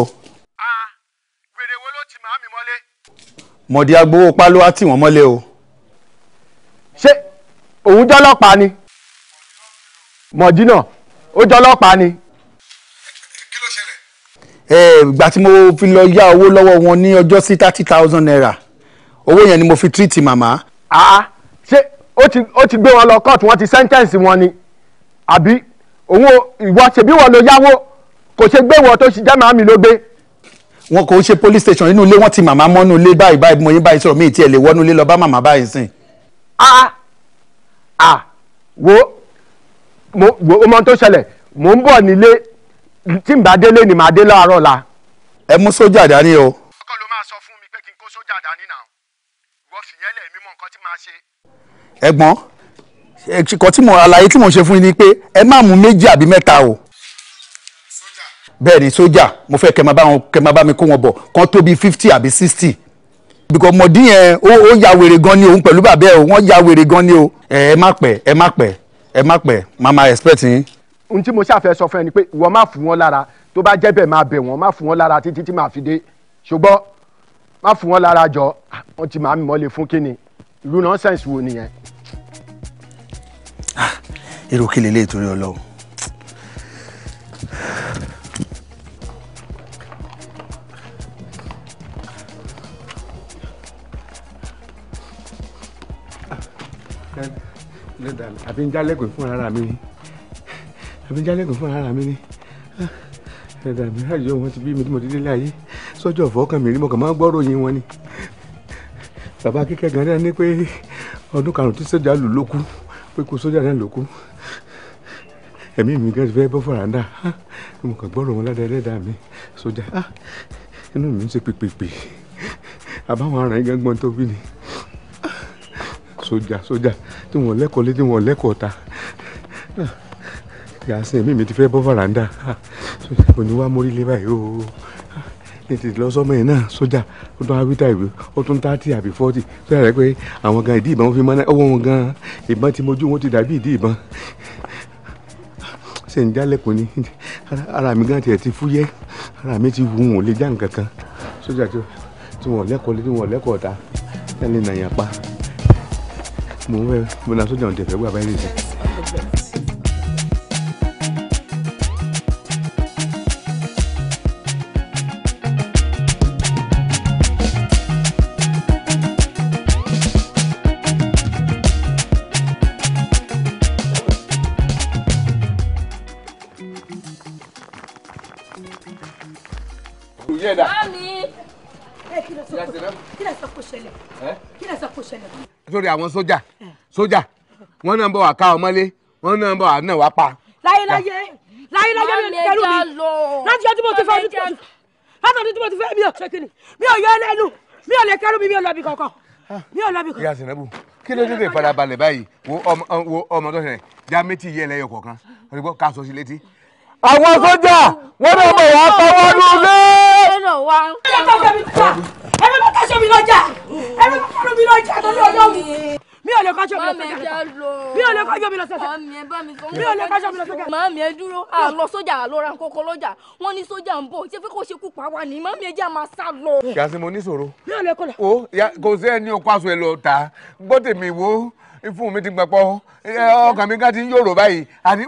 E: wèrè wo ló ti màámi mọ́lé. mọ̀dí agbowó pálọ́ á tì wọ́n mọ́lé o. ṣé òun jọ́lọ́pàá ni mọ̀dínà ó jọ́lọ́pàá ni ìgbà tí mo fi lọ yá owó lọ́wọ́ wọn ní ọjọ́ sí thirty thousand naira owó yẹn ni mo fi treat màmá. àá ah, ṣé ó ti gbé wọn lọ court wọn ti sentence wọn ni àbí òun ìwọ ṣebí wọn ló yáwó kò ṣe gbé wọn tó ṣe jẹ́ màmí ló gbé. wọn kò ṣe police station inú ilé wọn ti màmá mọ́nú ilé báyìí báyìí mo yín báyìí sọ̀rọ̀ mi ì tiẹ̀ lè wọ́nú ilé lọ bá màmá báyìí sìn. a ah, a ah, wo mo wo ọmọ tó ṣẹlẹ̀ mò ń bọ̀ nílé tí n bá délé ni màá dé láàárọ̀ la. ẹ mú sójà dání o. ọkọ ló máa sọ fún mi pé kí n kó sójà dání náà ìwọ fìyẹn lẹ mímọ nǹkan tí màá ṣe. ẹ̀gbọ́n ẹ̀kọ́ tí mo àlàyé tí mo ṣe fún yín ni pé ẹ má mú méjì àbí mẹ́ta o. bẹ́ẹ̀ sójà mo fẹ́ kẹ́ máa bá wọn kẹ́ máa bá mi kó wọn bọ̀ kán tó fifty àbí sixty bìkọ́ mọ̀dí yẹn ó ya wèrè gan ni òun pẹ̀lú bàbá ẹ̀ wọ́n ya wèrè gan ni o. ẹ má pẹ́ ẹ má pẹ́ ẹ má pẹ́ màmá expect yín ohun tí mo ṣàfẹ́ sọ fún ẹ ni pé ìwọ má fún wọn lára tó bá jẹ́ bẹ́ẹ̀ máa bẹ̀ wọ́n má fún wọn lára títí tí màá fi dé ṣùgbọ́n má fún wọn lára jọ ah, wọn ti màá mọ̀ lè fún kíni irú nọ́sẹ̀nsì wo nìyẹn. èrò ah, kí lélẹ́yìí torí ọlọ́run. Ah, àbí ń jálẹ̀kùn fún ara mi àbí jálẹ̀kùn fún ara mi ni ah, ẹ̀dà mìíràn yóò wọ́n ti bí mi tí mo ti délé ayé sọ́jọ́ ọ̀fọ́kàn mi rí mo kàn máa ń gbọ́ ròyìn wọn ni bàbá kíkẹ́ gan náà ní pé ọdún karùn-ún tí sójà lù ló kú pé kó sójà náà ló kú ẹ̀mí mi gan ti fẹ́ bọ́ fọ̀ràǹdà ah, mo kàn gbọ́ ròyìn wọn ládàá ẹlẹ́dàá mi sójà ah, inú mi ń ṣe pèpèpè àbáwọn aràn yín gángan tó bí ni sójà sójà tí wọn lẹ́kọ̀ọ́ yàsìn mímí ti fẹ́ bọ́ fàràǹdà oníwà mórílé báyìí o tètè lọ sọmọ yẹn náà sójà ó tún awítà ìwé ó tún tààtì àbí fọ́tì sójà rẹ pé àwọn gan ìdí ìbọn fi mọ́ náà ọwọ́ wọn gan ìbọn ti mojú wọn ti dàbí ìdí ìbọn ṣe ń jálẹ̀kùn ni ara mi gan tiẹ̀ ti fúyẹ́ ara mi ti wù wọn ò lè já nǹkan kan sójà tí wọn lẹ́kọ̀ọ́ lé tí wọn lẹ́kọ̀ọ́ ta ẹni nàyàn pa mò ń fẹ́ mo na sójà òun tẹ̀fẹ́ gbà báyìí nìyẹn.
B: ìyẹn dà. mami eh, kí lè sọ kó ṣẹlẹ̀ eh? kí lè sọ kó ṣẹlẹ̀.
E: sórí àwọn sójà eh. sójà wọn náà ń bọ̀ wá ká ọmọlé wọn náà ń bọ̀ wá náà wá pa.
B: láyéláyé láyéláyé mi ò ní kẹrù mi láti ọdún mo ti fẹ́ mi láti ọdún mo ti fẹ́ mi ò ṣe kíni mi ò yọ ẹlẹ́nu mi ò lè kẹrù mi mi ò lọ bí kankan
E: ah. mi ò lọ bí kankan. ìyá sinabu kí ló dé fara balẹ̀ báyìí wo ọmọ tó ṣẹlẹ̀ já méjì yẹ lẹ́yọ kọ̀ọ̀kan ká sọ sí létí. àwọn sójà wọn náà bọ̀ wá pàwọ́ lulẹ̀
B: lọ́dọ̀ wa. ẹ tó fẹ́ mi ta ẹ bá káṣọ́ mi lọ́jà ẹ bá káṣọ́ mi lọ́jà torí ọlọ́run mi ò lè kájọ mi lọ sọjà mi ò lè kájọ mi lọ sọjà mi ò lè kájọ mi lọ sọjà. màámi ẹ dúró a lọ sójà àlọ ra kókó lọ́jà wọn ní sójà ń bọ̀ ṣé fẹ́ kó pa wá ni màámi ẹ jẹ́ àmà sá lọ. yàtí mo ní sọ̀rọ̀
E: o kò sí ẹni ọkọ aṣọ lọ ta gbọ́dọ̀ mi wo fún mi ti gbapọ̀ ọkàn mi ká ti ń yòrò báyìí àti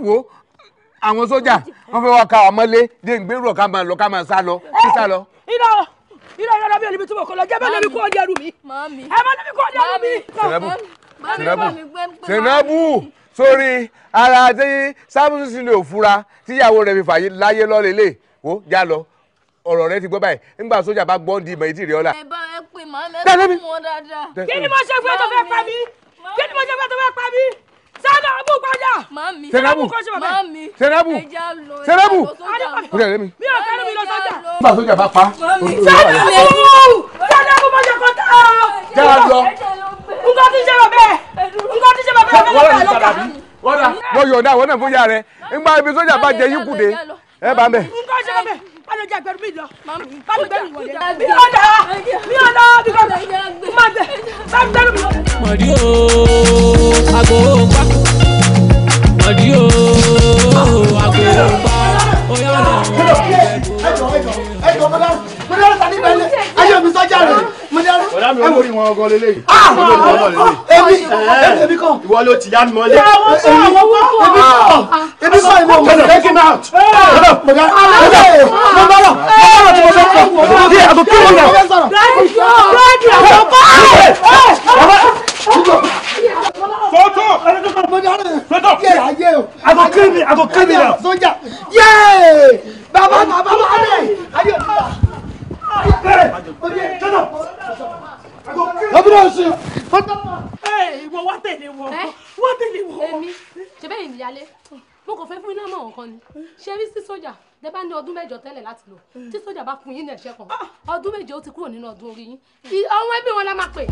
E: àwọn sójà wọn fẹ́ wá ka wà mọ́lé dé ìgbérò ká máa lọ ká máa sá lọ kí sá lọ.
B: Eh, irọ́ irọ́ irọ́ mi ò níbi tí mo kọ lọ jẹ́ bẹ́ẹ̀ lórí kó ọdẹ ẹrù mi ẹ má níbi kó ọdẹ ẹrù mi. sinabu sinabu
E: sórí ara tí sábùsù sì lè fura tíyàwó rẹ̀ fi fàyè láyé lọ́lẹ̀lẹ̀ wò já lọ ọ̀rọ̀ rẹ ti gbọ́ báyìí nígbà sójà bá gbọ́n di ìmọ̀ ètí rẹ̀ ọ̀la. ẹ
B: bá ẹ pè mọ́ ẹ fún wọn dáadáa. kí ni mo ṣe fún ẹ tó fẹ́ pa mí kí ni mo ṣe fún ẹ tó fẹ́ pa mí sẹ́nàbù kọjá. màmí sẹ́nàbù màmí mi. ò kẹ́rù mi lọ sọ́jà. nígbà sójà bá pa. sẹ́nàbù sẹ́nàbù mọ̀jẹ̀ kọ́tà. já lọ. nǹkan tí ń ṣe bàbá ẹ̀ nǹkan tí ń ṣe bàbá ẹ̀ wọ́n lọ́ọ́ lọ́ọ́ wọ́n
E: yọ̀ọ̀dà wọ́n náà fún yàrá ẹ̀ ńgbà ibi sójà bá jẹ yín kùdé ẹ̀ bá ń bẹ̀.
B: nǹkan ṣe bàbá ẹ̀ má ló jẹ́ gbẹrú mi lọ bá mi gbẹrú wọlé mi ò lọ mi ò lọ bí kò má bẹ bá mi gbẹrú mi lọ. o àgò pa mọ̀dí o àgò
A: pa ó yọ̀ lọ
C: ẹ jọ mọdàrú mọdàrú tani bẹlẹ ayé mi sọjà rẹ mọdàrú. ọ̀dà mi olórí
E: wọn gan lélẹ́yìí. èmi èmi kọ. ìwọ ló ti yánu mọ́lẹ̀. èmi kọ èmi kọ ìwọ mọ̀lẹ́. take him out. mọdàrú mọdàrú mọdàrú
C: mọdàrú tí mo fẹ́ kọ. yé àtò kí wọn lọ. dájú àtò kọ́. Soto! Soto! Soto! Yeah, yeah! I don't kill me! I don't kill me now! Soja! Yeah! bàbá bàbá bàbá bẹ́ẹ̀ ayé òkúta ayé bẹ́ẹ̀
B: oye jọ́nà lọ́bùrọ̀ ọ̀sùn. ìwọ wá tẹ̀lé wọn eh? wá tẹ̀lé wọn. èmi ṣe bẹ́ẹ̀ ìdíyalé mo kàn fẹ́ fún iná mọ̀ nǹkan ni ṣe rí sí sójà tẹ bá ní ọdún mẹ́jọ tẹ́lẹ̀ láti lò tí sójà bá fún yín ní ẹ̀ṣẹ́ kan ah. ọdún méje ó ti kúrò nínú ọdún orí yín àwọn ẹbí wọn la máa pè.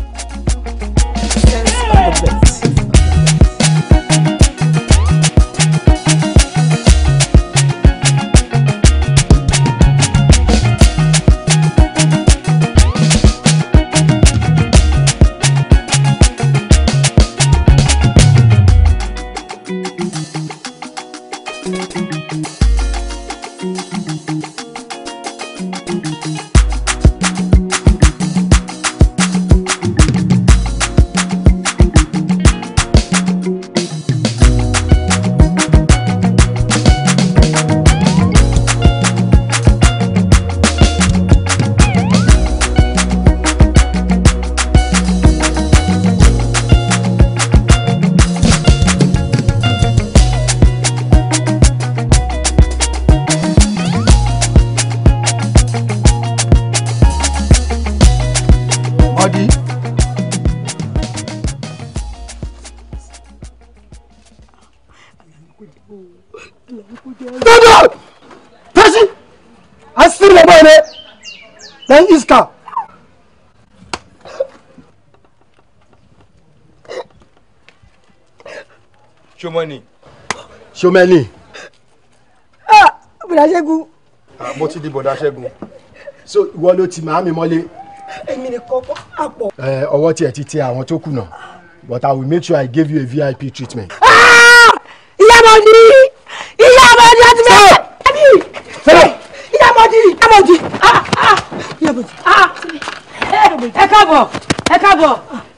C: Show ɗan iska
E: Ṣomẹ́ni.
B: Ah, Bọ̀dá Ṣẹ́gun.
E: Ah, mo ti di Bọ̀dá Ṣẹ́gun. So ìwọ ló ti màámi mọ́lé.
B: Èmi ni kọ́kọ́ àpọ̀.
E: Ẹ ọwọ́ tiẹ̀ ti tẹ àwọn tó kùnà but I will make sure I give you a VIP treatment. Ah,
B: Ìyábọ̀dì! Ìyábọ̀dì àti bẹ́ẹ̀. Ìyábọ̀dì! Ìyábọ̀dì! Ah! ẹ káàbọ̀ ẹ káàbọ̀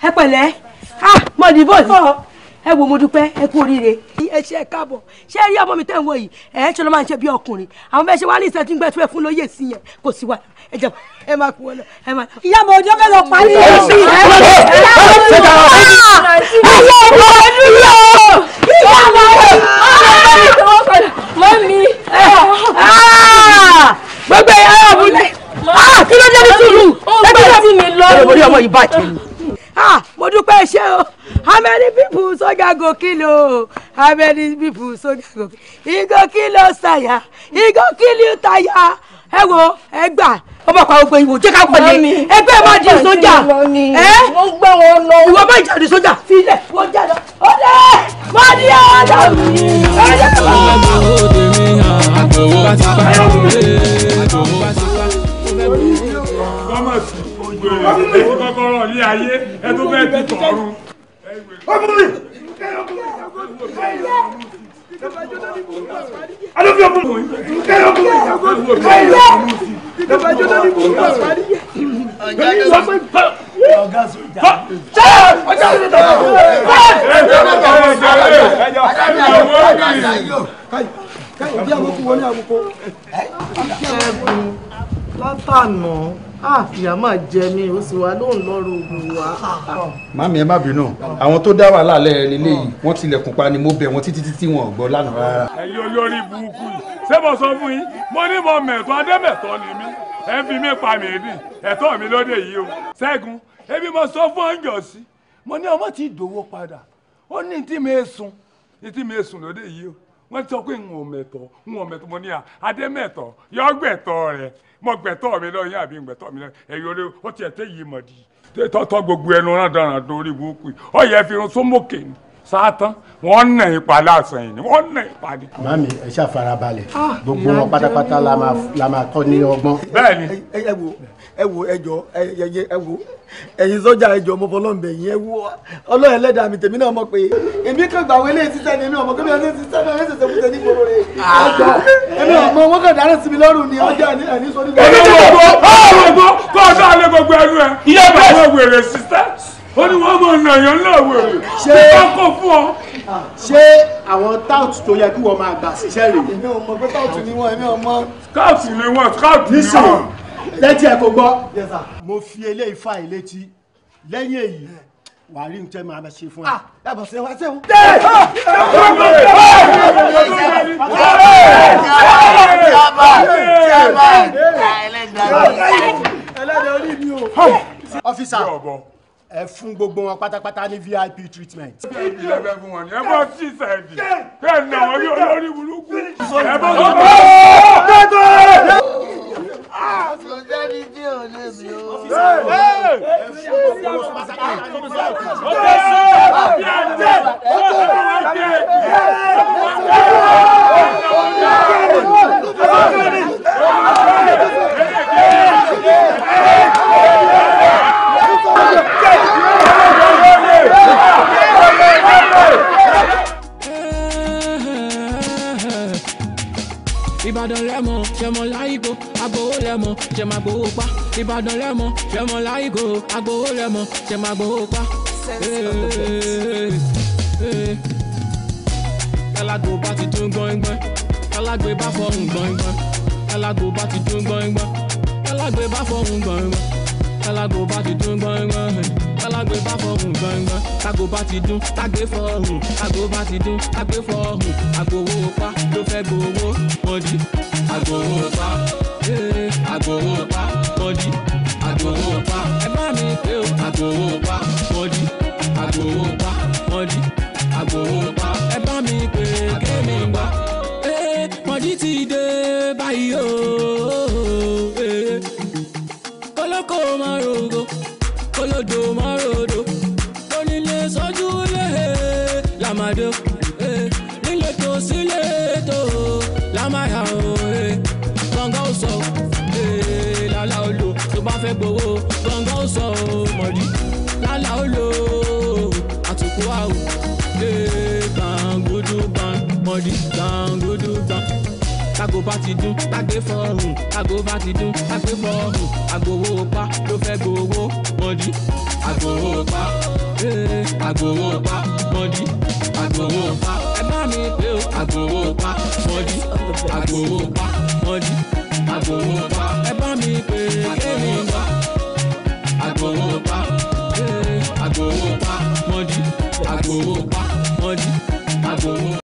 B: ẹ pẹ̀lẹ́ mọ̀ ní bọ́ọ̀lù ẹ wo mo dúpẹ́ ẹ kú oríire. ẹ ṣe ẹ káàbọ̀ ṣé rí ọmọ mi tẹ́ ń wọ yìí ẹ ṣe ló máa ń ṣe bí ọkùnrin àwọn bẹ́ẹ̀ ṣe wá ní ìṣẹ́jú gbẹ tó ẹ fún lóye sí yẹn kò sí wa ẹ jẹ ẹ máa kú wọlé ẹ máa. ìyá mo jọ́ bẹ́ẹ̀ lọ parí ẹ̀ sí i. ẹ lọ sí i. ayé ọmọ ẹni yóò. ìyá mo
C: ọmọ mi. mọ́mí.
B: lè ọmọ yìí báyìí. Ah, mo dúpẹ́ ṣé o how many people sójà go kill o how many people sójà go kill he go kill us tire he go kill you tire ẹ wo ẹ gbà ọmọ kan gbogbo ìwò jẹ́ ká wọlé ẹgbẹ́ ẹ má di sójà ẹ ìwọ má jáde sójà filẹ̀ wọ́n
C: jáde ó lẹ̀ má di ọ̀dọ̀ mi ó lẹ̀ mọ́ èyí kọ́kọ́rọ́ ní ayé ẹ tó fẹ́ ti tọ̀run. ọkùnrin
D: alóbi ọkùnrin kẹyọ ọkùnrin
C: kẹyọ ọgá sójà ọgá sójà
E: bí àwọn kò wọlé àwòkọ. látànà àfìyà ah, máa jẹ mi ó sì wá lóun lọ́rọ̀ ògùn wa. mami ẹ má bínú àwọn tó dá wàhálà lẹ́rẹ̀ lélẹ̀ yìí wọ́n tilẹ̀kùn pa ni mo bẹ̀ wọ́n títí títí wọn ò gbọ́ lánàá rárá.
C: ẹ̀yin olórí burúkú ṣé mo sọ fún yín mo ní mo mẹ̀tọ́ adẹ́mẹ̀tọ́ ni mí ẹ fi mí pa mí rìn ẹ̀tọ́ mi lóde yìí o. ṣẹ́gun ebi mo sọ fún
E: ọ̀njọ́ sí mo ní ọmọ tí ìdòwò padà ó ní tí mi sùn tí mi sùn lóde
C: yìí o wọ́n ti sọ pé ń ò mẹ̀tọ́ ń ò mẹ̀tọ́ mo ní à adẹ́mẹ̀tọ́ yọ́gbẹ̀tọ́ rẹ̀ mo gbẹ̀tọ́ mi lọ́yìn àbí gbẹ̀tọ́ mi lọ́yìn ẹ̀yọ́ lé ó tiẹ̀ tẹ́ yìí mọ̀ di tọ́tọ́ gbogbo ẹnu náà dáná dorí burúkú ọ yẹ fi irun sómókè ni sátán wọn nà ipa lásán yìí ni wọn nà ipa ni.
E: màmí ẹ ṣàfarabalẹ̀ gbogbo wọn pátápátá la máa kọ́ ní ọgbọ́n. bẹ́ẹ̀ni ẹ wo ẹ wo ẹjọ ẹyẹ ẹ wo ẹ̀yin sọ́jà ẹjọ ọmọ fọlọ́ǹbẹ yín ẹ wo ọlọ́run ẹlẹ́dàá mi tèmi náà mọ̀ pé èmi kan gbà wọlé sísẹ́ ni èmi ọmọ kébí ọdún sísẹ́ náà ẹ̀sẹ̀ sẹ́kùtẹ̀ ní gbòòrò rẹ̀ ọjà èmi ọmọ
C: wọn kàn dáná sí mi lọ́rùn ni ọjà ẹni sọ ní. èmi ti gbogbo ọ̀rọ̀ gbogbo kó ọjọ́ alẹ́ gbogbo ẹnu ẹ ìyá bá wọn wèrè sísẹ́ ó ní wọ́n mọ̀ nàyàn náà wèrè
E: ṣé àwọn tout tó yẹ kí wọ́n máa gbà síṣẹ́ rèé. èmi ò mọ̀ pé tout ni wọ́n èmi ò mọ̀. tout ni wọ́n tout ni wọ́n létí ẹ kò gbọ́. mo fi eléyìí fa ìlétí lẹ́yìn èyí wà á rí nǹkan máa bẹ ṣe fún ẹ. Ah, ẹ bọ̀ sẹ́wọ́n sẹ́wọ́n. dé ẹlẹ́dẹ̀ orí mi o. ọ́fíìsà ẹ fún gbogbo wọn pátápátá ní vip treatment. ẹbí lẹbẹ
C: fún wọn ni ẹ bọ sí sẹẹdì kẹ ẹ nà wọn yóò lórí burúkú. ẹ bọ sọ fún wọn kò sẹ́ni tí ò lè
A: gbowó lẹ́mọ ṣe máa gbowó pa ìbàdàn lẹ́mọ lẹ́mọ láìgò agbowó lẹ́mọ ṣe máa gbowó pa. alágbó bá ti tún gbọ́ngbọ́n alágbé bá fọ̀hún gbọ́ngbọ́n alágbó bá ti tún gbọ́ngbọ́n alágbé bá fọ̀hún gbọ́ngbọ́n alágbó bá ti dún gbọ́ngbọ́n alágbé bá fọ̀hún gbọ́ngbọ́n tágò bá ti dún tágé fọ̀hún àgò bá ti dún tágé fọ̀hún àgòwò pa ló fẹ́ gbowó mọ̀dí àgòwò pa àgbòho eh, pa bọ́dí àgbòho pa ẹ bá mi pé o àgbòho pa bọ́dí àgbòho pa bọ́dí àgbòho pa ẹ bá mi pé kémi gbà. Eh, mọ̀jí ti dé báyìí o eh, kólókó máa rògo kólódò onílé sọ́jú lé làmàdo. mọ́dí gan dúdú gan. Tágo bá ti dún, tágbé fọ́ọ̀rùn. Tágo bá ti dún, tágbé fọ́ọ̀rùn. Àgbòwò pa ló fẹ́ gbowó mọ́dí. Àgbòwò pa, àgbòwò pa mọ́dí. Àgbòwò pa, ẹ bá mi pé o. Àgbòwò pa mọ́dí. Àgbòwò pa mọ́dí. Àgbòwò pa, ẹ bá mi pé kémi gbà. Àgbòwò pa, àgbòwò pa mọ́dí. Àgbòwò pa mọ́dí. Àgbòwò.